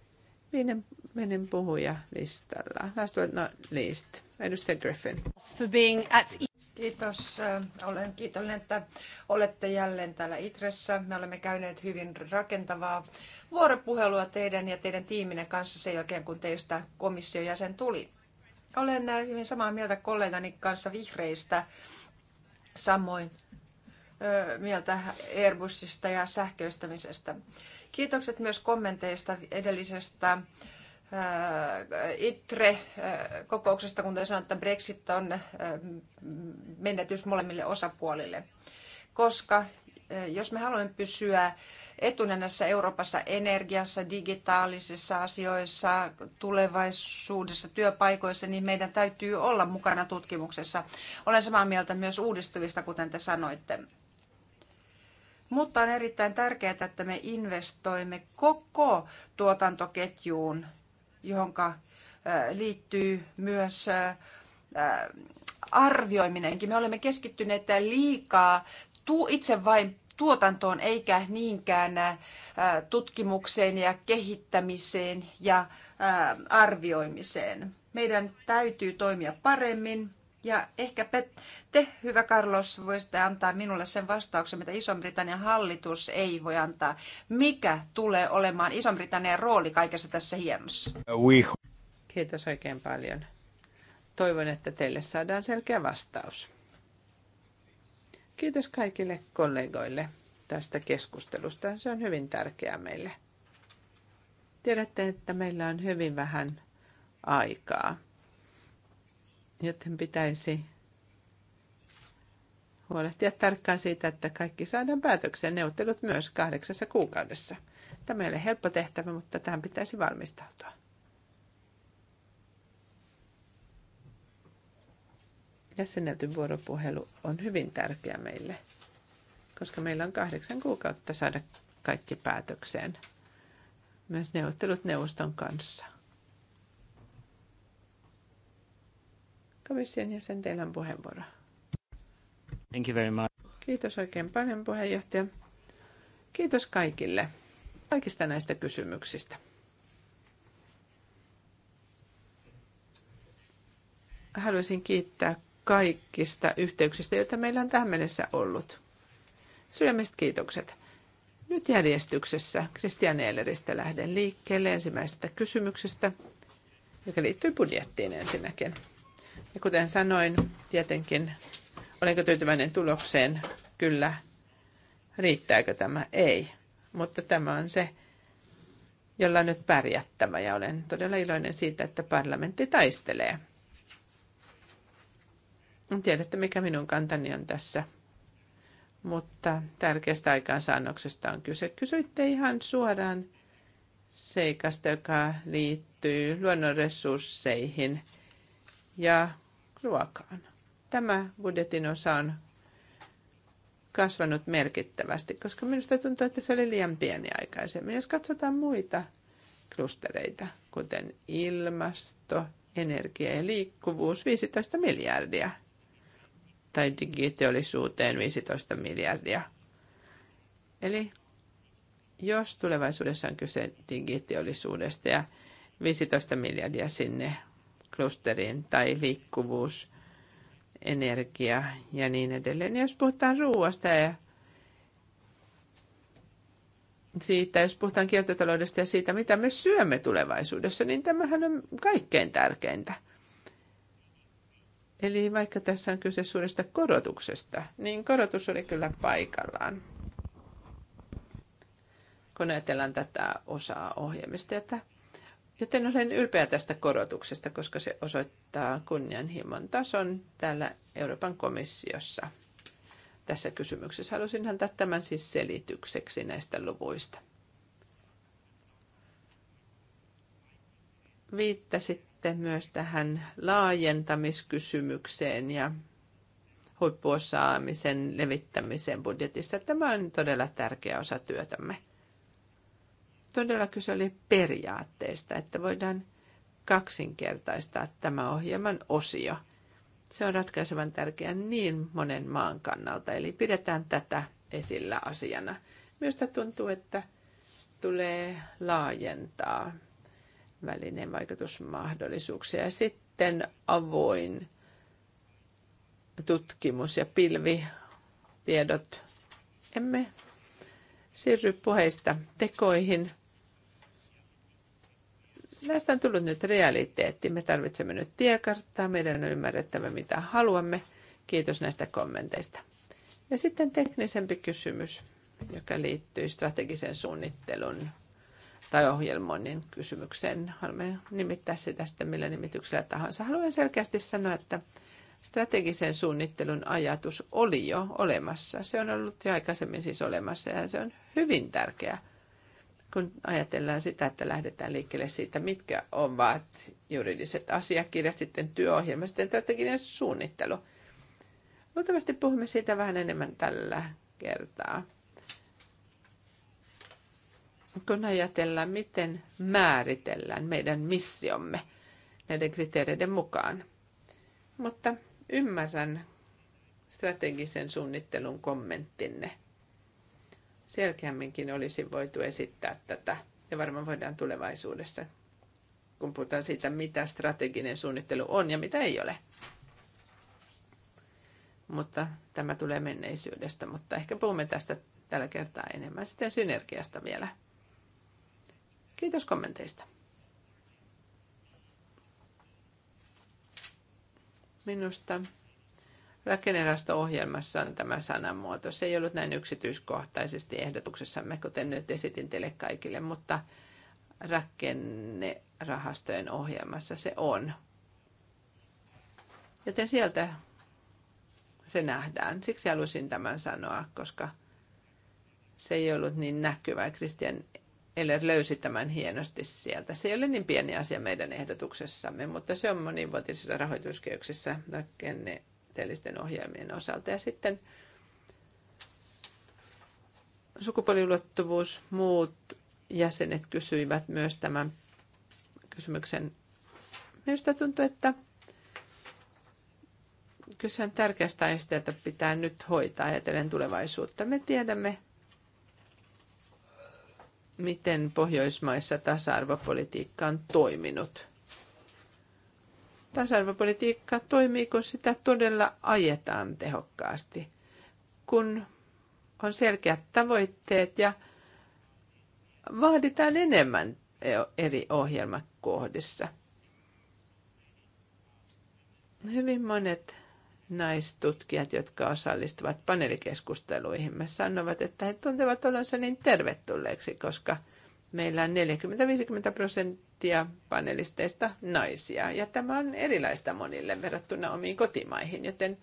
Viiden menen puhuja listalla. Last but not least, edustaja Griffin. For being at... E- Kiitos. Olen kiitollinen, että olette jälleen täällä Itressä. Me olemme käyneet hyvin rakentavaa vuoropuhelua teidän ja teidän tiiminen kanssa sen jälkeen, kun teistä komission jäsen tuli. Olen äh, hyvin samaa mieltä kollegani kanssa vihreistä, samoin mieltä Airbusista ja sähköistämisestä. Kiitokset myös kommenteista edellisestä ITRE-kokouksesta, kun te sanoitte, että Brexit on menetys molemmille osapuolille, koska Eh, jos me haluamme pysyä etunenässä Euroopassa energiassa, digitaalisissa asioissa, tulevaisuudessa, työpaikoissa, niin meidän täytyy olla mukana tutkimuksessa. Olen samaa mieltä myös uudistuvista, kuten te sanoitte. Mutta on erittäin tärkeää, että me investoimme koko tuotantoketjuun, johon eh, liittyy myös eh, arvioiminenkin. Me olemme keskittyneet liikaa itse vain tuotantoon eikä niinkään tutkimukseen ja kehittämiseen ja arvioimiseen. Meidän täytyy toimia paremmin ja ehkä te, hyvä Carlos, voisitte antaa minulle sen vastauksen, mitä Iso-Britannian hallitus ei voi antaa. Mikä tulee olemaan Iso-Britannian rooli kaikessa tässä hienossa? Kiitos oikein paljon. Toivon, että teille saadaan selkeä vastaus. Kiitos kaikille kollegoille tästä keskustelusta. Se on hyvin tärkeää meille. Tiedätte, että meillä on hyvin vähän aikaa, joten pitäisi huolehtia tarkkaan siitä, että kaikki saadaan päätökseen neuvottelut myös kahdeksassa kuukaudessa. Tämä ei ole helppo tehtävä, mutta tähän pitäisi valmistautua. jäsennelty vuoropuhelu on hyvin tärkeä meille, koska meillä on kahdeksan kuukautta saada kaikki päätökseen, myös neuvottelut neuvoston kanssa. Komission jäsen, teillä on puheenvuoro. Thank you very much. Kiitos oikein paljon puheenjohtaja. Kiitos kaikille, kaikista näistä kysymyksistä. haluaisin kiittää kaikista yhteyksistä, joita meillä on tähän mennessä ollut. Sydämestä kiitokset. Nyt järjestyksessä Christian Ehleristä lähden liikkeelle ensimmäisestä kysymyksestä, joka liittyy budjettiin ensinnäkin. Ja kuten sanoin, tietenkin, olenko tyytyväinen tulokseen? Kyllä. Riittääkö tämä? Ei. Mutta tämä on se, jolla on nyt pärjättävä ja olen todella iloinen siitä, että parlamentti taistelee Tiedätte, mikä minun kantani on tässä. Mutta tärkeästä aikaansaannoksesta on kyse. Kysyitte ihan suoraan seikasta, joka liittyy luonnonresursseihin ja ruokaan. Tämä budjetin osa on kasvanut merkittävästi, koska minusta tuntuu, että se oli liian pieni aikaisemmin. Jos katsotaan muita klustereita, kuten ilmasto, energia ja liikkuvuus, 15 miljardia – tai digiteollisuuteen 15 miljardia. Eli jos tulevaisuudessa on kyse digiteollisuudesta ja 15 miljardia sinne klusteriin tai liikkuvuus, energia ja niin edelleen. Jos puhutaan ruoasta ja siitä, jos puhutaan kiertotaloudesta ja siitä, mitä me syömme tulevaisuudessa, niin tämähän on kaikkein tärkeintä. Eli vaikka tässä on kyse suuresta korotuksesta, niin korotus oli kyllä paikallaan, kun ajatellaan tätä osaa ohjelmista. Joten olen ylpeä tästä korotuksesta, koska se osoittaa kunnianhimon tason täällä Euroopan komissiossa. Tässä kysymyksessä halusin antaa tämän siis selitykseksi näistä luvuista. Viittasit sitten myös tähän laajentamiskysymykseen ja huippuosaamisen levittämiseen budjetissa. Tämä on todella tärkeä osa työtämme. Todella kyse oli periaatteesta, että voidaan kaksinkertaistaa tämä ohjelman osio. Se on ratkaisevan tärkeä niin monen maan kannalta, eli pidetään tätä esillä asiana. Myös tuntuu, että tulee laajentaa välinen vaikutusmahdollisuuksia. Ja sitten avoin tutkimus ja pilvitiedot. Emme siirry puheista tekoihin. Näistä on tullut nyt realiteetti. Me tarvitsemme nyt tiekarttaa. Meidän on ymmärrettävä, mitä haluamme. Kiitos näistä kommenteista. Ja sitten teknisempi kysymys, joka liittyy strategisen suunnittelun tai ohjelmoinnin kysymykseen. Haluamme nimittää sitä sitten millä nimityksellä tahansa. Haluan selkeästi sanoa, että strategisen suunnittelun ajatus oli jo olemassa. Se on ollut jo aikaisemmin siis olemassa ja se on hyvin tärkeä, kun ajatellaan sitä, että lähdetään liikkeelle siitä, mitkä ovat juridiset asiakirjat, sitten työohjelma, sitten strateginen suunnittelu. Luultavasti puhumme siitä vähän enemmän tällä kertaa kun ajatellaan, miten määritellään meidän missiomme näiden kriteereiden mukaan. Mutta ymmärrän strategisen suunnittelun kommenttinne. Selkeämminkin olisi voitu esittää tätä ja varmaan voidaan tulevaisuudessa, kun puhutaan siitä, mitä strateginen suunnittelu on ja mitä ei ole. Mutta tämä tulee menneisyydestä, mutta ehkä puhumme tästä tällä kertaa enemmän sitten synergiasta vielä. Kiitos kommenteista. Minusta rakennerasto-ohjelmassa on tämä sanamuoto. Se ei ollut näin yksityiskohtaisesti ehdotuksessamme, kuten nyt esitin teille kaikille, mutta rakennerahastojen ohjelmassa se on. Joten sieltä se nähdään. Siksi halusin tämän sanoa, koska se ei ollut niin näkyvä. Kristian Eller löysi tämän hienosti sieltä. Se ei ole niin pieni asia meidän ehdotuksessamme, mutta se on monivuotisissa rahoituskehyksissä rakenteellisten ohjelmien osalta. Ja sitten sukupuoliulottuvuus, muut jäsenet kysyivät myös tämän kysymyksen. Minusta tuntuu, että kyse on tärkeästä aiheesta, että pitää nyt hoitaa ajatellen tulevaisuutta. Me tiedämme, miten Pohjoismaissa tasa-arvopolitiikka on toiminut. Tasa-arvopolitiikka toimii, kun sitä todella ajetaan tehokkaasti, kun on selkeät tavoitteet ja vaaditaan enemmän e- eri ohjelmakohdissa. Hyvin monet naistutkijat, jotka osallistuvat me sanovat, että he tuntevat olonsa niin tervetulleeksi, koska meillä on 40-50 prosenttia panelisteista naisia, ja tämä on erilaista monille verrattuna omiin kotimaihin, joten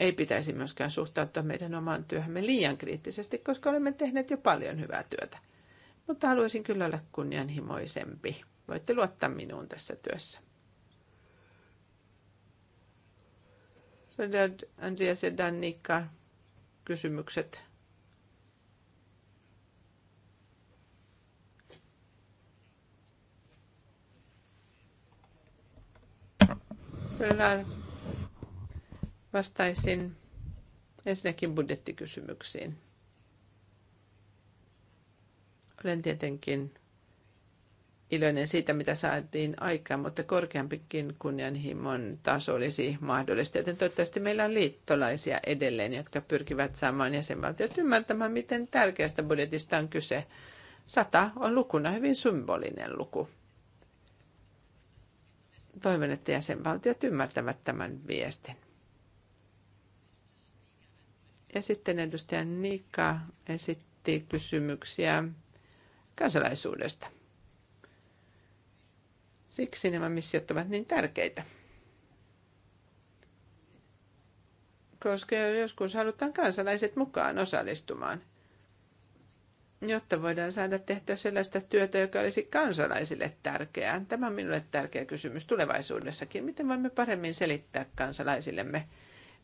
ei pitäisi myöskään suhtautua meidän omaan työhömme liian kriittisesti, koska olemme tehneet jo paljon hyvää työtä. Mutta haluaisin kyllä olla kunnianhimoisempi. Voitte luottaa minuun tässä työssä. Fredrik, Andreas ja Danica, kysymykset. Soledad, vastaisin ensinnäkin budjettikysymyksiin. Olen tietenkin iloinen siitä, mitä saatiin aikaan, mutta korkeampikin kunnianhimon taso olisi mahdollista. Joten toivottavasti meillä on liittolaisia edelleen, jotka pyrkivät saamaan jäsenvaltiot ymmärtämään, miten tärkeästä budjetista on kyse. Sata on lukuna hyvin symbolinen luku. Toivon, että jäsenvaltiot ymmärtävät tämän viestin. Ja sitten edustaja Niikka esitti kysymyksiä kansalaisuudesta – Siksi nämä missiot ovat niin tärkeitä. Koska joskus halutaan kansalaiset mukaan osallistumaan, jotta voidaan saada tehtyä sellaista työtä, joka olisi kansalaisille tärkeää. Tämä on minulle tärkeä kysymys tulevaisuudessakin. Miten voimme paremmin selittää kansalaisillemme,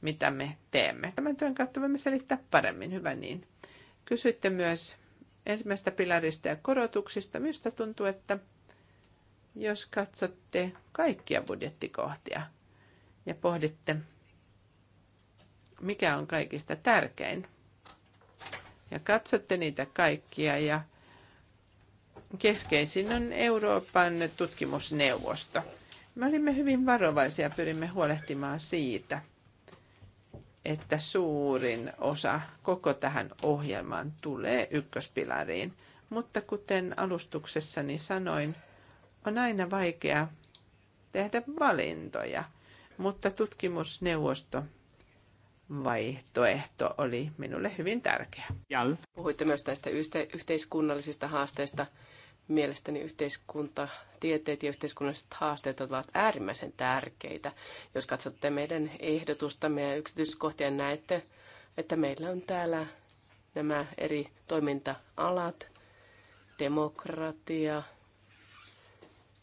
mitä me teemme? Tämän työn kautta voimme selittää paremmin, hyvä niin. Kysyitte myös ensimmäistä pilarista ja korotuksista. Minusta tuntuu, että jos katsotte kaikkia budjettikohtia ja pohditte, mikä on kaikista tärkein. Ja katsotte niitä kaikkia ja keskeisin on Euroopan tutkimusneuvosto. Me olimme hyvin varovaisia, pyrimme huolehtimaan siitä, että suurin osa koko tähän ohjelmaan tulee ykköspilariin. Mutta kuten alustuksessani sanoin, on aina vaikea tehdä valintoja, mutta tutkimusneuvosto vaihtoehto oli minulle hyvin tärkeä. Jall. Puhuitte myös tästä yhteiskunnallisista haasteista. Mielestäni yhteiskuntatieteet ja yhteiskunnalliset haasteet ovat äärimmäisen tärkeitä. Jos katsotte meidän ehdotusta meidän yksityiskohtia, näette, että meillä on täällä nämä eri toiminta-alat, demokratia,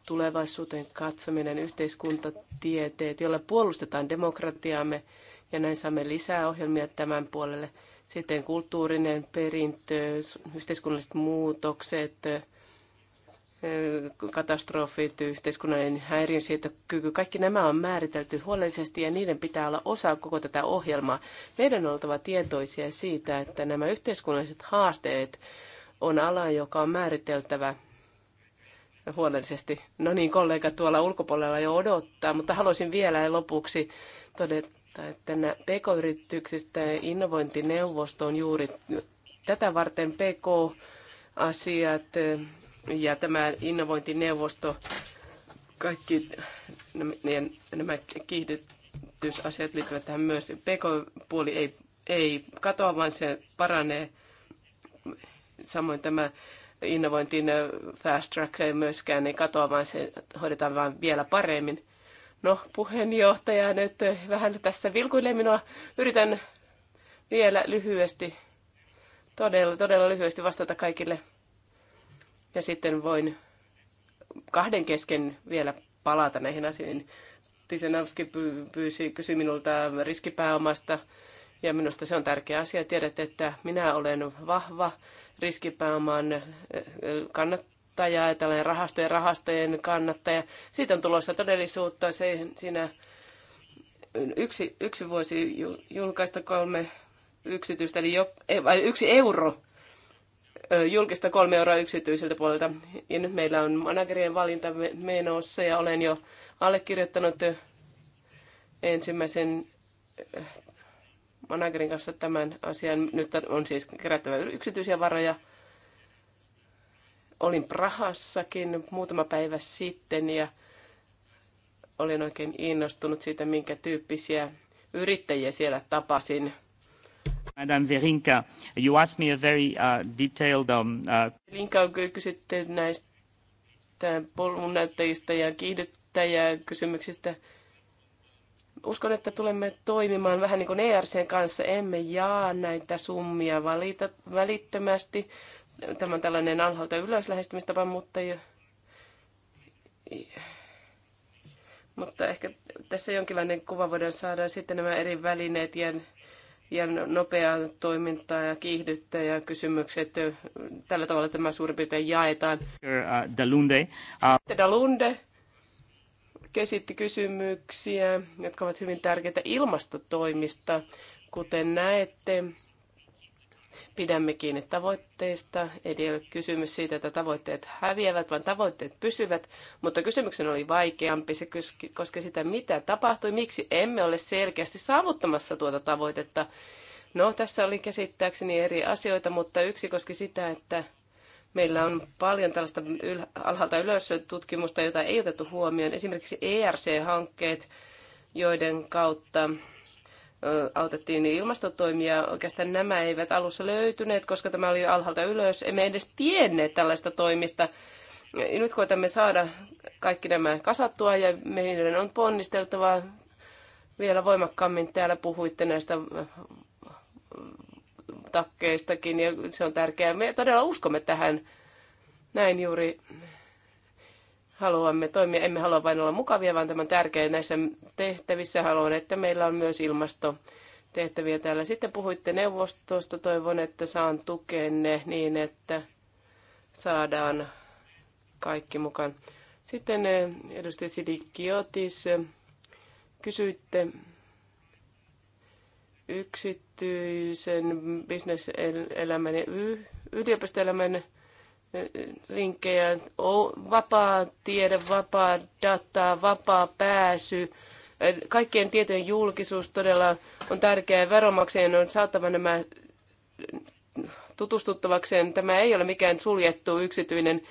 tulevaisuuteen katsominen, yhteiskuntatieteet, joilla puolustetaan demokratiaamme ja näin saamme lisää ohjelmia tämän puolelle. Sitten kulttuurinen perintö, yhteiskunnalliset muutokset, katastrofit, yhteiskunnallinen häiriönsietokyky, kaikki nämä on määritelty huolellisesti ja niiden pitää olla osa koko tätä ohjelmaa. Meidän on oltava tietoisia siitä, että nämä yhteiskunnalliset haasteet on ala, joka on määriteltävä huolellisesti. No niin, kollega tuolla ulkopuolella jo odottaa, mutta haluaisin vielä lopuksi todeta, että PK-yrityksistä innovointineuvosto on juuri tätä varten PK-asiat eh, ja tämä innovointineuvosto, kaikki nämä kiihdytysasiat liittyvät tähän myös. PK-puoli ei, ei katoa, vaan se paranee. Samoin tämä innovointiin fast track ei myöskään niin katoa, vaan se hoidetaan vaan vielä paremmin. No, puheenjohtaja nyt vähän tässä vilkuilee minua. Yritän vielä lyhyesti, todella, todella lyhyesti vastata kaikille. Ja sitten voin kahden kesken vielä palata näihin asioihin. Tisenauski pyysi, kysyi minulta riskipääomasta ja minusta se on tärkeä asia. Tiedät, että minä olen vahva riskipääoman kannattaja, tällainen rahastojen rahastojen kannattaja. Siitä on tulossa todellisuutta. Se, siinä yksi, yksi vuosi julkaista kolme yksityistä, eli jo, e, vai yksi euro julkista kolme euroa yksityiseltä puolelta. Ja nyt meillä on managerien valinta menossa ja olen jo allekirjoittanut ensimmäisen managerin kanssa tämän asian. Nyt on siis kerättävä yksityisiä varoja. Olin Prahassakin muutama päivä sitten ja olin oikein innostunut siitä, minkä tyyppisiä yrittäjiä siellä tapasin. Madame Verinka, you asked me a very uh, detailed... Um, uh... Verinka, kysytte näistä polun näyttäjistä ja kiihdyttäjä kysymyksistä uskon, että tulemme toimimaan vähän niin kuin ERCn kanssa. Emme jaa näitä summia valita, välittömästi. Tämä on tällainen alhaalta ylös lähestymistapa, mutta, jo, mutta ehkä tässä jonkinlainen kuva voidaan saada sitten nämä eri välineet ja, ja nopeaa toimintaa ja ja kysymykset. Tällä tavalla tämä suurin piirtein jaetaan. Uh, Dalunde. Uh, Dalunde esitti kysymyksiä, jotka ovat hyvin tärkeitä ilmastotoimista. Kuten näette, pidämme kiinni tavoitteista. Ei ole kysymys siitä, että tavoitteet häviävät, vaan tavoitteet pysyvät. Mutta kysymyksen oli vaikeampi. Se koski sitä, mitä tapahtui, miksi emme ole selkeästi saavuttamassa tuota tavoitetta. No, tässä oli käsittääkseni eri asioita, mutta yksi koski sitä, että Meillä on paljon tällaista alhaalta ylös tutkimusta, jota ei otettu huomioon. Esimerkiksi ERC-hankkeet, joiden kautta autettiin niin ilmastotoimia. Oikeastaan nämä eivät alussa löytyneet, koska tämä oli alhaalta ylös. Emme edes tienneet tällaista toimista. Nyt koetamme saada kaikki nämä kasattua ja meidän on ponnisteltava vielä voimakkaammin. Täällä puhuitte näistä takkeistakin ja se on tärkeää. Me todella uskomme tähän. Näin juuri haluamme toimia. Emme halua vain olla mukavia, vaan tämän tärkeä näissä tehtävissä. Haluan, että meillä on myös ilmasto tehtäviä täällä. Sitten puhuitte neuvostosta. Toivon, että saan tukenne niin, että saadaan kaikki mukaan. Sitten eh, edustaja Otis, eh, kysyitte yksityisen bisneselämän ja yliopistoelämän linkkejä, vapaa tiede, vapaa data, vapaa pääsy, kaikkien tietojen julkisuus todella on tärkeää. Veronmaksajien on saatava nämä tutustuttavakseen. Tämä ei ole mikään suljettu yksityinen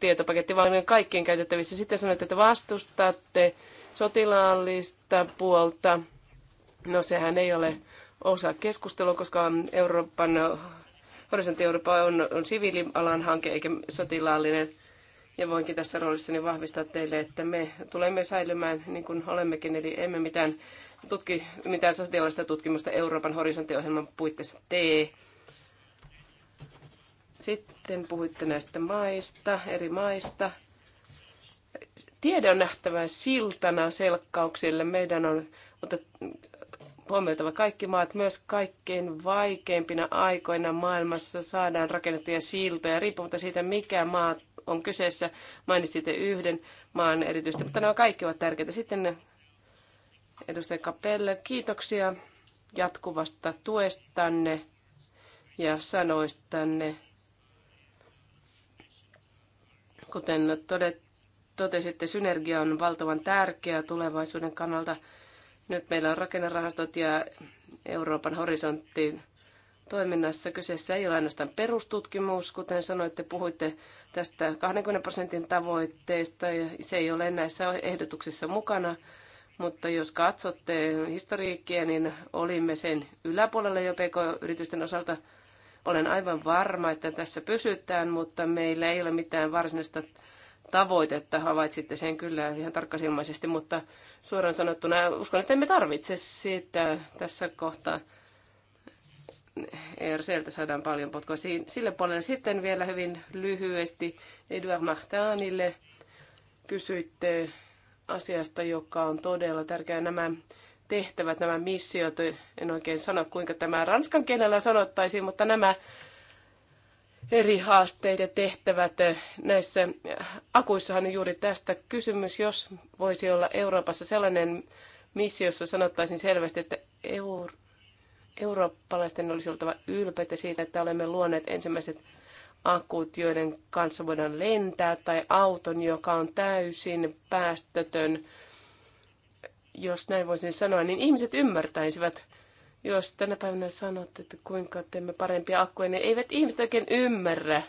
tietopaketti, vaan kaikkien käytettävissä. Sitten sanoitte, että vastustatte sotilaallista puolta. No sehän ei ole osa keskustelua, koska Euroopan, Horisontti Eurooppa on, on siviilialan hanke eikä sotilaallinen. Ja voinkin tässä roolissani vahvistaa teille, että me tulemme säilymään niin kuin olemmekin, eli emme mitään, tutki, mitään sotilaallista tutkimusta Euroopan horisonttiohjelman puitteissa tee. Sitten puhuitte näistä maista, eri maista. Tiede on nähtävä siltana selkkauksille. Meidän on huomioitava kaikki maat myös kaikkein vaikeimpina aikoina maailmassa saadaan rakennettuja siltoja, riippumatta siitä, mikä maa on kyseessä. Mainitsitte yhden maan erityisesti, mutta nämä kaikki ovat tärkeitä. Sitten edustaja Kapelle, kiitoksia jatkuvasta tuestanne ja sanoistanne. Kuten todettu totesitte, synergia on valtavan tärkeä tulevaisuuden kannalta. Nyt meillä on rakennerahastot ja Euroopan horisonttiin toiminnassa. Kyseessä ei ole ainoastaan perustutkimus, kuten sanoitte, puhuitte tästä 20 prosentin tavoitteesta. Ja se ei ole näissä ehdotuksissa mukana, mutta jos katsotte historiikkia, niin olimme sen yläpuolella jo PK-yritysten osalta. Olen aivan varma, että tässä pysytään, mutta meillä ei ole mitään varsinaista tavoitetta, havaitsitte sen kyllä ihan tarkkasilmaisesti, mutta suoraan sanottuna uskon, että emme tarvitse siitä tässä kohtaa. ERCltä saadaan paljon potkoa sille puolelle. Sitten vielä hyvin lyhyesti Eduard Martinille kysyitte asiasta, joka on todella tärkeä. Nämä tehtävät, nämä missiot, en oikein sano kuinka tämä ranskan kielellä sanottaisiin, mutta nämä eri haasteet ja tehtävät. Eh, näissä eh, akuissahan on juuri tästä kysymys, jos voisi olla Euroopassa sellainen missio, jossa sanottaisiin selvästi, että euro, eurooppalaisten olisi oltava ylpeitä siitä, että olemme luoneet ensimmäiset akut, joiden kanssa voidaan lentää, tai auton, joka on täysin päästötön. Jos näin voisin sanoa, niin ihmiset ymmärtäisivät, jos tänä päivänä sanotte, että kuinka teemme parempia akkuja, niin eivät ihmiset oikein ymmärrä,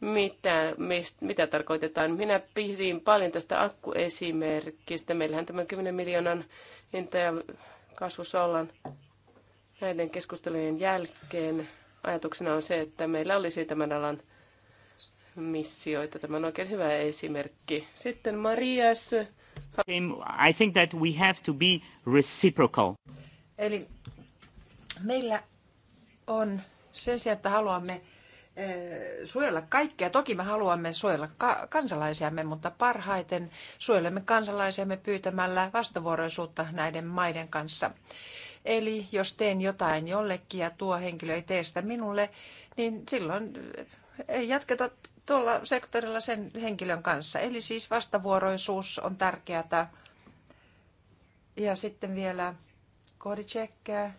mitä, mist, mitä tarkoitetaan. Minä pidin paljon tästä akkuesimerkistä. Meillähän tämä 10 miljoonan hinta ja kasvussa ollaan näiden keskustelujen jälkeen. Ajatuksena on se, että meillä olisi tämän alan missioita. Tämä on oikein hyvä esimerkki. Sitten Marias. I think that we have to be reciprocal. Eli Meillä on sen sijaan, että haluamme eh, suojella kaikkea Toki me haluamme suojella ka- kansalaisiamme, mutta parhaiten suojelemme kansalaisiamme pyytämällä vastavuoroisuutta näiden maiden kanssa. Eli jos teen jotain jollekin ja tuo henkilö ei tee sitä minulle, niin silloin ei jatketa tuolla sektorilla sen henkilön kanssa. Eli siis vastavuoroisuus on tärkeää. Ja sitten vielä kooditsekkiä.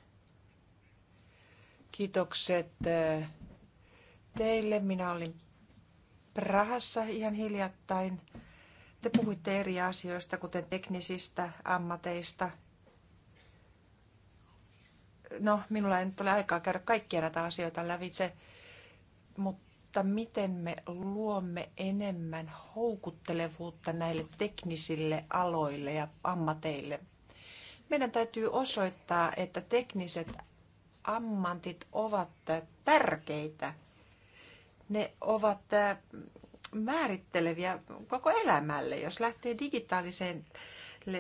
Kiitokset teille. Minä olin Prahassa ihan hiljattain. Te puhuitte eri asioista, kuten teknisistä ammateista. No, minulla ei nyt ole aikaa käydä kaikkia näitä asioita lävitse, mutta miten me luomme enemmän houkuttelevuutta näille teknisille aloille ja ammateille? Meidän täytyy osoittaa, että tekniset ammantit ovat tärkeitä. Ne ovat määritteleviä koko elämälle. Jos lähtee digitaaliseen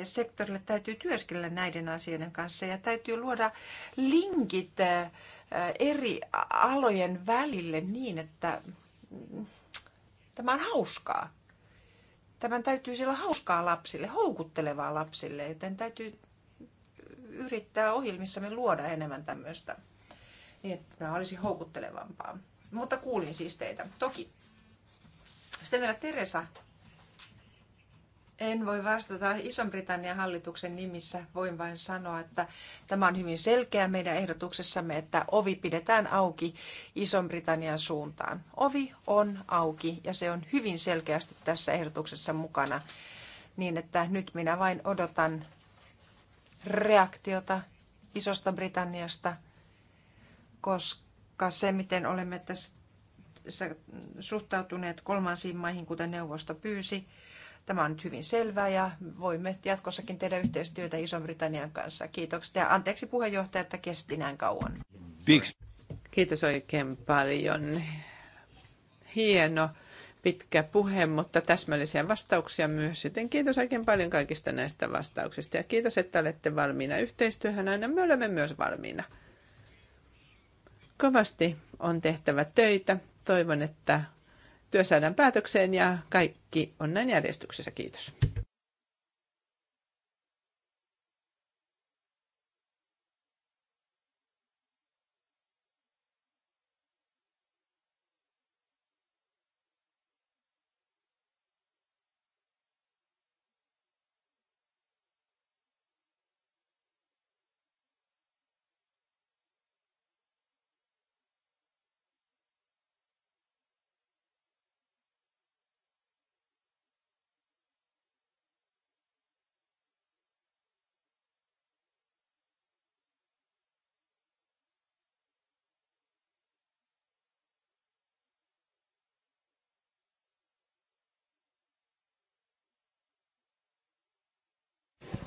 sektorille, täytyy työskennellä näiden asioiden kanssa ja täytyy luoda linkit eri alojen välille niin, että mm, tämä on hauskaa. Tämän täytyy olla hauskaa lapsille, houkuttelevaa lapsille, joten täytyy yrittää ohjelmissamme luoda enemmän tämmöistä, niin että tämä olisi houkuttelevampaa. Mutta kuulin siis teitä, toki. Sitten vielä Teresa. En voi vastata iso britannian hallituksen nimissä. Voin vain sanoa, että tämä on hyvin selkeä meidän ehdotuksessamme, että ovi pidetään auki iso britannian suuntaan. Ovi on auki ja se on hyvin selkeästi tässä ehdotuksessa mukana niin että nyt minä vain odotan reaktiota Isosta Britanniasta, koska se, miten olemme tässä suhtautuneet kolmansiin maihin, kuten neuvosto pyysi, Tämä on nyt hyvin selvää ja voimme jatkossakin tehdä yhteistyötä Iso-Britannian kanssa. Kiitokset ja anteeksi puheenjohtaja, että kesti näin kauan. Kiitos oikein paljon. Hieno pitkä puhe, mutta täsmällisiä vastauksia myös. Joten kiitos oikein paljon kaikista näistä vastauksista ja kiitos, että olette valmiina yhteistyöhön. Aina me olemme myös valmiina. Kovasti on tehtävä töitä. Toivon, että työ saadaan päätökseen ja kaikki on näin järjestyksessä. Kiitos.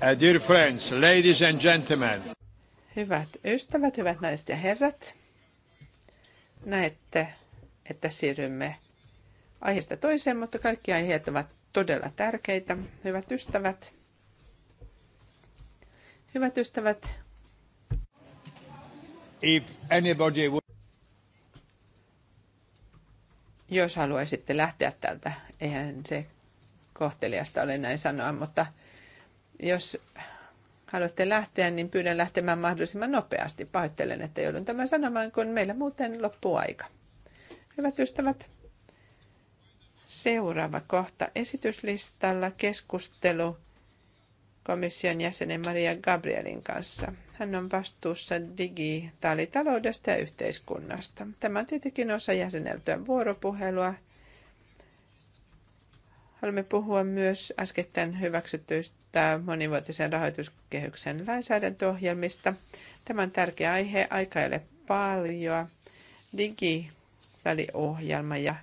Uh, dear friends, ladies and gentlemen. Hyvät ystävät, hyvät naiset ja herrat. Näette, että siirrymme aiheesta toiseen, mutta kaikki aiheet ovat todella tärkeitä. Hyvät ystävät. Hyvät ystävät. If anybody would... Jos haluaisitte lähteä täältä, eihän se kohteliasta ole näin sanoa, mutta – jos haluatte lähteä, niin pyydän lähtemään mahdollisimman nopeasti. Pahoittelen, että joudun tämän sanomaan, kun meillä muuten loppuu aika. Hyvät ystävät, seuraava kohta esityslistalla keskustelu komission jäsenen Maria Gabrielin kanssa. Hän on vastuussa digitaalitaloudesta ja yhteiskunnasta. Tämä on tietenkin osa jäseneltyä vuoropuhelua – Haluamme puhua myös äskettäin hyväksytyistä monivuotisen rahoituskehyksen lainsäädäntöohjelmista. Tämä on tärkeä aihe, aika ei ole paljon. Digiväliohjelma ja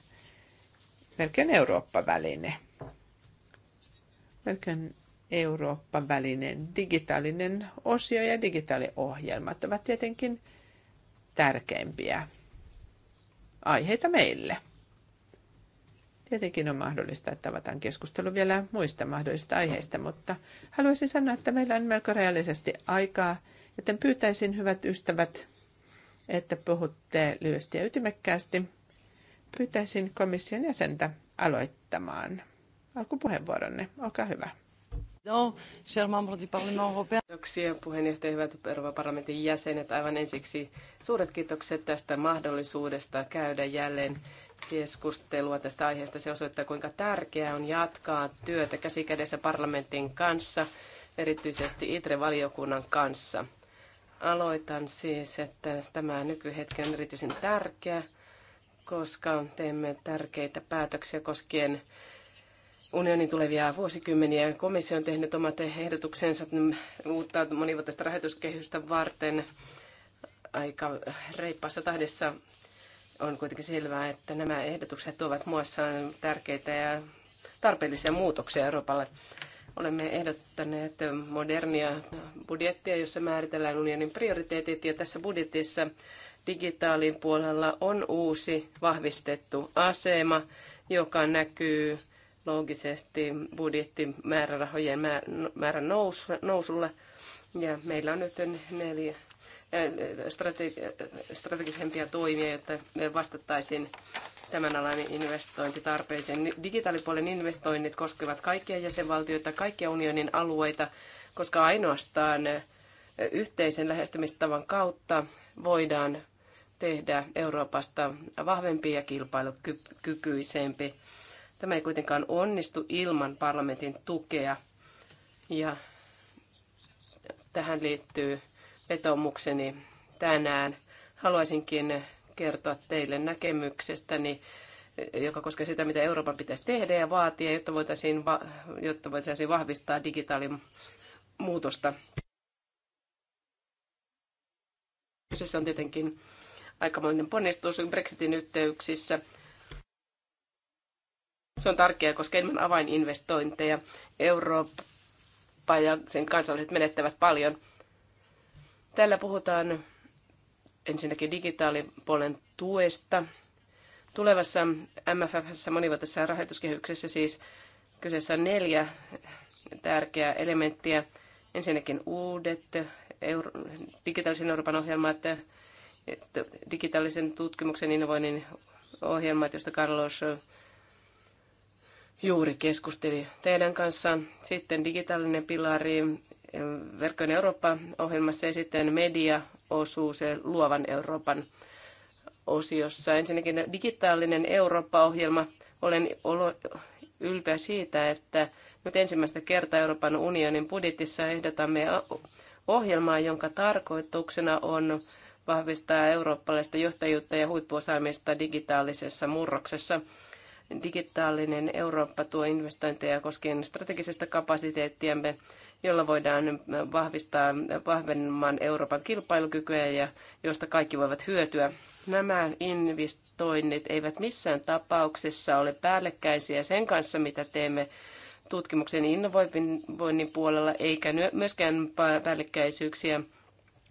melkein Eurooppa-väline. Melkein Eurooppa-välinen digitaalinen osio ja digitaaliohjelmat ovat tietenkin tärkeimpiä aiheita meille. Tietenkin on mahdollista, että avataan keskustelu vielä muista mahdollisista aiheista, mutta haluaisin sanoa, että meillä on melko rajallisesti aikaa, joten pyytäisin hyvät ystävät, että puhutte lyhyesti ja ytimekkäästi. Pyytäisin komission jäsentä aloittamaan alkupuheenvuoronne. Olkaa hyvä. No, Kiitoksia puheenjohtaja, hyvät Euroopan parlamentin jäsenet. Aivan ensiksi suuret kiitokset tästä mahdollisuudesta käydä jälleen keskustelua tästä aiheesta. Se osoittaa, kuinka tärkeää on jatkaa työtä käsikädessä parlamentin kanssa, erityisesti ITRE-valiokunnan kanssa. Aloitan siis, että tämä nykyhetki on erityisen tärkeä, koska teemme tärkeitä päätöksiä koskien unionin tulevia vuosikymmeniä. Komissio on tehnyt omat ehdotuksensa uutta monivuotista rahoituskehystä varten aika reippaassa tahdissa on kuitenkin selvää, että nämä ehdotukset tuovat muassaan tärkeitä ja tarpeellisia muutoksia Euroopalle. Olemme ehdottaneet modernia budjettia, jossa määritellään unionin prioriteetit ja tässä budjetissa digitaalin puolella on uusi vahvistettu asema, joka näkyy loogisesti budjettimäärärahojen määrän nousulla. Ja meillä on nyt neljä, strategisempia toimia, jotta vastattaisiin tämän alan investointitarpeeseen. Digitaalipuolen investoinnit koskevat kaikkia jäsenvaltioita, kaikkia unionin alueita, koska ainoastaan yhteisen lähestymistavan kautta voidaan tehdä Euroopasta vahvempi ja kilpailukykyisempi. Tämä ei kuitenkaan onnistu ilman parlamentin tukea ja tähän liittyy vetomukseni tänään. Haluaisinkin kertoa teille näkemyksestäni, joka koskee sitä, mitä Euroopan pitäisi tehdä ja vaatia, jotta voitaisiin, jotta voitaisiin vahvistaa muutosta. Kyseessä on tietenkin aikamoinen ponnistus Brexitin yhteyksissä. Se on tärkeää, koska ilman avaininvestointeja Eurooppa ja sen kansalaiset menettävät paljon – Tällä puhutaan ensinnäkin digitaalipuolen tuesta. Tulevassa MFFssä monivuotisessa rahoituskehyksessä siis kyseessä on neljä tärkeää elementtiä. Ensinnäkin uudet euro, digitaalisen Euroopan ohjelmat, digitaalisen tutkimuksen innovoinnin ohjelmat, josta Carlos juuri keskusteli teidän kanssa. Sitten digitaalinen pilari, Verkkojen Eurooppa-ohjelmassa ja sitten media osuus luovan Euroopan osiossa. Ensinnäkin digitaalinen Eurooppa-ohjelma. Olen ylpeä siitä, että nyt ensimmäistä kertaa Euroopan unionin budjetissa ehdotamme ohjelmaa, jonka tarkoituksena on vahvistaa eurooppalaista johtajuutta ja huippuosaamista digitaalisessa murroksessa. Digitaalinen Eurooppa tuo investointeja koskien strategisesta kapasiteettiamme jolla voidaan vahvistaa vahvemman Euroopan kilpailukykyä ja josta kaikki voivat hyötyä. Nämä investoinnit eivät missään tapauksessa ole päällekkäisiä sen kanssa, mitä teemme tutkimuksen innovoinnin puolella, eikä myöskään päällekkäisyyksiä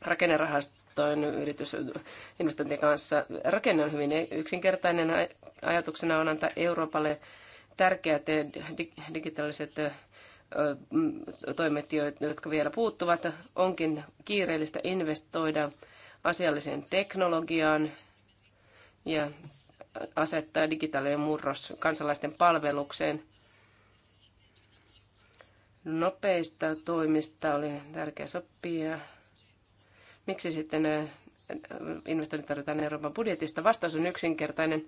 rakennerahastojen yritysinvestointien kanssa. Rakenne on hyvin yksinkertainen. Ajatuksena on antaa Euroopalle tärkeät digitaaliset toimet, jotka vielä puuttuvat, onkin kiireellistä investoida asialliseen teknologiaan ja asettaa digitaalinen murros kansalaisten palvelukseen. Nopeista toimista oli tärkeä sopia. Miksi sitten investoinnit tarvitaan Euroopan budjetista? Vastaus on yksinkertainen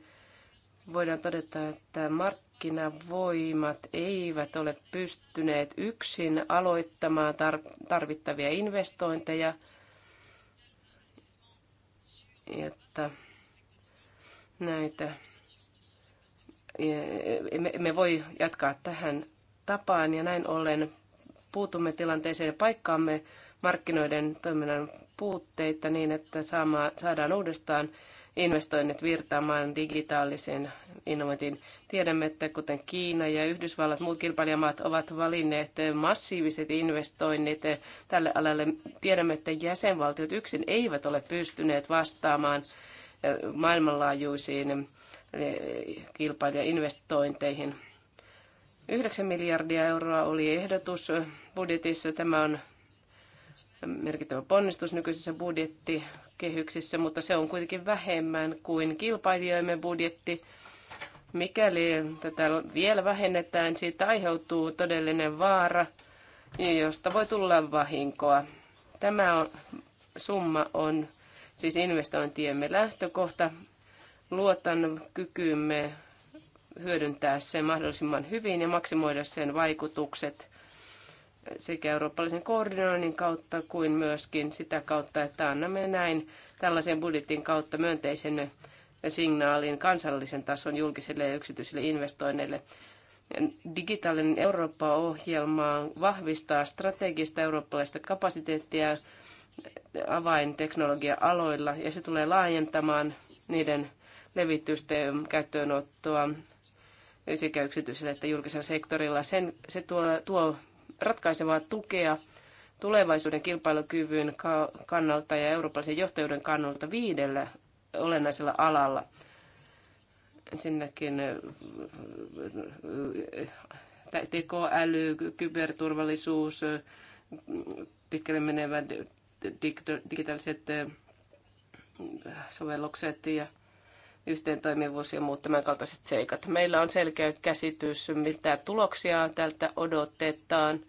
voidaan todeta, että markkinavoimat eivät ole pystyneet yksin aloittamaan tarvittavia investointeja, jotta näitä me voi jatkaa tähän tapaan ja näin ollen puutumme tilanteeseen ja paikkaamme markkinoiden toiminnan puutteita niin, että saadaan uudestaan investoinnit virtaamaan digitaaliseen innovointiin. Tiedämme, että kuten Kiina ja Yhdysvallat, muut kilpailijamaat ovat valinneet massiiviset investoinnit tälle alalle. Tiedämme, että jäsenvaltiot yksin eivät ole pystyneet vastaamaan eh, maailmanlaajuisiin eh, kilpailijainvestointeihin. 9 miljardia euroa oli ehdotus budjetissa. Tämä on merkittävä ponnistus nykyisissä budjettikehyksissä, mutta se on kuitenkin vähemmän kuin kilpailijoimme budjetti. Mikäli tätä vielä vähennetään, siitä aiheutuu todellinen vaara, josta voi tulla vahinkoa. Tämä on, summa on siis investointiemme lähtökohta. Luotan kykyymme hyödyntää sen mahdollisimman hyvin ja maksimoida sen vaikutukset sekä eurooppalaisen koordinoinnin kautta kuin myöskin sitä kautta, että annamme näin tällaisen budjetin kautta myönteisen signaalin kansallisen tason julkisille ja yksityisille investoinneille. Digitaalinen Eurooppa-ohjelma vahvistaa strategista eurooppalaista kapasiteettia avainteknologia-aloilla ja se tulee laajentamaan niiden levitystä ja käyttöönottoa sekä yksityisellä että julkisella sektorilla. Sen, se tuo, tuo ratkaisevaa tukea tulevaisuuden kilpailukyvyn kannalta ja eurooppalaisen johtajuuden kannalta viidellä olennaisella alalla. Ensinnäkin tekoäly, kyberturvallisuus, pitkälle menevät digitaaliset sovellukset ja yhteentoimivuus ja muut tämän kaltaiset seikat. Meillä on selkeä käsitys, mitä tuloksia tältä odotetaan –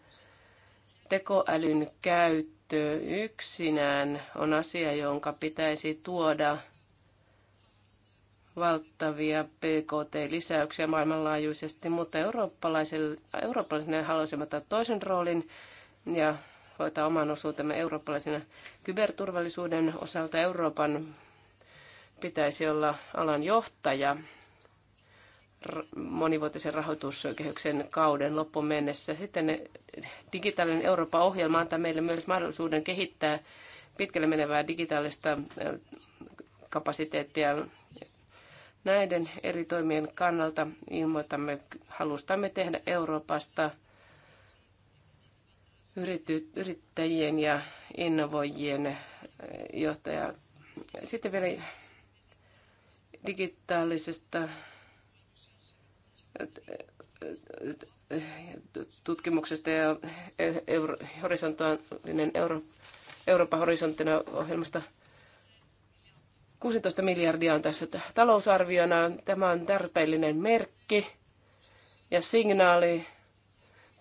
Tekoälyn käyttö yksinään on asia, jonka pitäisi tuoda valtavia PKT-lisäyksiä maailmanlaajuisesti, mutta eurooppalaisena haluaisimme ottaa toisen roolin ja hoitaa oman osuutemme eurooppalaisena kyberturvallisuuden osalta. Euroopan pitäisi olla alan johtaja monivuotisen rahoituskehyksen kauden loppuun mennessä. Sitten digitaalinen Euroopan ohjelma antaa meille myös mahdollisuuden kehittää pitkälle menevää digitaalista kapasiteettia. Näiden eri toimien kannalta ilmoitamme, halustamme tehdä Euroopasta yrittäjien ja innovoijien johtaja. Sitten vielä digitaalisesta tutkimuksesta ja euro, horisontaalinen euro, Euroopan horisonttina ohjelmasta 16 miljardia on tässä talousarviona. Tämä on tarpeellinen merkki ja signaali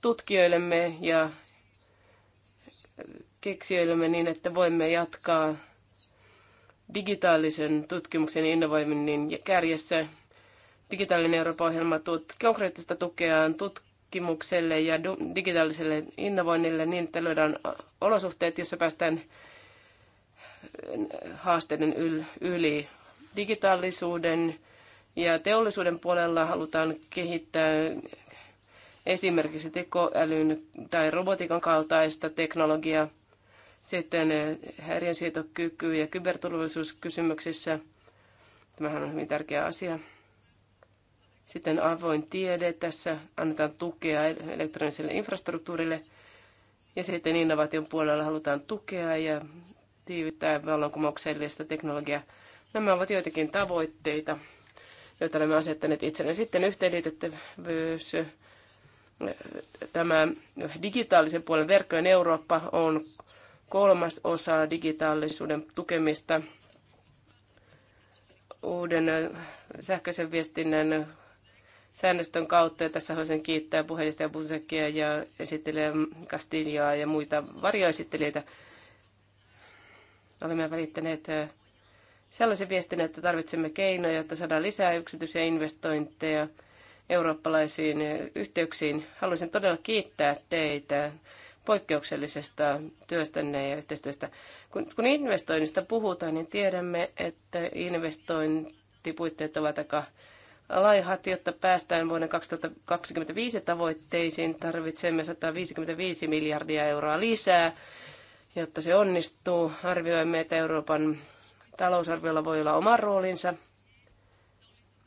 tutkijoillemme ja keksijöillemme niin, että voimme jatkaa digitaalisen tutkimuksen innovoiminnin kärjessä digitaalinen Eurooppa-ohjelma konkreettista tukeaan tutkimukselle ja digitaaliselle innovoinnille niin, että löydään olosuhteet, joissa päästään äh, haasteiden yli. Digitaalisuuden ja teollisuuden puolella halutaan kehittää esimerkiksi tekoälyn tai robotiikan kaltaista teknologiaa. Sitten äh, häiriönsietokyky ja kyberturvallisuuskysymyksissä. Tämähän on hyvin tärkeä asia. Sitten avoin tiede, tässä annetaan tukea elektroniselle infrastruktuurille. Ja sitten innovaation puolella halutaan tukea ja tiivistää vallankumouksellista teknologiaa. Nämä ovat joitakin tavoitteita, joita olemme asettaneet itselleen. Sitten yhteenliitettävyys. Tämä digitaalisen puolen verkkojen Eurooppa on kolmas osa digitaalisuuden tukemista. Uuden sähköisen viestinnän säännöstön kautta. Ja tässä haluaisin kiittää puheenjohtaja Busekia ja esittelijä Castilloa ja muita varjoesittelijöitä. Olemme välittäneet sellaisen viestin, että tarvitsemme keinoja, jotta saadaan lisää yksityisiä investointeja eurooppalaisiin yhteyksiin. Haluaisin todella kiittää teitä poikkeuksellisesta työstänne ja yhteistyöstä. Kun, kun investoinnista puhutaan, niin tiedämme, että investointipuitteet ovat aika laihat, jotta päästään vuoden 2025 tavoitteisiin. Tarvitsemme 155 miljardia euroa lisää, jotta se onnistuu. Arvioimme, että Euroopan talousarviolla voi olla oma roolinsa,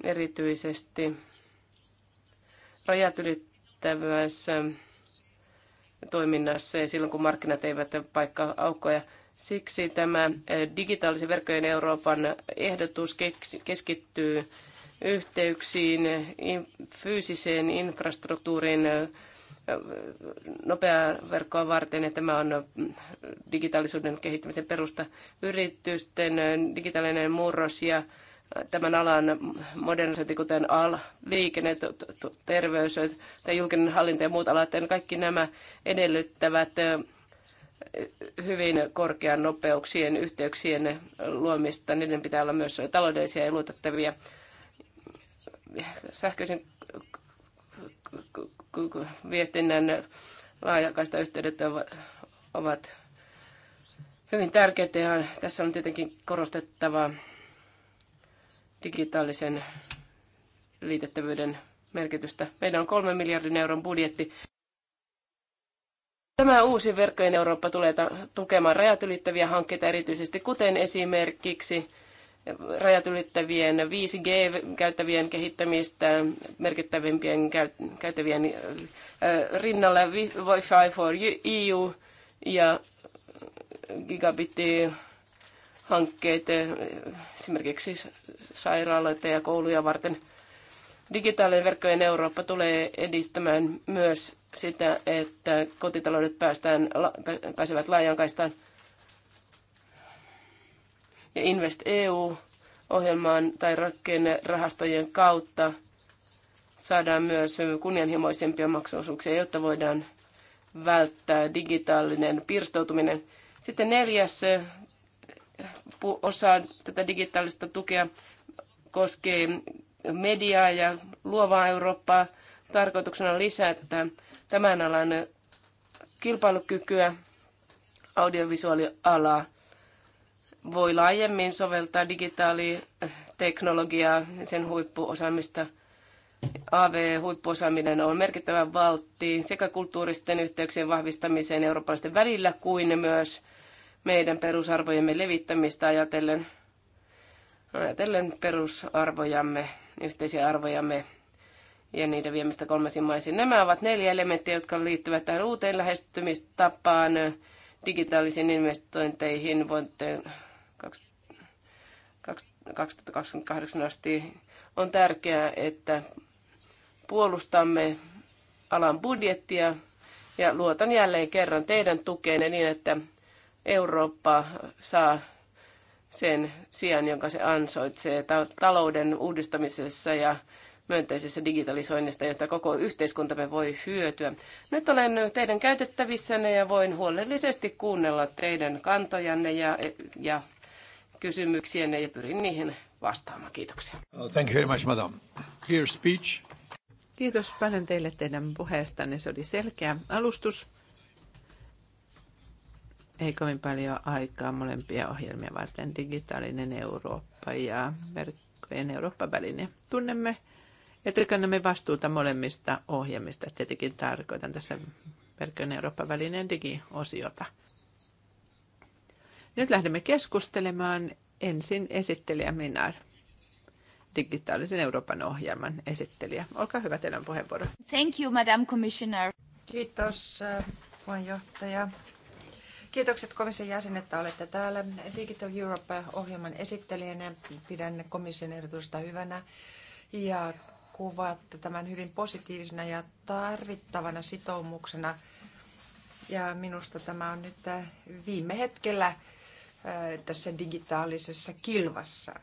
erityisesti rajat ylittävässä toiminnassa ja silloin, kun markkinat eivät paikka aukkoja. Siksi tämä eh, digitaalisen verkkojen Euroopan ehdotus keskittyy yhteyksiin, fyysiseen infrastruktuuriin, nopeaa verkkoa varten, ja tämä on digitaalisuuden kehittämisen perusta yritysten digitaalinen murros ja tämän alan modernisointi, kuten AL, liikenne, terveys tai julkinen hallinta ja muut alat, kaikki nämä edellyttävät hyvin korkean nopeuksien yhteyksien luomista. Niiden pitää olla myös taloudellisia ja luotettavia sähköisen viestinnän laajakaista yhteydet ovat hyvin tärkeitä ja tässä on tietenkin korostettava digitaalisen liitettävyyden merkitystä. Meillä on kolme miljardin euron budjetti. Tämä uusi verkkojen Eurooppa tulee tukemaan rajat ylittäviä hankkeita erityisesti, kuten esimerkiksi rajat ylittävien 5G-käyttävien kehittämistä merkittävimpien käyttävien rinnalle Wi-Fi for EU ja gigabitti-hankkeet esimerkiksi sairaaloita ja kouluja varten. Digitaalinen verkkojen Eurooppa tulee edistämään myös sitä, että kotitaloudet päästään, pääsevät laajankaistaan kaistaan ja Invest EU-ohjelmaan tai rakennerahastojen kautta saadaan myös kunnianhimoisempia maksuosuuksia, jotta voidaan välttää digitaalinen pirstoutuminen. Sitten neljäs eh, osa tätä digitaalista tukea koskee mediaa ja luovaa Eurooppaa. Tarkoituksena lisätä tämän alan kilpailukykyä, audiovisuaalialaa voi laajemmin soveltaa digitaaliteknologiaa ja sen huippuosaamista. AV-huippuosaaminen on merkittävä valtti sekä kulttuuristen yhteyksien vahvistamiseen eurooppalaisten välillä kuin myös meidän perusarvojemme levittämistä ajatellen, ajatellen perusarvojamme, yhteisiä arvojamme ja niiden viemistä kolmasin maisiin. Nämä ovat neljä elementtiä, jotka liittyvät tähän uuteen lähestymistapaan, digitaalisiin investointeihin, vuoteen 2028 asti. On tärkeää, että puolustamme alan budjettia ja luotan jälleen kerran teidän tukeenne niin, että Eurooppa saa sen sijaan, jonka se ansoitsee talouden uudistamisessa ja myönteisessä digitalisoinnista, josta koko yhteiskuntamme voi hyötyä. Nyt olen teidän käytettävissänne ja voin huolellisesti kuunnella teidän kantojanne ja, ja kysymyksiänne ja pyrin niihin vastaamaan. Kiitoksia. Thank you very much, madam. Clear speech. Kiitos paljon teille teidän puheestanne. Se oli selkeä alustus. Ei kovin paljon aikaa molempia ohjelmia varten. Digitaalinen Eurooppa ja verkkojen Eurooppa-väline. Tunnemme, että kannamme vastuuta molemmista ohjelmista. Tietenkin tarkoitan tässä verkkojen Eurooppa-välineen digiosiota. Nyt lähdemme keskustelemaan ensin esittelijä Minar, digitaalisen Euroopan ohjelman esittelijä. Olkaa hyvä, teillä on puheenvuoro. Thank you, Madam Commissioner. Kiitos, äh, puheenjohtaja. Kiitokset komission jäsenet, että olette täällä. Digital Europe-ohjelman esittelijänä pidän komission ehdotusta hyvänä ja kuvaatte tämän hyvin positiivisena ja tarvittavana sitoumuksena. Ja minusta tämä on nyt äh, viime hetkellä tässä digitaalisessa kilvassa.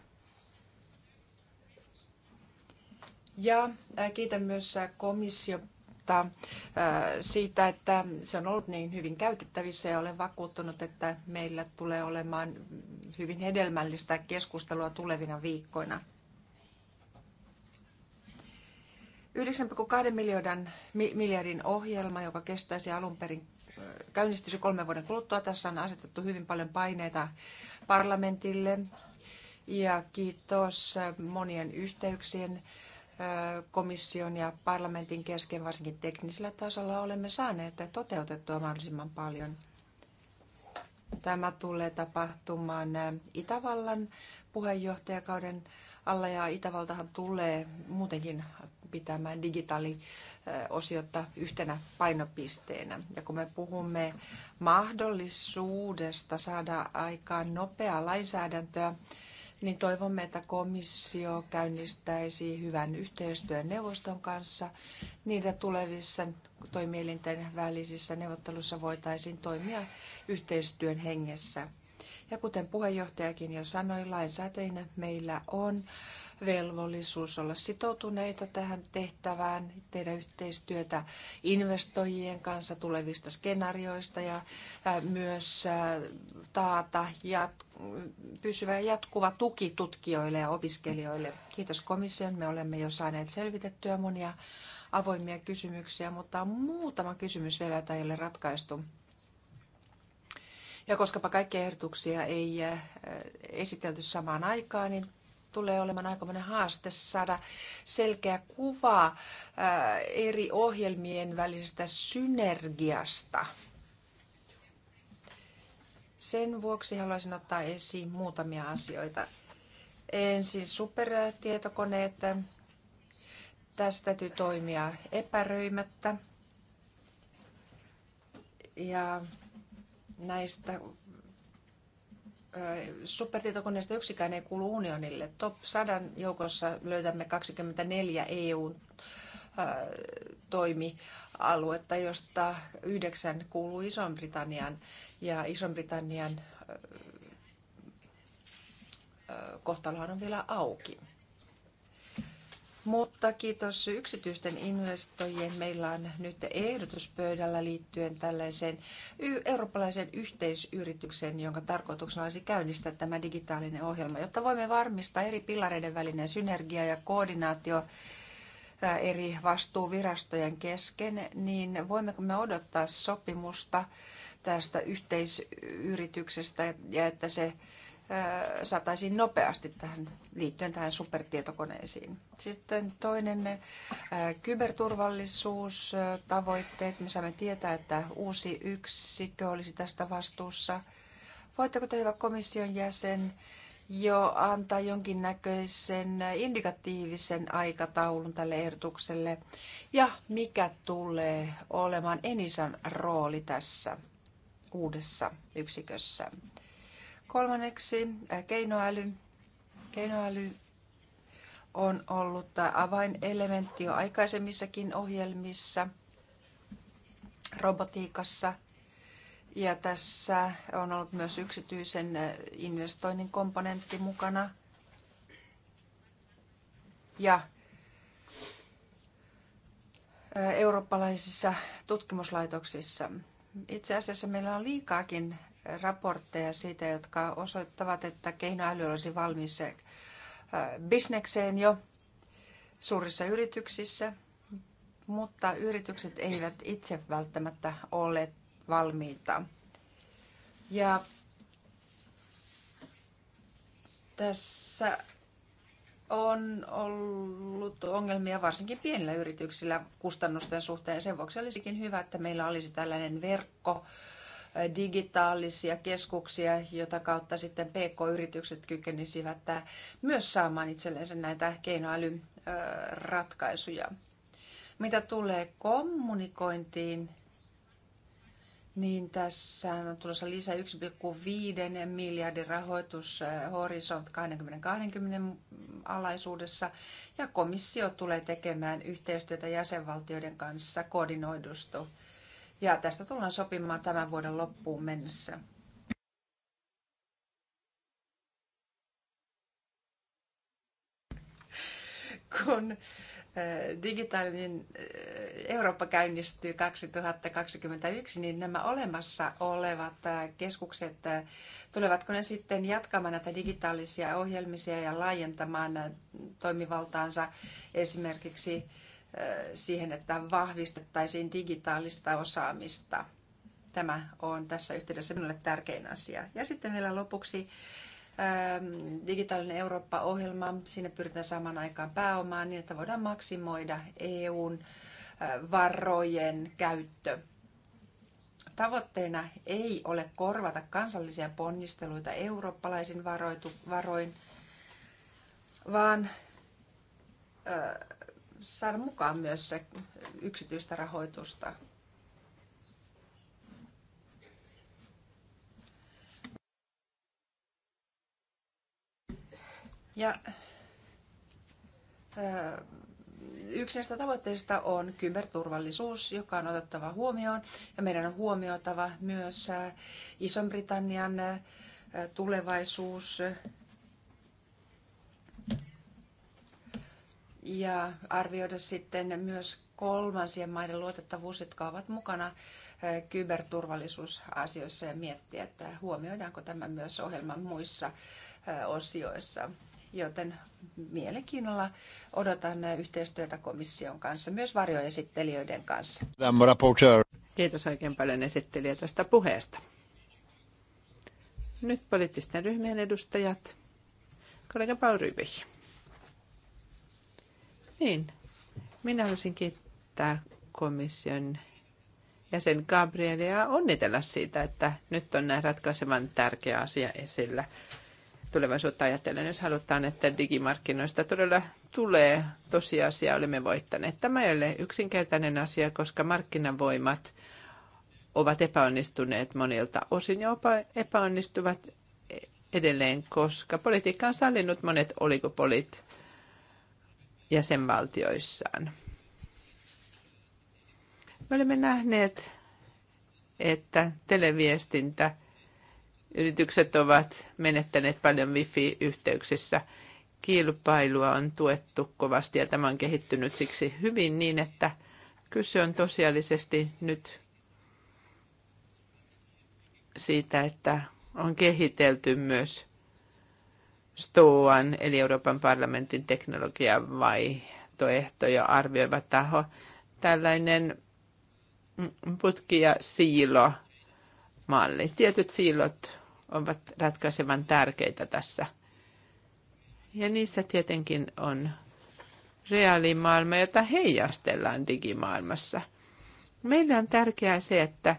Ja kiitän myös komissiota siitä, että se on ollut niin hyvin käytettävissä ja olen vakuuttunut, että meillä tulee olemaan hyvin hedelmällistä keskustelua tulevina viikkoina. 9,2 miljardin, miljardin ohjelma, joka kestäisi alun perin käynnistyisi kolmen vuoden kuluttua. Tässä on asetettu hyvin paljon paineita parlamentille ja kiitos äh, monien yhteyksien äh, komission ja parlamentin kesken, varsinkin teknisellä tasolla, olemme saaneet toteutettua mahdollisimman paljon. Tämä tulee tapahtumaan äh, Itävallan puheenjohtajakauden alla ja Itävaltahan tulee muutenkin pitämään digitaaliosiota yhtenä painopisteenä. Ja kun me puhumme mahdollisuudesta saada aikaan nopeaa lainsäädäntöä, niin toivomme, että komissio käynnistäisi hyvän yhteistyön neuvoston kanssa. Niitä tulevissa toimielinten välisissä neuvottelussa voitaisiin toimia yhteistyön hengessä. Ja kuten puheenjohtajakin jo sanoi, lainsäätäjinä meillä on velvollisuus olla sitoutuneita tähän tehtävään, tehdä yhteistyötä investoijien kanssa tulevista skenaarioista ja myös taata jat- pysyvä ja jatkuva tuki tutkijoille ja opiskelijoille. Kiitos komission, me olemme jo saaneet selvitettyä monia avoimia kysymyksiä, mutta on muutama kysymys vielä, jota ei ole ratkaistu. Ja koskapa kaikkia ehdotuksia ei esitelty samaan aikaan, niin tulee olemaan aikamoinen haaste saada selkeä kuva äh, eri ohjelmien välisestä synergiasta. Sen vuoksi haluaisin ottaa esiin muutamia asioita. Ensin supertietokoneet. Tästä täytyy toimia epäröimättä. Ja näistä Supertietokoneesta yksikään ei kuulu unionille. Top 100 joukossa löydämme 24 EUn toimialuetta, josta yhdeksän kuuluu iso britannian ja iso britannian kohtalohan on vielä auki. Mutta kiitos yksityisten investoijien. Meillä on nyt ehdotus pöydällä liittyen tällaiseen eurooppalaisen yhteisyritykseen, jonka tarkoituksena olisi käynnistää tämä digitaalinen ohjelma, jotta voimme varmistaa eri pilareiden välinen synergia ja koordinaatio eri vastuuvirastojen kesken, niin voimmeko me odottaa sopimusta tästä yhteisyrityksestä ja että se saataisiin nopeasti tähän, liittyen tähän supertietokoneisiin. Sitten toinen kyberturvallisuustavoitteet. Me saamme tietää, että uusi yksikkö olisi tästä vastuussa. Voitteko te, hyvä komission jäsen, jo antaa jonkinnäköisen indikatiivisen aikataulun tälle ehdotukselle? Ja mikä tulee olemaan Enisan rooli tässä uudessa yksikössä? Kolmanneksi äh, keinoäly. Keinoäly on ollut äh, avainelementti jo aikaisemmissakin ohjelmissa, robotiikassa. Ja tässä on ollut myös yksityisen äh, investoinnin komponentti mukana. Ja eurooppalaisissa tutkimuslaitoksissa. Itse asiassa meillä on liikaakin raportteja siitä, jotka osoittavat, että keinoäly olisi valmis äh, bisnekseen jo suurissa yrityksissä, mutta yritykset eivät itse välttämättä ole valmiita. Ja tässä on ollut ongelmia varsinkin pienillä yrityksillä kustannusten suhteen. Sen vuoksi olisikin hyvä, että meillä olisi tällainen verkko, digitaalisia keskuksia, jota kautta sitten PK-yritykset kykenisivät myös saamaan itsellensä näitä keinoälyratkaisuja. Mitä tulee kommunikointiin, niin tässä on tulossa lisää 1,5 miljardin rahoitus Horisont 2020 alaisuudessa ja komissio tulee tekemään yhteistyötä jäsenvaltioiden kanssa koordinoidustu ja tästä tullaan sopimaan tämän vuoden loppuun mennessä. Kun eh, digitaalinen eh, Eurooppa käynnistyy 2021, niin nämä olemassa olevat eh, keskukset, tulevatko ne sitten jatkamaan näitä digitaalisia ohjelmisia ja laajentamaan toimivaltaansa esimerkiksi siihen, että vahvistettaisiin digitaalista osaamista. Tämä on tässä yhteydessä minulle tärkein asia. Ja sitten vielä lopuksi digitaalinen Eurooppa-ohjelma. Siinä pyritään saamaan aikaan pääomaa niin, että voidaan maksimoida EUn varojen käyttö. Tavoitteena ei ole korvata kansallisia ponnisteluita eurooppalaisin varoin, vaan saada mukaan myös yksityistä rahoitusta. Ja yksi näistä tavoitteista on kyberturvallisuus, joka on otettava huomioon. Ja meidän on huomioitava myös Ison-Britannian tulevaisuus ja arvioida sitten myös kolmansien maiden luotettavuus, jotka ovat mukana eh, kyberturvallisuusasioissa ja miettiä, että huomioidaanko tämä myös ohjelman muissa eh, osioissa. Joten mielenkiinnolla odotan eh, yhteistyötä komission kanssa, myös varjoesittelijöiden kanssa. Kiitos oikein paljon esittelijä tästä puheesta. Nyt poliittisten ryhmien edustajat. Kollega Paul Rybich. Niin, minä haluaisin kiittää komission jäsen Gabrielia onnitella siitä, että nyt on näin ratkaisevan tärkeä asia esillä tulevaisuutta ajatellen, jos halutaan, että digimarkkinoista todella tulee tosiasia, olemme voittaneet. Tämä ei ole yksinkertainen asia, koska markkinavoimat ovat epäonnistuneet monilta osin ja epäonnistuvat edelleen, koska politiikka on sallinut monet oligopolit jäsenvaltioissaan. Me olemme nähneet, että televiestintä yritykset ovat menettäneet paljon wifi-yhteyksissä. Kilpailua on tuettu kovasti ja tämä on kehittynyt siksi hyvin niin, että kyse on tosiaalisesti nyt siitä, että on kehitelty myös STOAN eli Euroopan parlamentin ja arvioiva taho. Tällainen mm, putki- ja siilomalli. Tietyt siilot ovat ratkaisevan tärkeitä tässä. Ja niissä tietenkin on reaalimaailma, jota heijastellaan digimaailmassa. Meillä on tärkeää se, että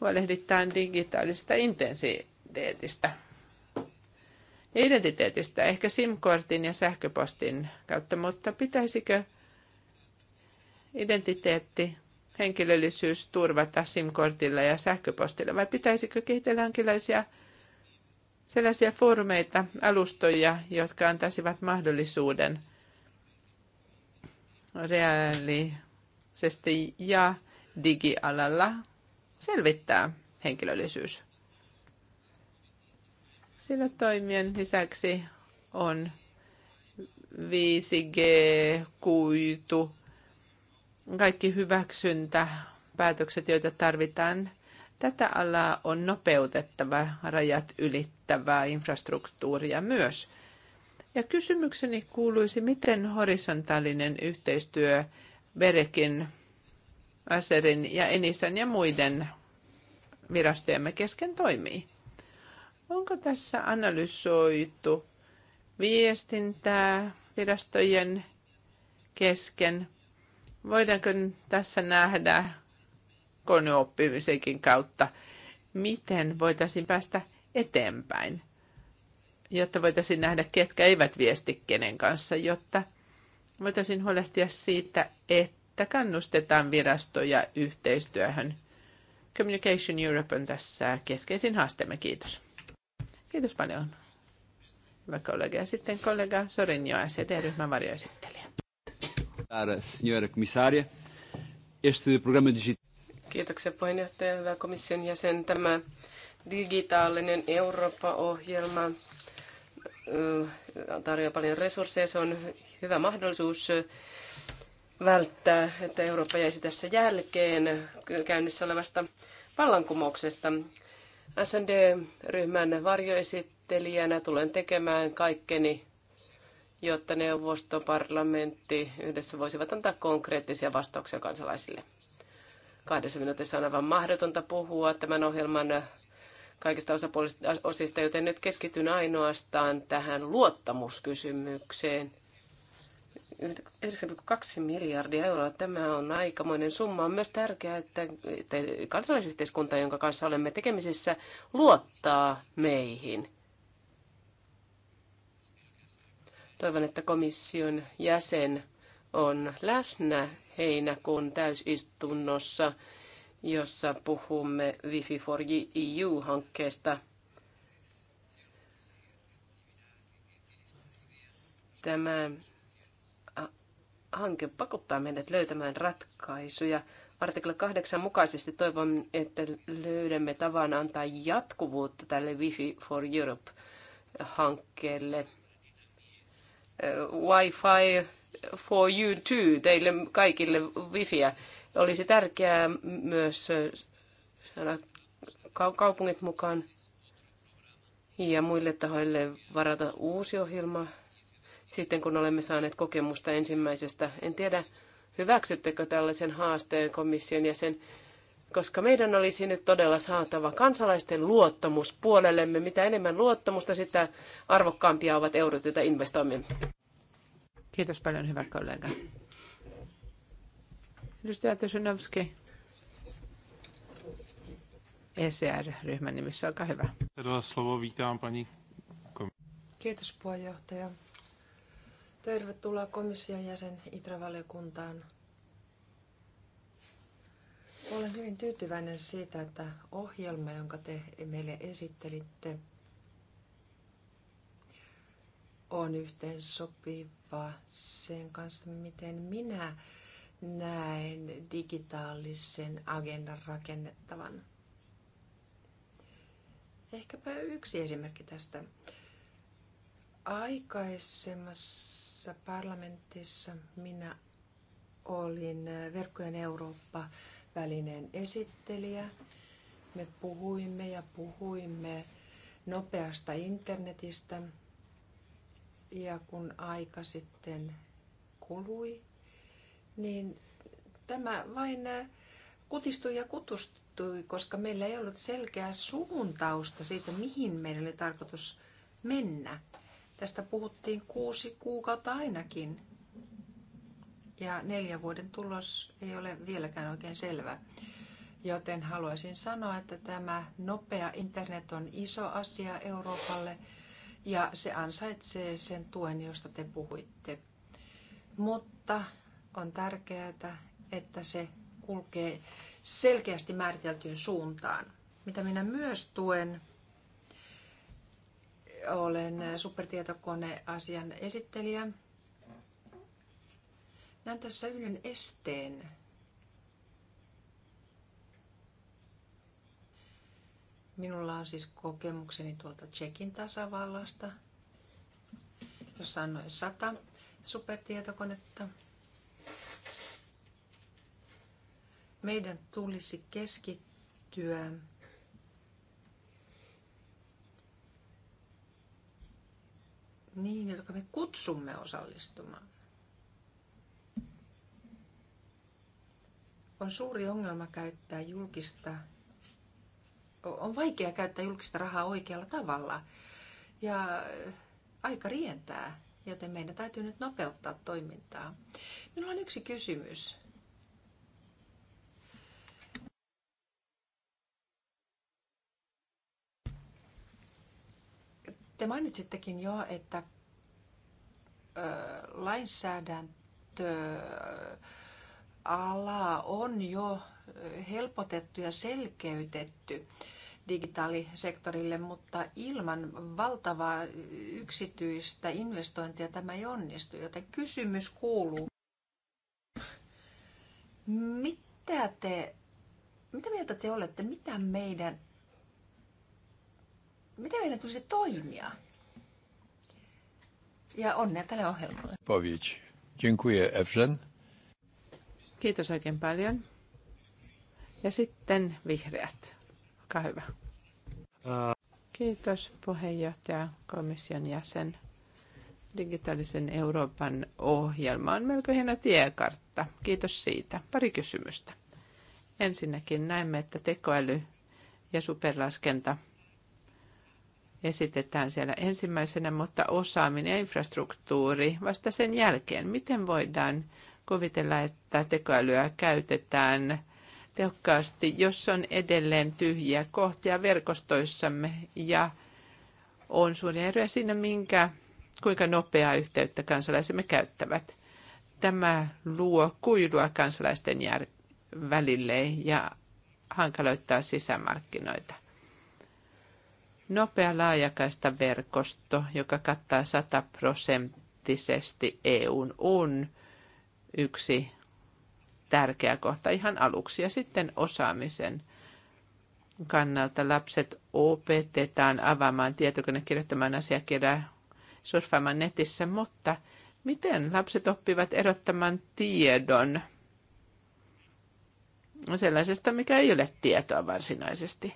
huolehditaan digitaalista intensiteetistä – ja identiteetistä, ehkä SIM-kortin ja sähköpostin kautta, mutta pitäisikö identiteetti, henkilöllisyys turvata SIM-kortilla ja sähköpostilla vai pitäisikö kehitellä jonkinlaisia sellaisia foorumeita, alustoja, jotka antaisivat mahdollisuuden reaalisesti ja digialalla selvittää henkilöllisyys. Sillä toimien lisäksi on 5G, kuitu, kaikki hyväksyntä, päätökset, joita tarvitaan. Tätä alaa on nopeutettava rajat ylittävää infrastruktuuria myös. Ja kysymykseni kuuluisi, miten horisontaalinen yhteistyö Berekin, Aserin ja Enisan ja muiden virastojemme kesken toimii? Onko tässä analysoitu viestintää virastojen kesken? Voidaanko tässä nähdä koneoppimisenkin kautta, miten voitaisiin päästä eteenpäin, jotta voitaisiin nähdä, ketkä eivät viesti kenen kanssa, jotta voitaisiin huolehtia siitä, että kannustetaan virastoja yhteistyöhön. Communication Europe on tässä keskeisin haasteemme. Kiitos. Kiitos paljon, hyvä kollega. Ja sitten kollega Sorinjo, SED-ryhmän varjoesittelijä. Kiitoksia puheenjohtaja, hyvä komission jäsen. Tämä digitaalinen Eurooppa-ohjelma tarjoaa paljon resursseja. Se on hyvä mahdollisuus välttää, että Eurooppa jäisi tässä jälkeen käynnissä olevasta vallankumouksesta. SND-ryhmän varjoesittelijänä tulen tekemään kaikkeni, jotta neuvosto, parlamentti yhdessä voisivat antaa konkreettisia vastauksia kansalaisille. Kahdessa minuutissa on aivan mahdotonta puhua tämän ohjelman kaikista osapuolista, osista, joten nyt keskityn ainoastaan tähän luottamuskysymykseen – 9,2 miljardia euroa. Tämä on aikamoinen summa. On myös tärkeää, että, että kansalaisyhteiskunta, jonka kanssa olemme tekemisissä, luottaa meihin. Toivon, että komission jäsen on läsnä heinäkuun täysistunnossa, jossa puhumme Wifi for EU-hankkeesta. Tämä hanke pakottaa meidät löytämään ratkaisuja. Artikla 8 mukaisesti toivon, että löydämme tavan antaa jatkuvuutta tälle Wi-Fi for Europe-hankkeelle. Eh, Wi-Fi for you too, teille kaikille wifiä. Olisi tärkeää myös eh, saada kaupungit mukaan ja muille tahoille varata uusi ohjelma sitten, kun olemme saaneet kokemusta ensimmäisestä. En tiedä, hyväksyttekö tällaisen haasteen komission jäsen, koska meidän olisi nyt todella saatava kansalaisten luottamus puolellemme. Mitä enemmän luottamusta, sitä arvokkaampia ovat eurot, joita investoimme. Kiitos paljon, hyvä kollega. Edustaja Tosunovski. ECR-ryhmän nimissä, olkaa hyvä. Kiitos puheenjohtaja. Tervetuloa komission jäsen Itravaliokuntaan. Olen hyvin tyytyväinen siitä, että ohjelma, jonka te meille esittelitte, on yhteen sopiva sen kanssa, miten minä näen digitaalisen agendan rakennettavan. Ehkäpä yksi esimerkki tästä. Aikaisemmassa tässä parlamentissa minä olin äh, Verkkojen Eurooppa-välineen esittelijä. Me puhuimme ja puhuimme nopeasta internetistä. Ja kun aika sitten kului, niin tämä vain äh, kutistui ja kutustui, koska meillä ei ollut selkeää suuntausta siitä, mihin meidän oli tarkoitus mennä. Tästä puhuttiin kuusi kuukautta ainakin. Ja neljän vuoden tulos ei ole vieläkään oikein selvä. Joten haluaisin sanoa, että tämä nopea internet on iso asia Euroopalle ja se ansaitsee sen tuen, josta te puhuitte. Mutta on tärkeää, että se kulkee selkeästi määriteltyyn suuntaan. Mitä minä myös tuen, olen supertietokoneasian esittelijä. Näen tässä yhden esteen. Minulla on siis kokemukseni tuolta Tsekin tasavallasta, jossa on noin sata supertietokonetta. Meidän tulisi keskittyä niin, jotka me kutsumme osallistumaan. On suuri ongelma käyttää julkista, on vaikea käyttää julkista rahaa oikealla tavalla. Ja aika rientää, joten meidän täytyy nyt nopeuttaa toimintaa. Minulla on yksi kysymys Te mainitsittekin jo, että lainsäädäntö ala on jo helpotettu ja selkeytetty digitaalisektorille, mutta ilman valtavaa yksityistä investointia tämä ei onnistu. Joten kysymys kuuluu, mitä, te, mitä mieltä te olette, mitä meidän Miten meidän tulisi toimia? Ja onnea tälle ohjelmalle. Povic. Dziękuję, Efren. Kiitos oikein paljon. Ja sitten vihreät. Olkaa hyvä. Kiitos puheenjohtaja, komission jäsen. Digitaalisen Euroopan ohjelma on melko hieno tiekartta. Kiitos siitä. Pari kysymystä. Ensinnäkin näemme, että tekoäly ja superlaskenta esitetään siellä ensimmäisenä, mutta osaaminen ja infrastruktuuri vasta sen jälkeen. Miten voidaan kuvitella, että tekoälyä käytetään tehokkaasti, jos on edelleen tyhjiä kohtia verkostoissamme ja on suuria eroja siinä, minkä, kuinka nopeaa yhteyttä kansalaisemme käyttävät. Tämä luo kuilua kansalaisten jär- välille ja hankaloittaa sisämarkkinoita. Nopea laajakaista verkosto, joka kattaa sataprosenttisesti EUn, on yksi tärkeä kohta ihan aluksi. Ja sitten osaamisen kannalta lapset opetetaan avaamaan tietokone, kirjoittamaan asiakirjaa, surffaamaan netissä, mutta miten lapset oppivat erottamaan tiedon sellaisesta, mikä ei ole tietoa varsinaisesti?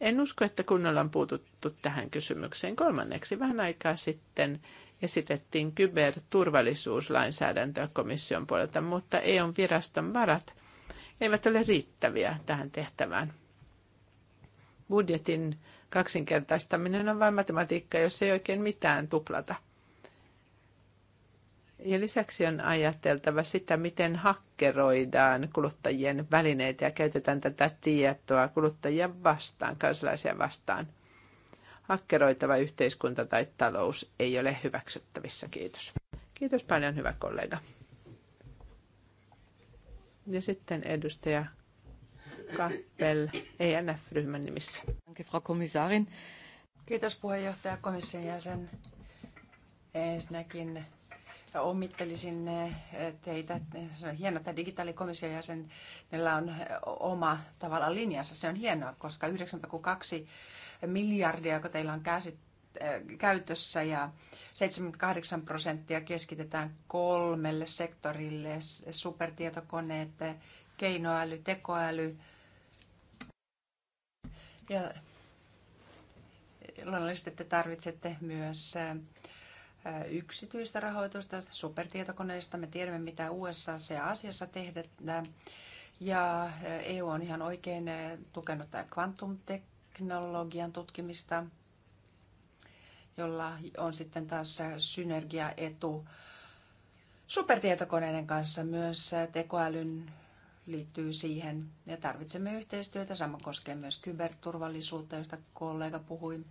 En usko, että kunnolla on puututtu tähän kysymykseen. Kolmanneksi vähän aikaa sitten esitettiin kyberturvallisuuslainsäädäntöä komission puolelta, mutta EUn viraston varat eivät ole riittäviä tähän tehtävään. Budjetin kaksinkertaistaminen on vain matematiikka, jos ei oikein mitään tuplata – ja lisäksi on ajateltava sitä, miten hakkeroidaan kuluttajien välineitä ja käytetään tätä tietoa kuluttajia vastaan, kansalaisia vastaan. Hakkeroitava yhteiskunta tai talous ei ole hyväksyttävissä. Kiitos. Kiitos paljon, hyvä kollega. Ja sitten edustaja Kappel ENF-ryhmän nimissä. Kiitos puheenjohtaja komission jäsen. Ensinnäkin Ommittelisin eh, teitä. Se on hienoa, että digitaalikomission jäsenellä on eh, oma tavallaan linjansa. Se on hienoa, koska 9,2 miljardia, joka teillä on käsit, eh, käytössä ja 78 prosenttia keskitetään kolmelle sektorille, supertietokoneet, keinoäly, tekoäly ja luonnollisesti te tarvitsette myös yksityistä rahoitusta supertietokoneista. Me tiedämme, mitä USA se asiassa tehdään. Ja EU on ihan oikein tukenut kvantumteknologian tutkimista, jolla on sitten taas synergiaetu supertietokoneiden kanssa myös tekoälyn liittyy siihen. Ja tarvitsemme yhteistyötä. Sama koskee myös kyberturvallisuutta, josta kollega puhui.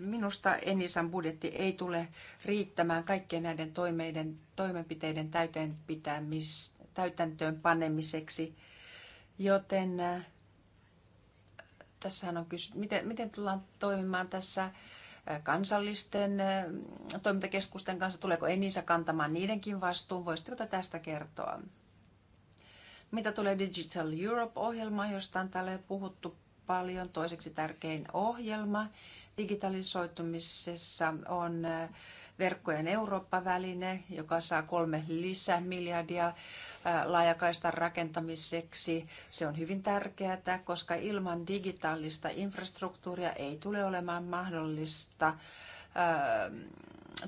Minusta Enisan budjetti ei tule riittämään kaikkien näiden toimeiden, toimenpiteiden täytäntöön panemiseksi, joten äh, tässähän on kysymys, miten, miten tullaan toimimaan tässä äh, kansallisten äh, toimintakeskusten kanssa, tuleeko Enisa kantamaan niidenkin vastuun, voisitteko tästä kertoa? Mitä tulee Digital Europe-ohjelmaan, josta on täällä jo puhuttu paljon. Toiseksi tärkein ohjelma digitalisoitumisessa on äh, verkkojen Eurooppa-väline, joka saa kolme lisämiljardia äh, laajakaistan rakentamiseksi. Se on hyvin tärkeää, koska ilman digitaalista infrastruktuuria ei tule olemaan mahdollista äh,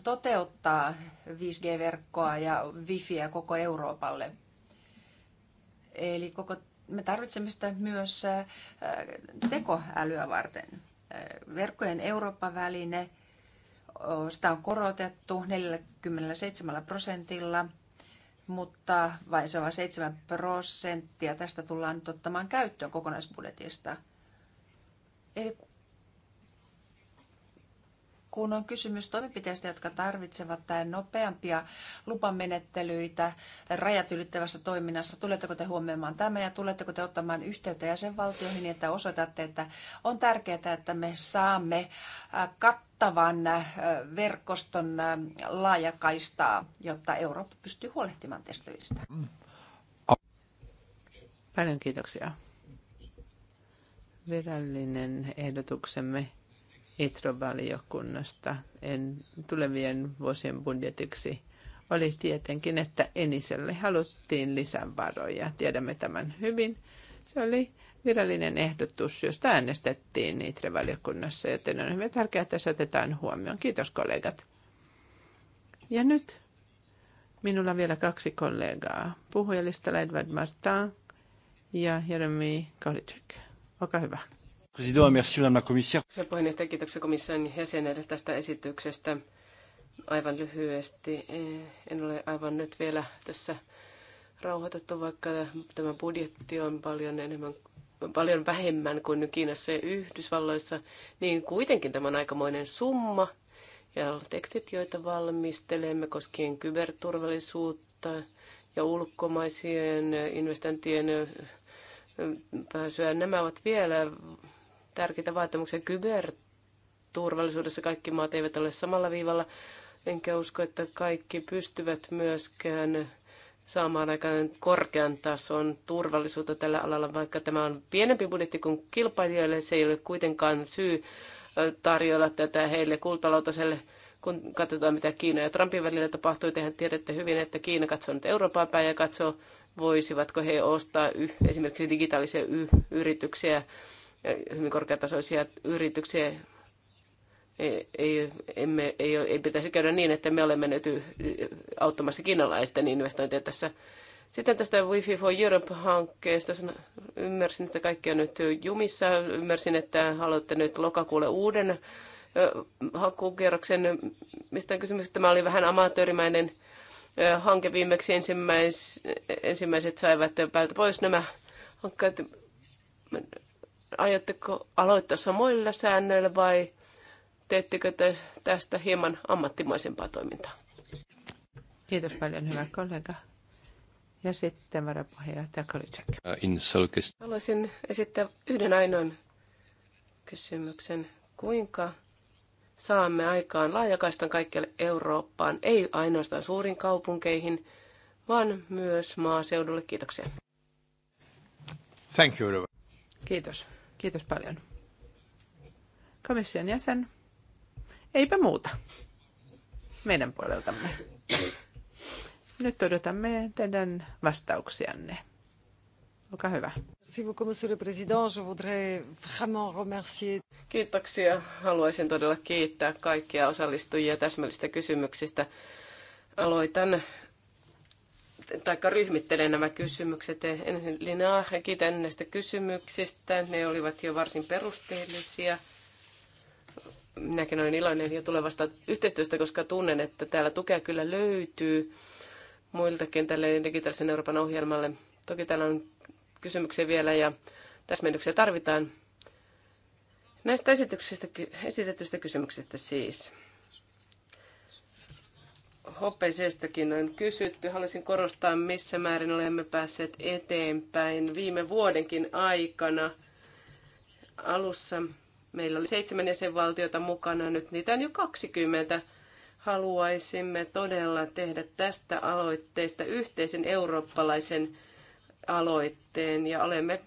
toteuttaa 5G-verkkoa ja wifiä koko Euroopalle. Eli koko me tarvitsemme sitä myös tekoälyä varten. Verkkojen Euroopan väline, sitä on korotettu 47 prosentilla, mutta vain se on 7 prosenttia tästä tullaan nyt ottamaan käyttöön kokonaisbudjetista. Eli kun on kysymys toimenpiteistä, jotka tarvitsevat tai nopeampia lupamenettelyitä rajat ylittävässä toiminnassa. Tuletteko te huomioimaan tämä ja tuletteko te ottamaan yhteyttä jäsenvaltioihin, niin että osoitatte, että on tärkeää, että me saamme kattavan verkoston laajakaistaa, jotta Eurooppa pystyy huolehtimaan tehtävistä? Paljon kiitoksia. Virallinen ehdotuksemme Etrovaliokunnasta en, tulevien vuosien budjetiksi oli tietenkin, että Eniselle haluttiin lisävaroja. Tiedämme tämän hyvin. Se oli virallinen ehdotus, josta äänestettiin ITRE-valiokunnassa, joten on hyvin tärkeää, että se otetaan huomioon. Kiitos kollegat. Ja nyt minulla on vielä kaksi kollegaa. Puhujalistalla Edward Martin ja Jeremy Kolitschek. Olkaa hyvä. President, merci madame la commissaire. Puheenjohtaja, kiitoksia komission jäsenelle tästä esityksestä. Aivan lyhyesti, eh, en ole aivan nyt vielä tässä rauhoitettu, vaikka tämä budjetti on paljon enemmän paljon vähemmän kuin Kiinassa ja Yhdysvalloissa, niin kuitenkin tämä on aikamoinen summa. Ja tekstit, joita valmistelemme koskien kyberturvallisuutta ja ulkomaisien investointien eh, pääsyä, nämä ovat vielä tärkeitä vaatimuksia kyberturvallisuudessa. Kaikki maat eivät ole samalla viivalla, enkä usko, että kaikki pystyvät myöskään saamaan aikaan korkean tason turvallisuutta tällä alalla, vaikka tämä on pienempi budjetti kuin kilpailijoille. Se ei ole kuitenkaan syy tarjolla tätä heille kultalautaselle, kun katsotaan mitä Kiina ja Trumpin välillä tapahtui. Tehän tiedätte hyvin, että Kiina katsoo nyt Euroopan päin ja katsoo, voisivatko he ostaa esimerkiksi digitaalisia yrityksiä hyvin korkeatasoisia yrityksiä. Ei, ei, emme, ei, ei pitäisi käydä niin, että me olemme nyt auttamassa kiinalaisten investointeja tässä. Sitten tästä Wi-Fi for Europe-hankkeesta ymmärsin, että kaikki on nyt jumissa. Ymmärsin, että haluatte nyt lokakuulle uuden hakukierroksen. Mistä on kysymys? Tämä oli vähän amatöörimäinen hanke viimeksi. Ensimmäis, ensimmäiset saivat päältä pois nämä hankkeet aiotteko aloittaa samoilla säännöillä vai teettekö te tästä hieman ammattimaisempaa toimintaa? Kiitos paljon, hyvä kollega. Ja sitten varapuheenjohtaja Kolicek. Haluaisin esittää yhden ainoan kysymyksen. Kuinka saamme aikaan laajakaistan kaikkialle Eurooppaan, ei ainoastaan suurin kaupunkeihin, vaan myös maaseudulle? Kiitoksia. Thank you, Kiitos. Kiitos paljon. Komission jäsen. Eipä muuta. Meidän puoleltamme. Nyt odotamme teidän vastauksianne. Olkaa hyvä. Kiitoksia. Haluaisin todella kiittää kaikkia osallistujia täsmällistä kysymyksistä. Aloitan tai ryhmittelee nämä kysymykset. Ensin Linaa, kiitän näistä kysymyksistä. Ne olivat jo varsin perusteellisia. Minäkin olen iloinen jo tulevasta yhteistyöstä, koska tunnen, että täällä tukea kyllä löytyy muiltakin tälle digitaalisen Euroopan ohjelmalle. Toki täällä on kysymyksiä vielä ja täsmennyksiä tarvitaan. Näistä esityksistä, esitetyistä kysymyksistä siis hopeisestakin on kysytty. Haluaisin korostaa, missä määrin olemme päässeet eteenpäin viime vuodenkin aikana. Alussa meillä oli seitsemän jäsenvaltiota mukana, nyt niitä on jo 20. Haluaisimme todella tehdä tästä aloitteesta yhteisen eurooppalaisen aloitteen ja olemme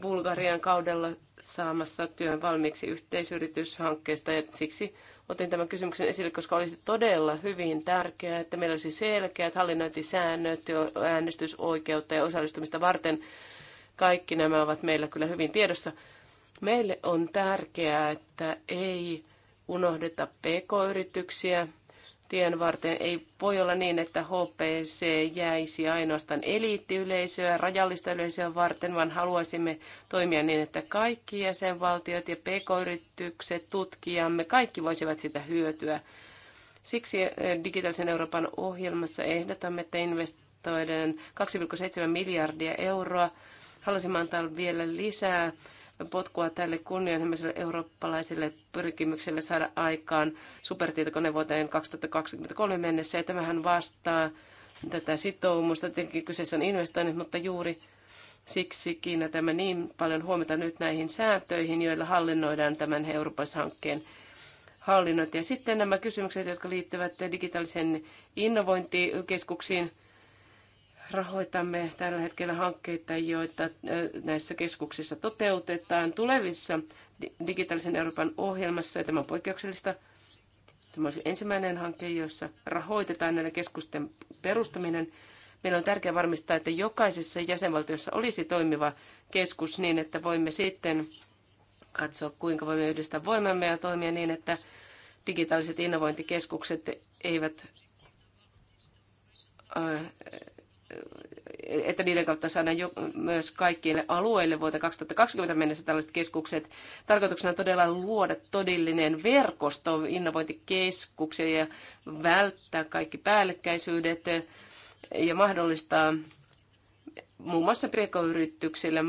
Bulgarian kaudella saamassa työn valmiiksi yhteisyrityshankkeesta ja siksi Otin tämän kysymyksen esille, koska olisi todella hyvin tärkeää, että meillä olisi selkeät hallinnointisäännöt, äänestysoikeutta ja osallistumista varten. Kaikki nämä ovat meillä kyllä hyvin tiedossa. Meille on tärkeää, että ei unohdeta pk-yrityksiä, tien varten. Ei voi olla niin, että HPC jäisi ainoastaan eliittiyleisöä, rajallista yleisöä varten, vaan haluaisimme toimia niin, että kaikki jäsenvaltiot ja pk-yritykset, tutkijamme, kaikki voisivat sitä hyötyä. Siksi eh, Digitaalisen Euroopan ohjelmassa ehdotamme, että investoidaan 2,7 miljardia euroa. Haluaisimme antaa vielä lisää potkua tälle kunnianhimoiselle eurooppalaiselle pyrkimykselle saada aikaan supertietokone vuoteen 2023 mennessä. Ja tämähän vastaa tätä sitoumusta. Tietenkin kyseessä on investoinnit, mutta juuri siksi kiinnitämme niin paljon huomiota nyt näihin sääntöihin, joilla hallinnoidaan tämän Euroopan hankkeen hallinnot. Ja sitten nämä kysymykset, jotka liittyvät digitaalisen innovointikeskuksiin rahoitamme tällä hetkellä hankkeita, joita näissä keskuksissa toteutetaan tulevissa digitaalisen Euroopan ohjelmassa. Ja tämä on poikkeuksellista. Tämä on ensimmäinen hanke, jossa rahoitetaan näiden keskusten perustaminen. Meillä on tärkeää varmistaa, että jokaisessa jäsenvaltiossa olisi toimiva keskus niin, että voimme sitten katsoa, kuinka voimme yhdistää voimamme ja toimia niin, että digitaaliset innovointikeskukset eivät että niiden kautta saadaan jo, myös kaikille alueille vuoteen 2020 mennessä tällaiset keskukset. Tarkoituksena on todella luoda todellinen verkosto innovointikeskuksia ja välttää kaikki päällekkäisyydet ja mahdollistaa muun muassa prekoyrityksille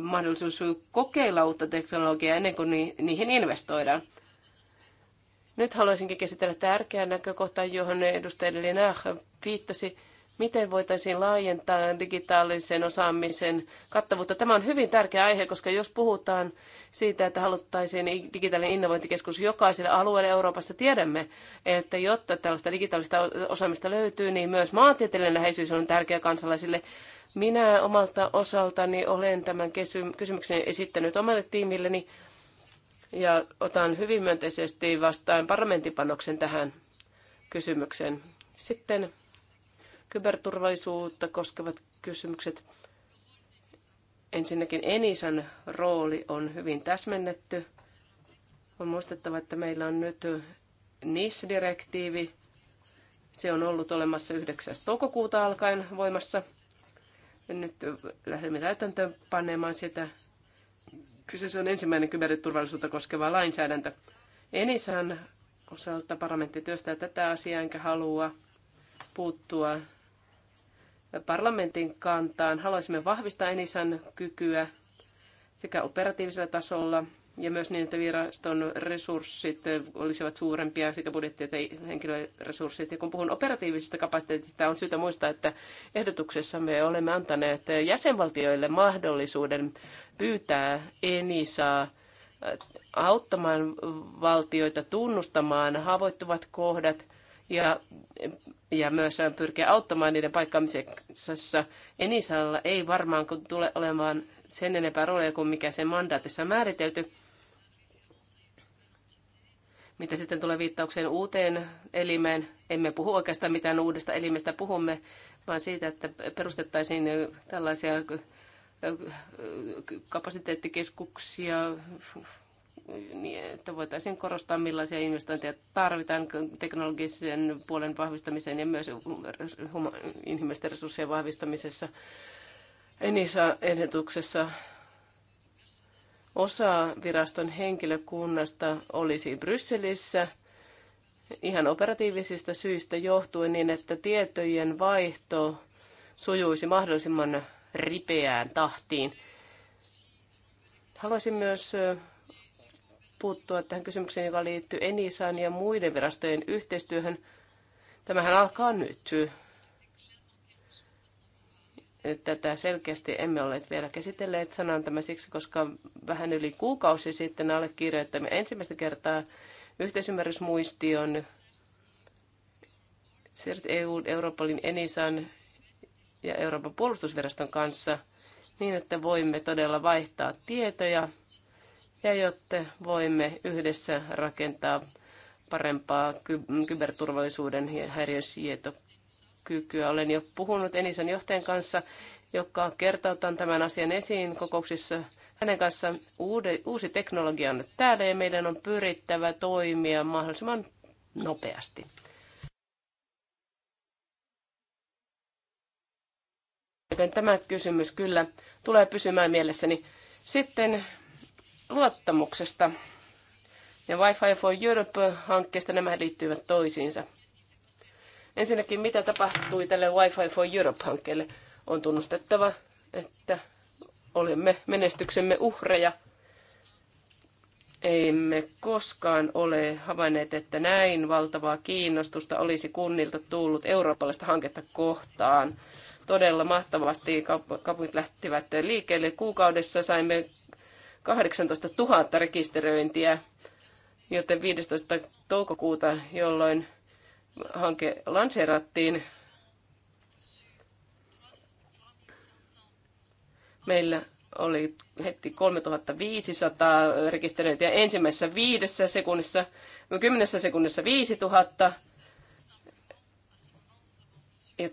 mahdollisuus kokeilla uutta teknologiaa ennen kuin niihin investoidaan. Nyt haluaisinkin käsitellä tärkeää näkökohtaa, johon edustaja Linah viittasi – miten voitaisiin laajentaa digitaalisen osaamisen kattavuutta. Tämä on hyvin tärkeä aihe, koska jos puhutaan siitä, että haluttaisiin digitaalinen innovointikeskus jokaiselle alueelle Euroopassa, tiedämme, että jotta tällaista digitaalista osaamista löytyy, niin myös maantieteellinen läheisyys on tärkeä kansalaisille. Minä omalta osaltani olen tämän kysymyksen esittänyt omalle tiimilleni ja otan hyvin myönteisesti vastaan parlamentin panoksen tähän kysymykseen. Sitten kyberturvallisuutta koskevat kysymykset. Ensinnäkin Enisan rooli on hyvin täsmennetty. On muistettava, että meillä on nyt NIS-direktiivi. Se on ollut olemassa 9. toukokuuta alkaen voimassa. Nyt lähdemme täytäntöön panemaan sitä. Kyseessä on ensimmäinen kyberturvallisuutta koskeva lainsäädäntö. Enisan osalta parlamentti työstää tätä asiaa, enkä halua puuttua parlamentin kantaan. Haluaisimme vahvistaa Enisan kykyä sekä operatiivisella tasolla ja myös niin, että viraston resurssit olisivat suurempia sekä budjetti- että henkilöresurssit. Ja kun puhun operatiivisesta kapasiteetista, on syytä muistaa, että ehdotuksessa me olemme antaneet jäsenvaltioille mahdollisuuden pyytää Enisaa auttamaan valtioita tunnustamaan haavoittuvat kohdat ja ja myös pyrkiä auttamaan niiden paikkaamisessa. Enisalla ei varmaan kun tule olemaan sen enempää rooleja kuin mikä sen mandaatissa on määritelty. Mitä sitten tulee viittaukseen uuteen elimeen, emme puhu oikeastaan mitään uudesta elimestä, puhumme vaan siitä, että perustettaisiin tällaisia kapasiteettikeskuksia, niin että voitaisiin korostaa, millaisia investointeja tarvitaan teknologisen puolen vahvistamiseen ja myös inhimillisten resurssien vahvistamisessa. Enisa ehdotuksessa osa viraston henkilökunnasta olisi Brysselissä ihan operatiivisista syistä johtuen niin, että tietojen vaihto sujuisi mahdollisimman ripeään tahtiin. Haluaisin myös puuttua tähän kysymykseen, joka liittyy Enisan ja muiden virastojen yhteistyöhön. Tämähän alkaa nyt. Tätä selkeästi emme ole vielä käsitelleet. Sanan tämä siksi, koska vähän yli kuukausi sitten allekirjoittamme ensimmäistä kertaa yhteisymmärrysmuistion EU, Euroopan Enisan ja Euroopan puolustusviraston kanssa niin, että voimme todella vaihtaa tietoja ja jotta voimme yhdessä rakentaa parempaa kyberturvallisuuden ja häiriösietokykyä. Olen jo puhunut Enisan johtajan kanssa, joka kertautan tämän asian esiin kokouksissa hänen kanssaan uude, uusi teknologia on nyt täällä ja meidän on pyrittävä toimia mahdollisimman nopeasti. Joten tämä kysymys kyllä tulee pysymään mielessäni. Sitten luottamuksesta ja Wi-Fi for Europe-hankkeesta. Nämä liittyvät toisiinsa. Ensinnäkin, mitä tapahtui tälle Wi-Fi for Europe-hankkeelle? On tunnustettava, että olemme menestyksemme uhreja. Emme koskaan ole havainneet, että näin valtavaa kiinnostusta olisi kunnilta tullut eurooppalaista hanketta kohtaan. Todella mahtavasti kaupungit lähtivät liikkeelle. Kuukaudessa saimme 18 000 rekisteröintiä, joten 15. toukokuuta, jolloin hanke lanseerattiin, meillä oli heti 3500 rekisteröintiä ensimmäisessä viidessä sekunnissa, kymmenessä sekunnissa 5000. Ja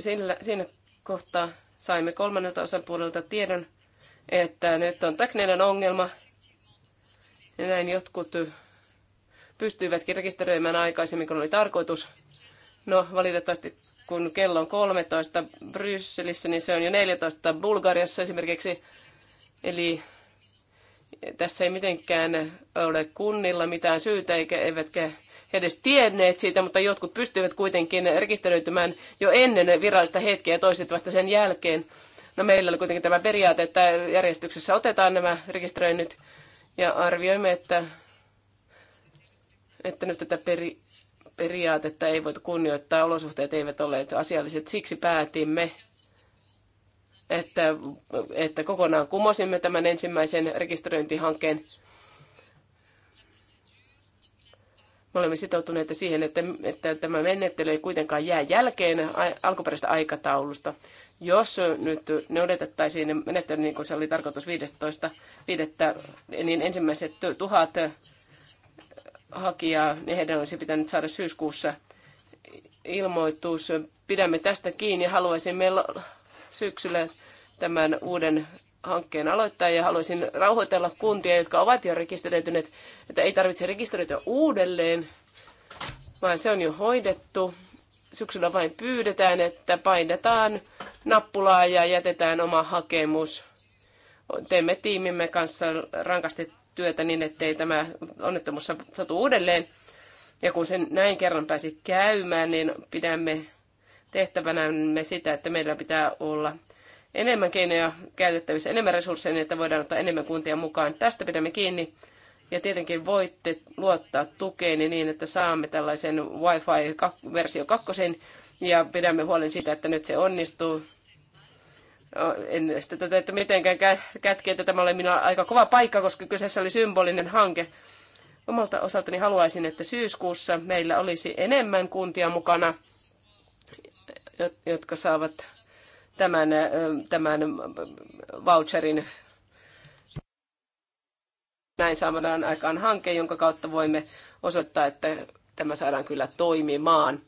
sillä, siinä kohtaa saimme kolmannelta osapuolelta tiedon että nyt on tekninen ongelma. Ja näin jotkut pystyivätkin rekisteröimään aikaisemmin, kun oli tarkoitus. No, valitettavasti kun kello on 13 Brysselissä, niin se on jo 14 Bulgariassa esimerkiksi. Eli tässä ei mitenkään ole kunnilla mitään syytä, eikä eivätkä he edes tienneet siitä, mutta jotkut pystyivät kuitenkin rekisteröitymään jo ennen virallista hetkeä ja toiset vasta sen jälkeen. No meillä oli kuitenkin tämä periaate, että järjestyksessä otetaan nämä rekisteröinnit ja arvioimme, että, että nyt tätä peri, periaatetta ei voitu kunnioittaa, olosuhteet eivät olleet asialliset. Siksi päätimme, että, että kokonaan kumosimme tämän ensimmäisen rekisteröintihankkeen olemme sitoutuneet siihen, että, että tämä menettely ei kuitenkaan jää jälkeen alkuperäisestä aikataulusta. Jos nyt ne odotettaisiin, menettely, niin kuin se oli tarkoitus 15. 5. niin ensimmäiset tuhat hakijaa, niin heidän olisi pitänyt saada syyskuussa ilmoitus. Pidämme tästä kiinni ja haluaisimme syksyllä tämän uuden hankkeen aloittaa ja haluaisin rauhoitella kuntia, jotka ovat jo rekisteröityneet, että ei tarvitse rekisteröityä uudelleen, vaan se on jo hoidettu. Syksyllä vain pyydetään, että painetaan nappulaa ja jätetään oma hakemus. Teemme tiimimme kanssa rankasti työtä niin, ettei tämä onnettomuus satu uudelleen. Ja kun sen näin kerran pääsi käymään, niin pidämme tehtävänämme sitä, että meillä pitää olla – enemmän keinoja käytettävissä, enemmän resursseja, niin että voidaan ottaa enemmän kuntia mukaan. Tästä pidämme kiinni. Ja tietenkin voitte luottaa tukeeni niin, että saamme tällaisen Wi-Fi versio kakkosen ja pidämme huolen siitä, että nyt se onnistuu. En sitä tätä, että mitenkään kätkeä, että tämä oli minulla aika kova paikka, koska kyseessä oli symbolinen hanke. Omalta osaltani haluaisin, että syyskuussa meillä olisi enemmän kuntia mukana, jotka saavat tämän, tämän voucherin. Näin saadaan aikaan hanke, jonka kautta voimme osoittaa, että tämä saadaan kyllä toimimaan.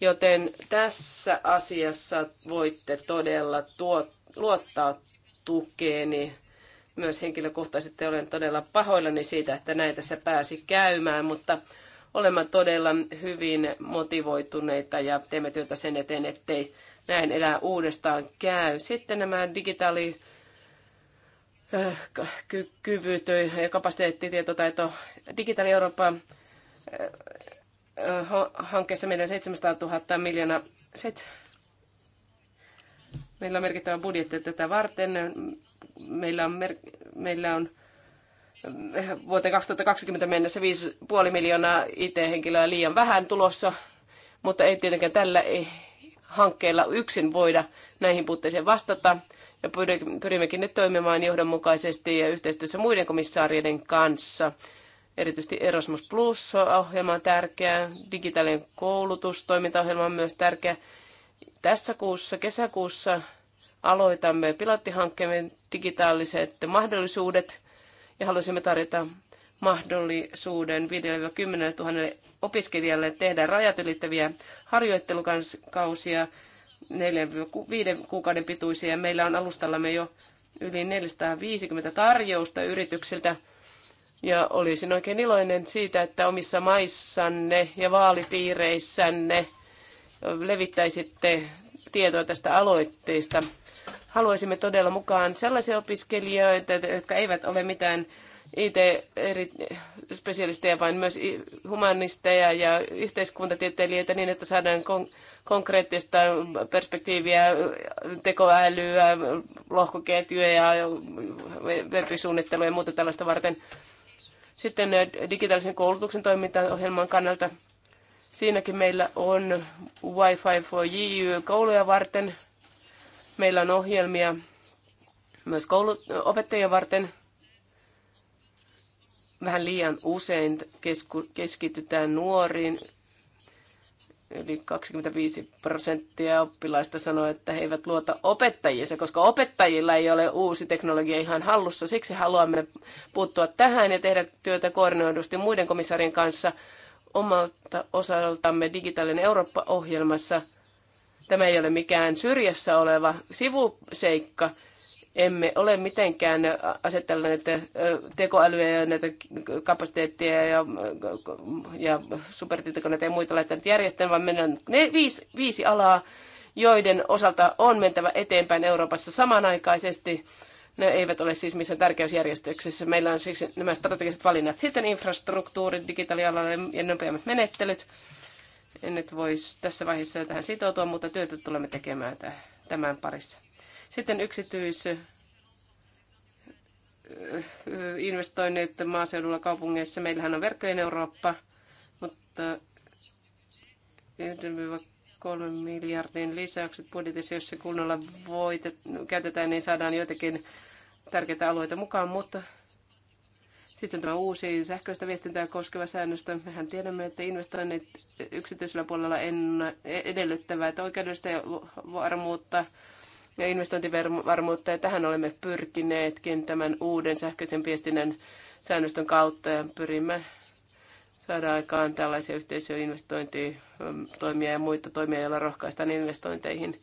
Joten tässä asiassa voitte todella tuot, luottaa tukeeni. Myös henkilökohtaisesti olen todella pahoillani siitä, että näin tässä pääsi käymään, mutta olemme todella hyvin motivoituneita ja teemme työtä sen eteen, ettei näin elää uudestaan käy. Sitten nämä digitaali äh, kyvyt ja kapasiteetti, tietotaito. Digitaali Eurooppa äh, äh, hankkeessa meillä on 700 000 miljoonaa. Meillä on merkittävä budjetti tätä varten. Meillä on, mer- meillä on vuoteen 2020 mennessä 5,5 miljoonaa IT-henkilöä liian vähän tulossa, mutta ei tietenkään tällä ei hankkeilla yksin voida näihin puutteisiin vastata ja pyrimmekin nyt toimimaan johdonmukaisesti ja yhteistyössä muiden komissaarien kanssa. Erityisesti Erasmus Plus-ohjelma on tärkeä, digitaalinen koulutustoimintaohjelma on myös tärkeä. Tässä kuussa, kesäkuussa aloitamme pilottihankkeemme digitaaliset mahdollisuudet ja haluaisimme tarjota mahdollisuuden 5-10 000 opiskelijalle tehdä rajat ylittäviä harjoittelukausia, neljän, viiden kuukauden pituisia. Meillä on alustallamme jo yli 450 tarjousta yrityksiltä. Ja olisin oikein iloinen siitä, että omissa maissanne ja vaalipiireissänne levittäisitte tietoa tästä aloitteesta. Haluaisimme todella mukaan sellaisia opiskelijoita, jotka eivät ole mitään IT-spesialisteja, vaan myös humanisteja ja yhteiskuntatieteilijöitä niin, että saadaan kon- konkreettista perspektiiviä, tekoälyä, lohkoketjuja ja webisuunnittelua ja muuta tällaista varten. Sitten digitaalisen koulutuksen toimintaohjelman kannalta siinäkin meillä on Wi-Fi for you kouluja varten. Meillä on ohjelmia myös koulut, opettajien varten – vähän liian usein keskitytään nuoriin. Yli 25 prosenttia oppilaista sanoo, että he eivät luota opettajiinsa, koska opettajilla ei ole uusi teknologia ihan hallussa. Siksi haluamme puuttua tähän ja tehdä työtä koordinoidusti muiden komissarien kanssa omalta osaltamme digitaalinen Eurooppa-ohjelmassa. Tämä ei ole mikään syrjässä oleva sivuseikka, emme ole mitenkään asettelleet tekoälyä ja näitä kapasiteetteja ja, ja supertietokoneita ja muita laittaneet järjestelmään, vaan meillä ne viisi, viisi alaa, joiden osalta on mentävä eteenpäin Euroopassa samanaikaisesti. Ne eivät ole siis missään tärkeysjärjestyksessä. Meillä on siis nämä strategiset valinnat. Sitten infrastruktuuri, digitaalialalle ja nopeammat menettelyt. En nyt voisi tässä vaiheessa tähän sitoutua, mutta työtä tulemme tekemään tämän parissa. Sitten yksityis investoinnit maaseudulla kaupungeissa. Meillähän on verkkojen Eurooppa, mutta 1-3 miljardin lisäykset budjetissa, jos se kunnolla voitet, käytetään, niin saadaan joitakin tärkeitä alueita mukaan, mutta sitten tämä uusi sähköistä viestintää koskeva säännöstö. Mehän tiedämme, että investoinnit yksityisellä puolella edellyttävät oikeudellista varmuutta, ja investointivarmuutta, ja tähän olemme pyrkineetkin tämän uuden sähköisen viestinnän säännöstön kautta, ja pyrimme saada aikaan tällaisia yhteisöinvestointitoimia ja muita toimia, joilla rohkaistaan investointeihin.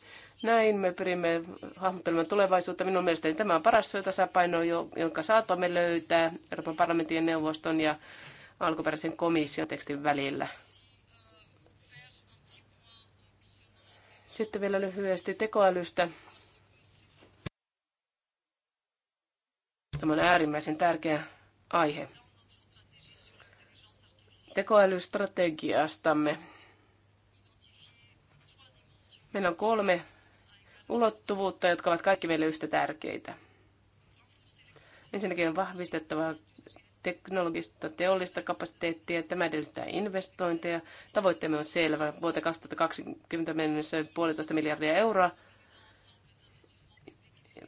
Näin me pyrimme hahmottelemaan tulevaisuutta. Minun mielestäni tämä on paras tasapaino, jonka saatamme löytää Euroopan parlamentin ja neuvoston ja alkuperäisen komission tekstin välillä. Sitten vielä lyhyesti tekoälystä. Tämä on äärimmäisen tärkeä aihe. Tekoälystrategiastamme. Meillä on kolme ulottuvuutta, jotka ovat kaikki meille yhtä tärkeitä. Ensinnäkin on vahvistettava teknologista teollista kapasiteettia. Tämä edellyttää investointeja. Tavoitteemme on selvä. Vuoteen 2020 mennessä puolitoista miljardia euroa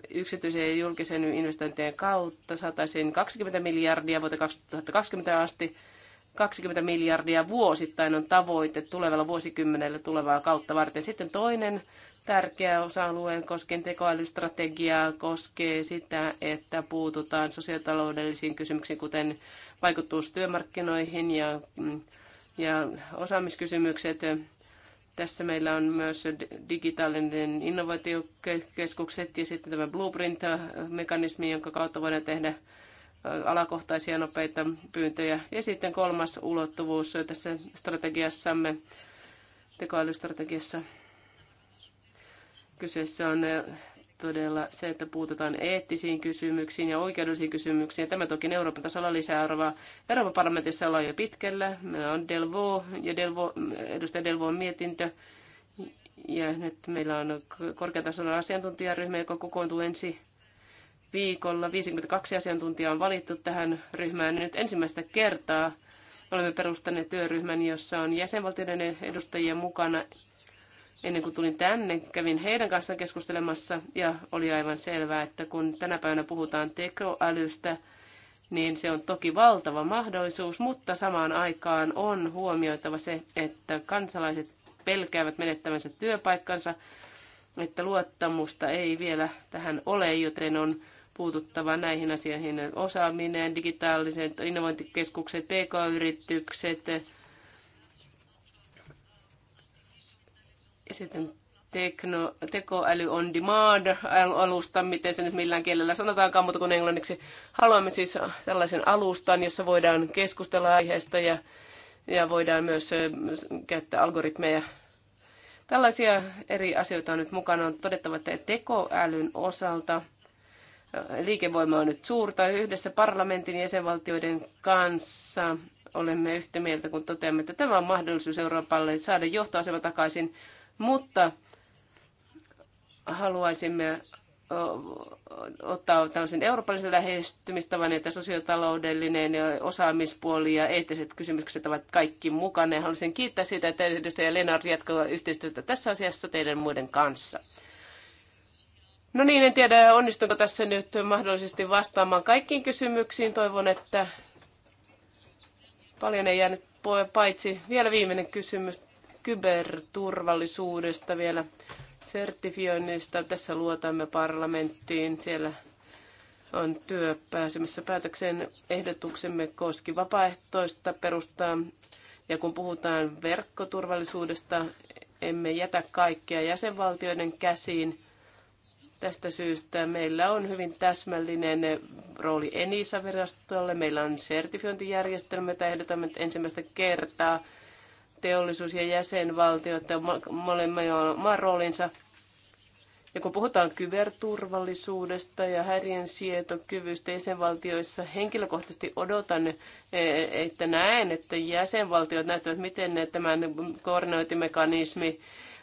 yksityisen ja julkisen investointien kautta saataisiin 20 miljardia vuoteen 2020 asti. 20 miljardia vuosittain on tavoite tulevalla vuosikymmenellä tulevaa kautta varten. Sitten toinen tärkeä osa-alue koskien tekoälystrategiaa koskee sitä, että puututaan sosiotaloudellisiin kysymyksiin, kuten vaikutus työmarkkinoihin ja, mm, ja osaamiskysymykset. Tässä meillä on myös digitaalinen innovaatiokeskukset ja sitten tämä blueprint-mekanismi, jonka kautta voidaan tehdä alakohtaisia nopeita pyyntöjä. Ja sitten kolmas ulottuvuus tässä strategiassamme, tekoälystrategiassa. Kyseessä on todella se, että puututaan eettisiin kysymyksiin ja oikeudellisiin kysymyksiin. Tämä toki Euroopan tasolla lisää arvoa. Euroopan parlamentissa ollaan jo pitkällä. Meillä on Delvo ja Delvo, edustaja Delvoon mietintö. Ja nyt meillä on korkeatasolla asiantuntijaryhmä, joka kokoontuu ensi viikolla. 52 asiantuntijaa on valittu tähän ryhmään. Nyt ensimmäistä kertaa olemme perustaneet työryhmän, jossa on jäsenvaltioiden edustajia mukana Ennen kuin tulin tänne, kävin heidän kanssaan keskustelemassa ja oli aivan selvää, että kun tänä päivänä puhutaan tekoälystä, niin se on toki valtava mahdollisuus, mutta samaan aikaan on huomioitava se, että kansalaiset pelkäävät menettävänsä työpaikkansa, että luottamusta ei vielä tähän ole, joten on puututtava näihin asioihin. Osaaminen, digitaaliset innovointikeskukset, pk-yritykset, Ja sitten tekno, tekoäly on demand-alusta, miten se nyt millään kielellä sanotaankaan, mutta kun englanniksi haluamme siis tällaisen alustan, jossa voidaan keskustella aiheesta ja, ja voidaan myös käyttää algoritmeja. Tällaisia eri asioita on nyt mukana. On todettava, että tekoälyn osalta liikevoima on nyt suurta. Yhdessä parlamentin ja jäsenvaltioiden kanssa olemme yhtä mieltä, kun toteamme, että tämä on mahdollisuus Euroopalle saada johtoasema takaisin – mutta haluaisimme ottaa tällaisen eurooppalaisen lähestymistavan, että sosiotaloudellinen osaamispuoli ja eettiset kysymykset ovat kaikki mukana. Ja haluaisin kiittää siitä, että edustaja Lennart jatkaa yhteistyötä tässä asiassa teidän muiden kanssa. No niin, en tiedä onnistunko tässä nyt mahdollisesti vastaamaan kaikkiin kysymyksiin. Toivon, että paljon ei jäänyt paitsi vielä viimeinen kysymys kyberturvallisuudesta vielä sertifioinnista. Tässä luotamme parlamenttiin. Siellä on työ pääsemässä päätökseen. Ehdotuksemme koski vapaaehtoista perustaa. Ja kun puhutaan verkkoturvallisuudesta, emme jätä kaikkia jäsenvaltioiden käsiin. Tästä syystä meillä on hyvin täsmällinen rooli Enisa-virastolle. Meillä on sertifiointijärjestelmä, jota ehdotamme ensimmäistä kertaa – teollisuus ja jäsenvaltiot molemmat roolinsa. Ja kun puhutaan kyberturvallisuudesta ja sietokyvystä jäsenvaltioissa, henkilökohtaisesti odotan, e, että näen, että jäsenvaltiot näyttävät, miten ne tämän koordinointimekanismi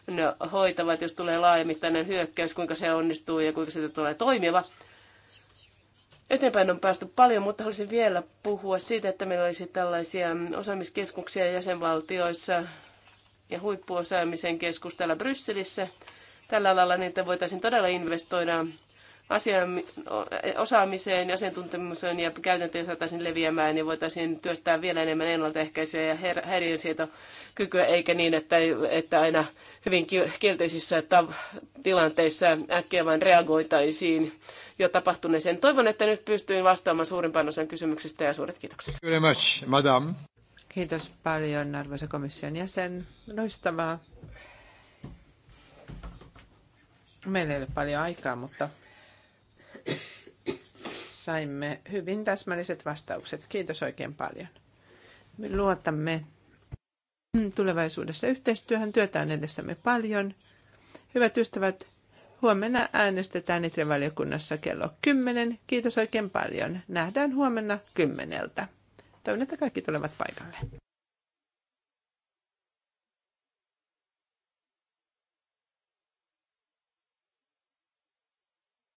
no, hoitavat, jos tulee laajamittainen hyökkäys, kuinka se onnistuu ja kuinka se tulee toimiva. Eteenpäin on päästy paljon, mutta haluaisin vielä puhua siitä, että meillä olisi tällaisia osaamiskeskuksia jäsenvaltioissa ja huippuosaamisen keskus täällä Brysselissä. Tällä alalla niitä voitaisiin todella investoida osaamiseen osaamiseen, asiantuntemukseen ja käytäntöön saataisiin leviämään, niin voitaisiin työstää vielä enemmän ennaltaehkäisyä ja häiriönsietokykyä, eikä niin, että, että aina hyvin kielteisissä tilanteissa äkkiä vain reagoitaisiin jo tapahtuneeseen. Toivon, että nyt pystyin vastaamaan suurimpaan osan kysymyksistä ja suuret kiitokset. Very much, madam. Kiitos paljon, arvoisa komission jäsen. Loistavaa. Meillä ei ole paljon aikaa, mutta saimme hyvin täsmälliset vastaukset. Kiitos oikein paljon. Me luotamme tulevaisuudessa yhteistyöhön. Työtä on edessämme paljon. Hyvät ystävät, huomenna äänestetään Itrivaliokunnassa kello 10. Kiitos oikein paljon. Nähdään huomenna kymmeneltä. Toivon, että kaikki tulevat paikalle.